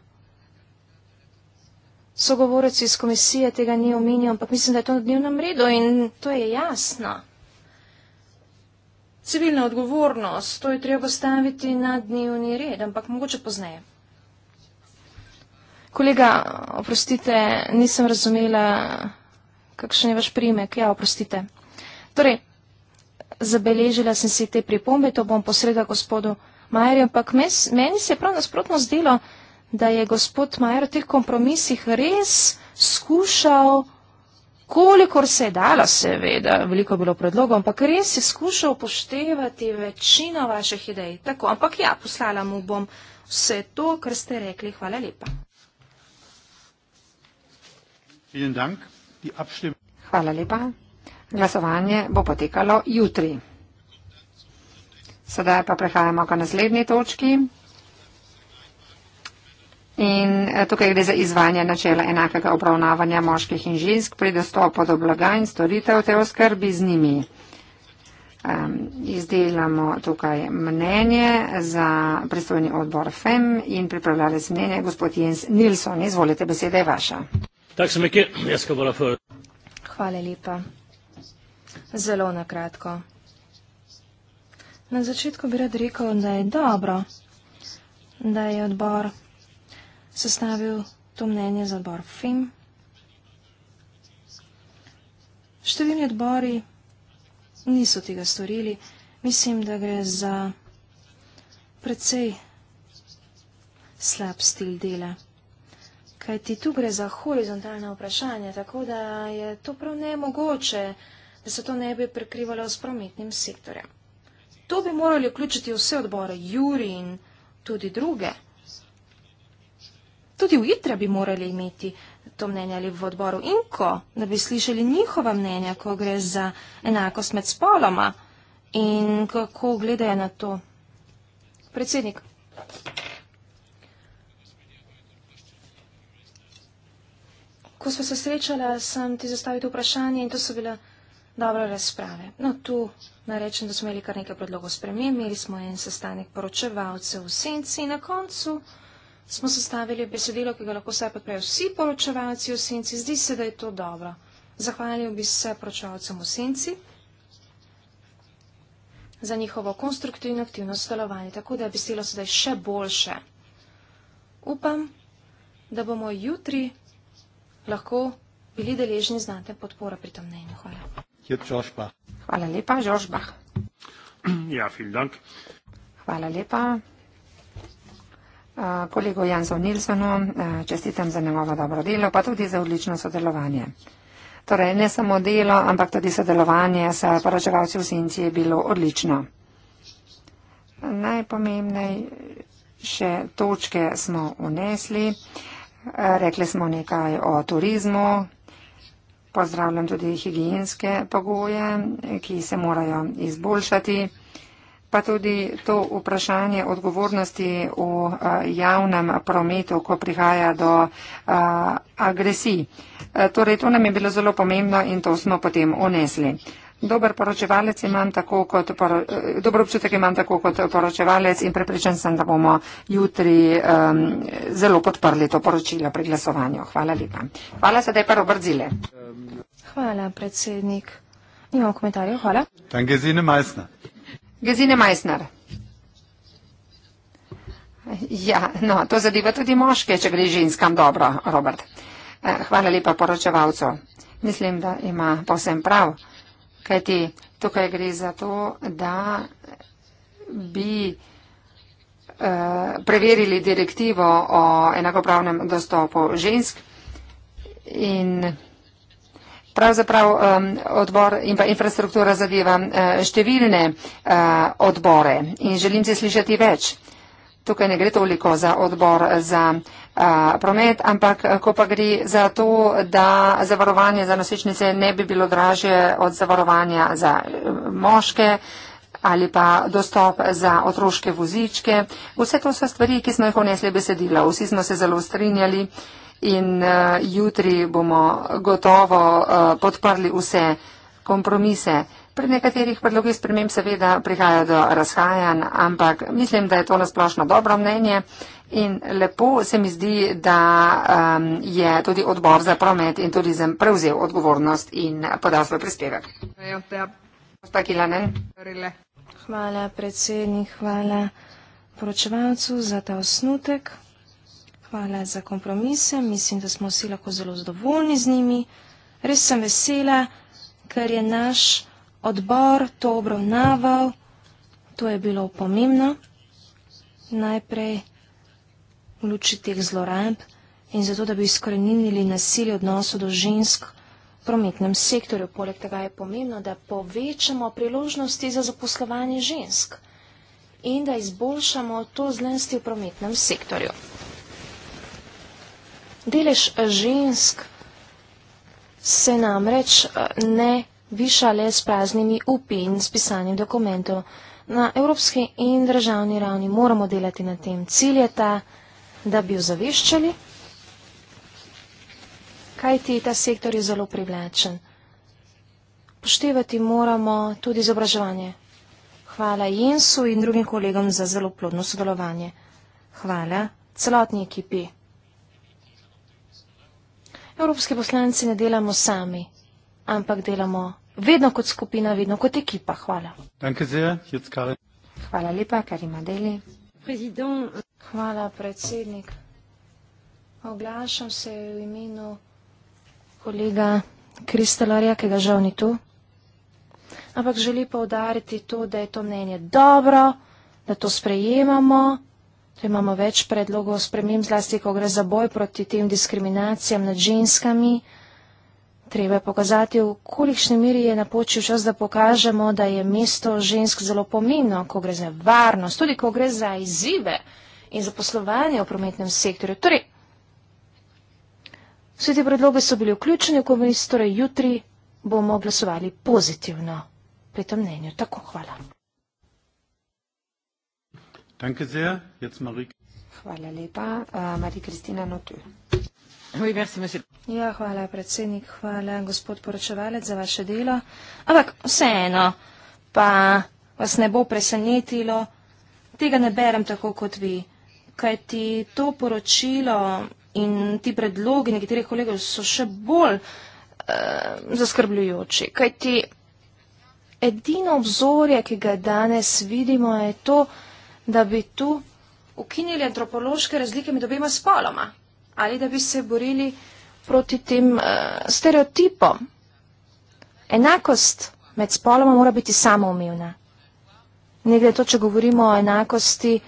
sogovorec iz komisije tega ni omenil, ampak mislim, da je to na dnevnem redu in to je jasno. Civilna odgovornost, to je treba staviti na dnevni red, ampak mogoče pozneje. Kolega, oprostite, nisem razumela, kakšen je vaš primek. Ja, oprostite. Torej, zabeležila sem si te pripombe, to bom posredila gospodu Majerju, ampak mes, meni se je prav nasprotno zdelo, da je gospod Majer v teh kompromisih res skušal, kolikor se je dala, seveda, veliko je bilo predlogov, ampak res je skušal upoštevati večino vaših idej. Tako, ampak ja, poslala mu bom vse to, kar ste rekli. Hvala lepa. Hvala lepa. Glasovanje bo potekalo jutri. Sedaj pa prehajamo k naslednji točki. In eh, tukaj gre za izvanje načela enakega obravnavanja moških in žensk pri dostopu do blaga in storitev te oskrbi z njimi. Um, izdelamo tukaj mnenje za pristojni odbor FEM in pripravljali smo mnenje gospod Jens Nilsson. Izvolite, beseda je vaša. Hvala lepa. Zelo nakratko. Na začetku bi rad rekel, da je dobro, da je odbor sestavil to mnenje za odbor FIM. E Številni odbori niso tega storili. Mislim, da gre za precej slab stil dela. Kaj ti tu gre za horizontalne vprašanja, tako da je to prav nemogoče, da se to ne bi prekrivalo s prometnim sektorjem. To bi morali vključiti vse odbore, Juri in tudi druge tudi v ITRE bi morali imeti to mnenje ali v odboru in ko, da bi slišali njihova mnenja, ko gre za enakost med spoloma in kako gledajo na to. Predsednik. Ko smo se srečala, sem ti zastavil to vprašanje in to so bile dobre razprave. No, tu narečem, da smo imeli kar nekaj predlogov spremem, imeli smo en sestanek poročevalcev v senci in na koncu smo sestavili besedilo, ki ga lahko vse podprejo vsi poročevalci v senci. Zdi se, da je to dobro. Zahvalil bi se poročevalcem v senci za njihovo konstruktivno aktivno sodelovanje, tako da je besedilo sedaj še boljše. Upam, da bomo jutri lahko bili deležni znate podpore pri tem mnenju. Hvala. Hvala lepa, Žožbah. Ja, vielen Dank. Hvala lepa kolegu Jansu Nilsonu čestitam za njegovo dobro delo, pa tudi za odlično sodelovanje. Torej, ne samo delo, ampak tudi sodelovanje s poročevalci v Sinci je bilo odlično. Najpomembnejše točke smo unesli. Rekli smo nekaj o turizmu. Pozdravljam tudi higijenske pogoje, ki se morajo izboljšati pa tudi to vprašanje odgovornosti v eh, javnem prometu, ko prihaja do eh, agresij. Eh, torej, to nam je bilo zelo pomembno in to smo potem unesli. Dober, poročevalec imam, tako, kot, poro, dober občutek imam tako kot poročevalec in prepričan sem, da bomo jutri um, zelo podprli to poročilo pri glasovanju. Hvala lepa. Hvala sedaj, prvo brzile. Hvala, predsednik. Nimam komentarjev. Hvala. Gesine Meissner. Ja, no, to zadeva tudi moške, če gre ženskam dobro, Robert. Eh, hvala lepa poročevalcu. Mislim, da ima posem prav, kajti tukaj gre za to, da bi eh, preverili direktivo o enakopravnem dostopu žensk in Pravzaprav um, odbor in pa infrastruktura zadeva uh, številne uh, odbore in želim se slišati več. Tukaj ne gre toliko za odbor za uh, promet, ampak ko pa gre za to, da zavarovanje za nosečnice ne bi bilo draže od zavarovanja za moške ali pa dostop za otroške vozičke. Vse to so stvari, ki smo jih vnesli besedila. Vsi smo se zelo strinjali. Uh, in uh, jutri bomo gotovo uh, podprli vse kompromise. Pri nekaterih predlogih sprememb seveda prihaja do razhajanj, ampak mislim, da je to nasplošno dobro mnenje in lepo se mi zdi, da um, je tudi odbor za promet in turizem prevzel odgovornost in podal svoj prispevek. Hvala predsednik, hvala poročevalcu za ta osnutek hvala za kompromise. Mislim, da smo vsi lahko zelo zadovoljni z njimi. Res sem vesela, ker je naš odbor to obravnaval. To je bilo pomembno. Najprej v luči teh zloramb in zato, da bi izkorenili nasilje odnosu do žensk v prometnem sektorju. Poleg tega je pomembno, da povečamo priložnosti za zaposlovanje žensk in da izboljšamo to zlenstvo v prometnem sektorju. Delež eh, žensk se namreč eh, ne viša le s praznimi upi in s pisanjem dokumentov. Na evropski in državni ravni moramo delati na tem. Cilj je ta, da bi jo zaveščali, kaj ti ta sektor je zelo privlačen. Poštevati moramo tudi izobraževanje. Hvala Jensu in drugim kolegom za zelo plodno sodelovanje. Hvala celotni ekipi. Evropski poslanci ne delamo sami, ampak delamo vedno kot skupina, vedno kot ekipa. Hvala. Hvala lepa, kar ima deli. Hvala, predsednik. Oglašam se v imenu kolega Kristalarja, ki ga žal ni tu. Ampak želi poudariti to, da je to mnenje dobro, da to sprejemamo. Če imamo več predlogov spremem, zlasti, ko gre za boj proti tem diskriminacijam nad ženskami, treba je pokazati, v kolikšni meri je napočil čas, da pokažemo, da je mesto žensk zelo pomembno, ko gre za varnost, tudi ko gre za izzive in za poslovanje v prometnem sektorju. Torej, vse te predloge so bili vključeni v komunist, torej jutri bomo glasovali pozitivno pri tem mnenju. Tako, hvala. Danke sehr. Jetzt Marie. Hvala lepa. Uh, Marie-Christina Notu. Oui, merci, ja, hvala, predsednik, hvala, gospod poročevalec, za vaše delo. Ampak vseeno, pa vas ne bo presenetilo, tega ne berem tako kot vi, kaj ti to poročilo in ti predlogi nekaterih kolegov so še bolj uh, zaskrbljujoči. Kaj ti edino obzorje, ki ga danes vidimo, je to, da da bi tu ukinili antropološke razlike med obema spoloma ali da bi se borili proti tem uh, stereotipom. Enakost med spoloma mora biti samoumevna. Nekaj to, če govorimo o enakosti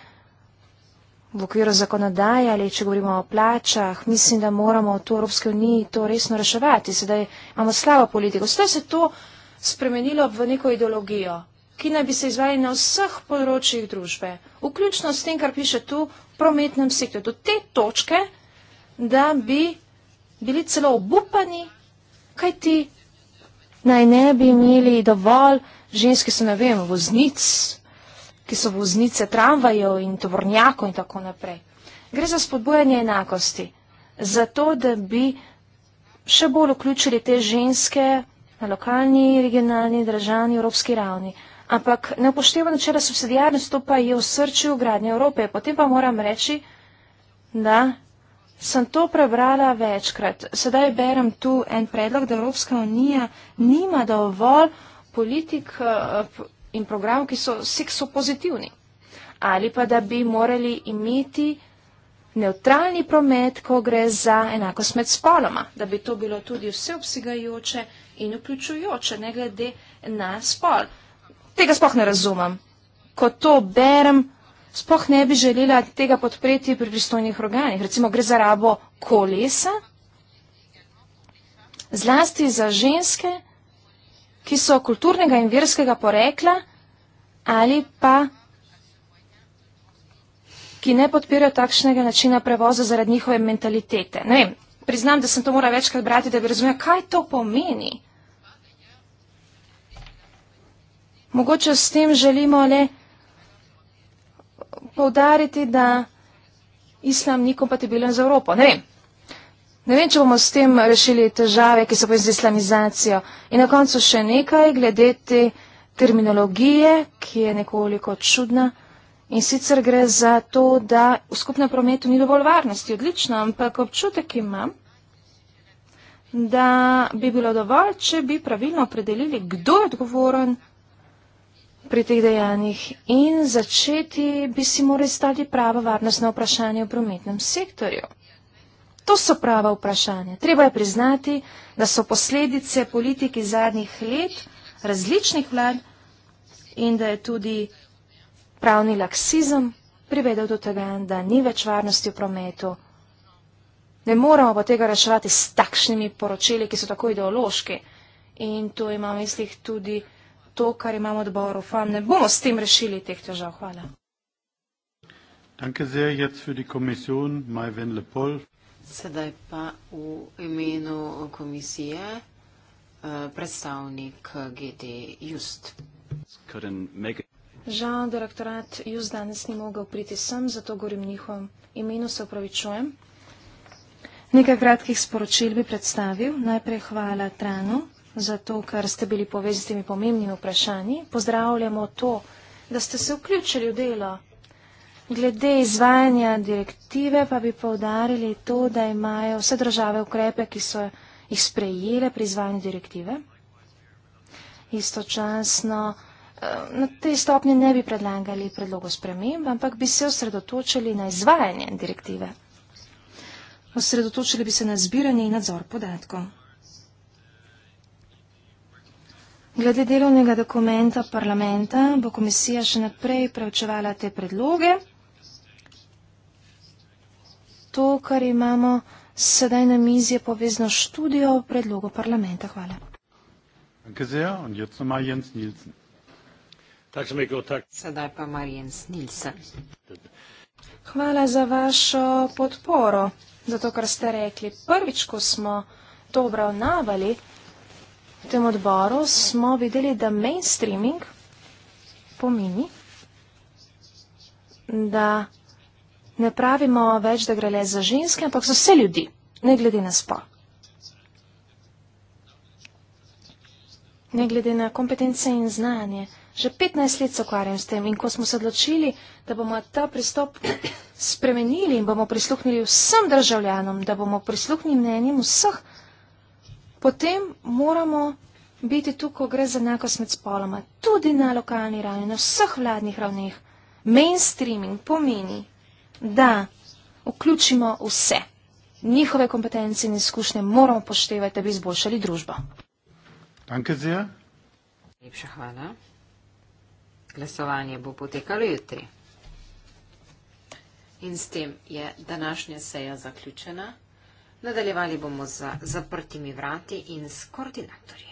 v okviru zakonodaje ali če govorimo o plačah, mislim, da moramo v Evropske unije to resno reševati. Sedaj imamo slabo politiko. Sedaj se to spremenilo v neko ideologijo ki naj bi se izvajali na vseh področjih družbe, vključno s tem, kar piše tu v prometnem sektorju, do te točke, da bi bili celo obupani, kaj ti naj ne bi imeli dovolj ženske, so ne vem, voznic, ki so voznice tramvajev in tovornjakov in tako naprej. Gre za spodbujanje enakosti, za to, da bi še bolj vključili te ženske na lokalni, regionalni, državni, evropski ravni ampak ne upošteva načela subsidijarnosti, to pa je v srču gradnje Evrope. Potem pa moram reči, da sem to prebrala večkrat. Sedaj berem tu en predlog, da Evropska unija nima dovolj politik eh, in program, ki so seksopozitivni. Ali pa da bi morali imeti neutralni promet, ko gre za enakost med spoloma, da bi to bilo tudi vseobsegajoče in vključujoče, ne glede na spol tega sploh ne razumem. Ko to berem, sploh ne bi želela tega podpreti pri pristojnih organih. Recimo gre za rabo kolesa, zlasti za ženske, ki so kulturnega in verskega porekla ali pa ki ne podpirajo takšnega načina prevoza zaradi njihove mentalitete. Ne vem, priznam, da sem to morala večkrat brati, da bi razumela, kaj to pomeni. Mogoče s tem želimo le povdariti, da islam ni kompatibilen z Evropo. Ne vem. Ne vem, če bomo s tem rešili težave, ki so pa z islamizacijo. In na koncu še nekaj glede te terminologije, ki je nekoliko čudna. In sicer gre za to, da v skupnem prometu ni dovolj varnosti. Odlično, ampak občutek imam, da bi bilo dovolj, če bi pravilno opredelili, kdo je odgovoren pri teh dejanjih in začeti bi si morali stati prava varnostna vprašanja v prometnem sektorju. To so prava vprašanja. Treba je priznati, da so posledice politiki zadnjih let različnih vlad in da je tudi pravni laksizem privedel do tega, da ni več varnosti v prometu. Ne moramo pa tega reševati s takšnimi poročili, ki so tako ideološki. In to ima v mislih tudi to, kar imamo odboru. Fam, ne bomo s tem rešili teh težav. Hvala. Sedaj pa v imenu komisije eh, predstavnik GD Just. Žal, direktorat Just danes ni mogel priti sem, zato govorim njihovem imenu, se upravičujem. Nekaj kratkih sporočil bi predstavil. Najprej hvala Tranu, zato ker ste bili povezani s temi pomembnimi vprašanji. Pozdravljamo to, da ste se vključili v delo. Glede izvajanja direktive pa bi povdarili to, da imajo vse države ukrepe, ki so jih sprejele pri izvajanju direktive. Istočasno eh, na tej stopnji ne bi predlagali predlogo sprememb, ampak bi se osredotočili na izvajanje direktive. Osredotočili bi se na zbiranje in nadzor podatkov. Glede delovnega dokumenta parlamenta bo komisija še naprej preučevala te predloge. To, kar imamo sedaj na mizi, je povezno študijo o predlogu parlamenta. Hvala. Sedaj pa ima Jens Nilsen. Hvala za vašo podporo, za to, kar ste rekli. Prvič, ko smo to obravnavali, tem odboru smo videli, da mainstreaming pomeni, da ne pravimo več, da gre le za ženske, ampak za vse ljudi, ne glede na spol. Ne glede na kompetence in znanje. Že 15 let se ukvarjam s tem in ko smo se odločili, da bomo ta pristop spremenili in bomo prisluhnili vsem državljanom, da bomo prisluhnili mnenjem vseh državljanov, potem moramo biti tu, ko gre za enakost med spoloma, tudi na lokalni ravni, na vseh vladnih ravneh. Mainstreaming pomeni, da vključimo vse. Njihove kompetence in izkušnje moramo poštevati, da bi izboljšali družbo. Danke, Zija. Lepša hvala. Glasovanje bo potekalo jutri. In s tem je današnja seja zaključena. Nadaljevali bomo z zaprtimi vrati in s koordinatorji.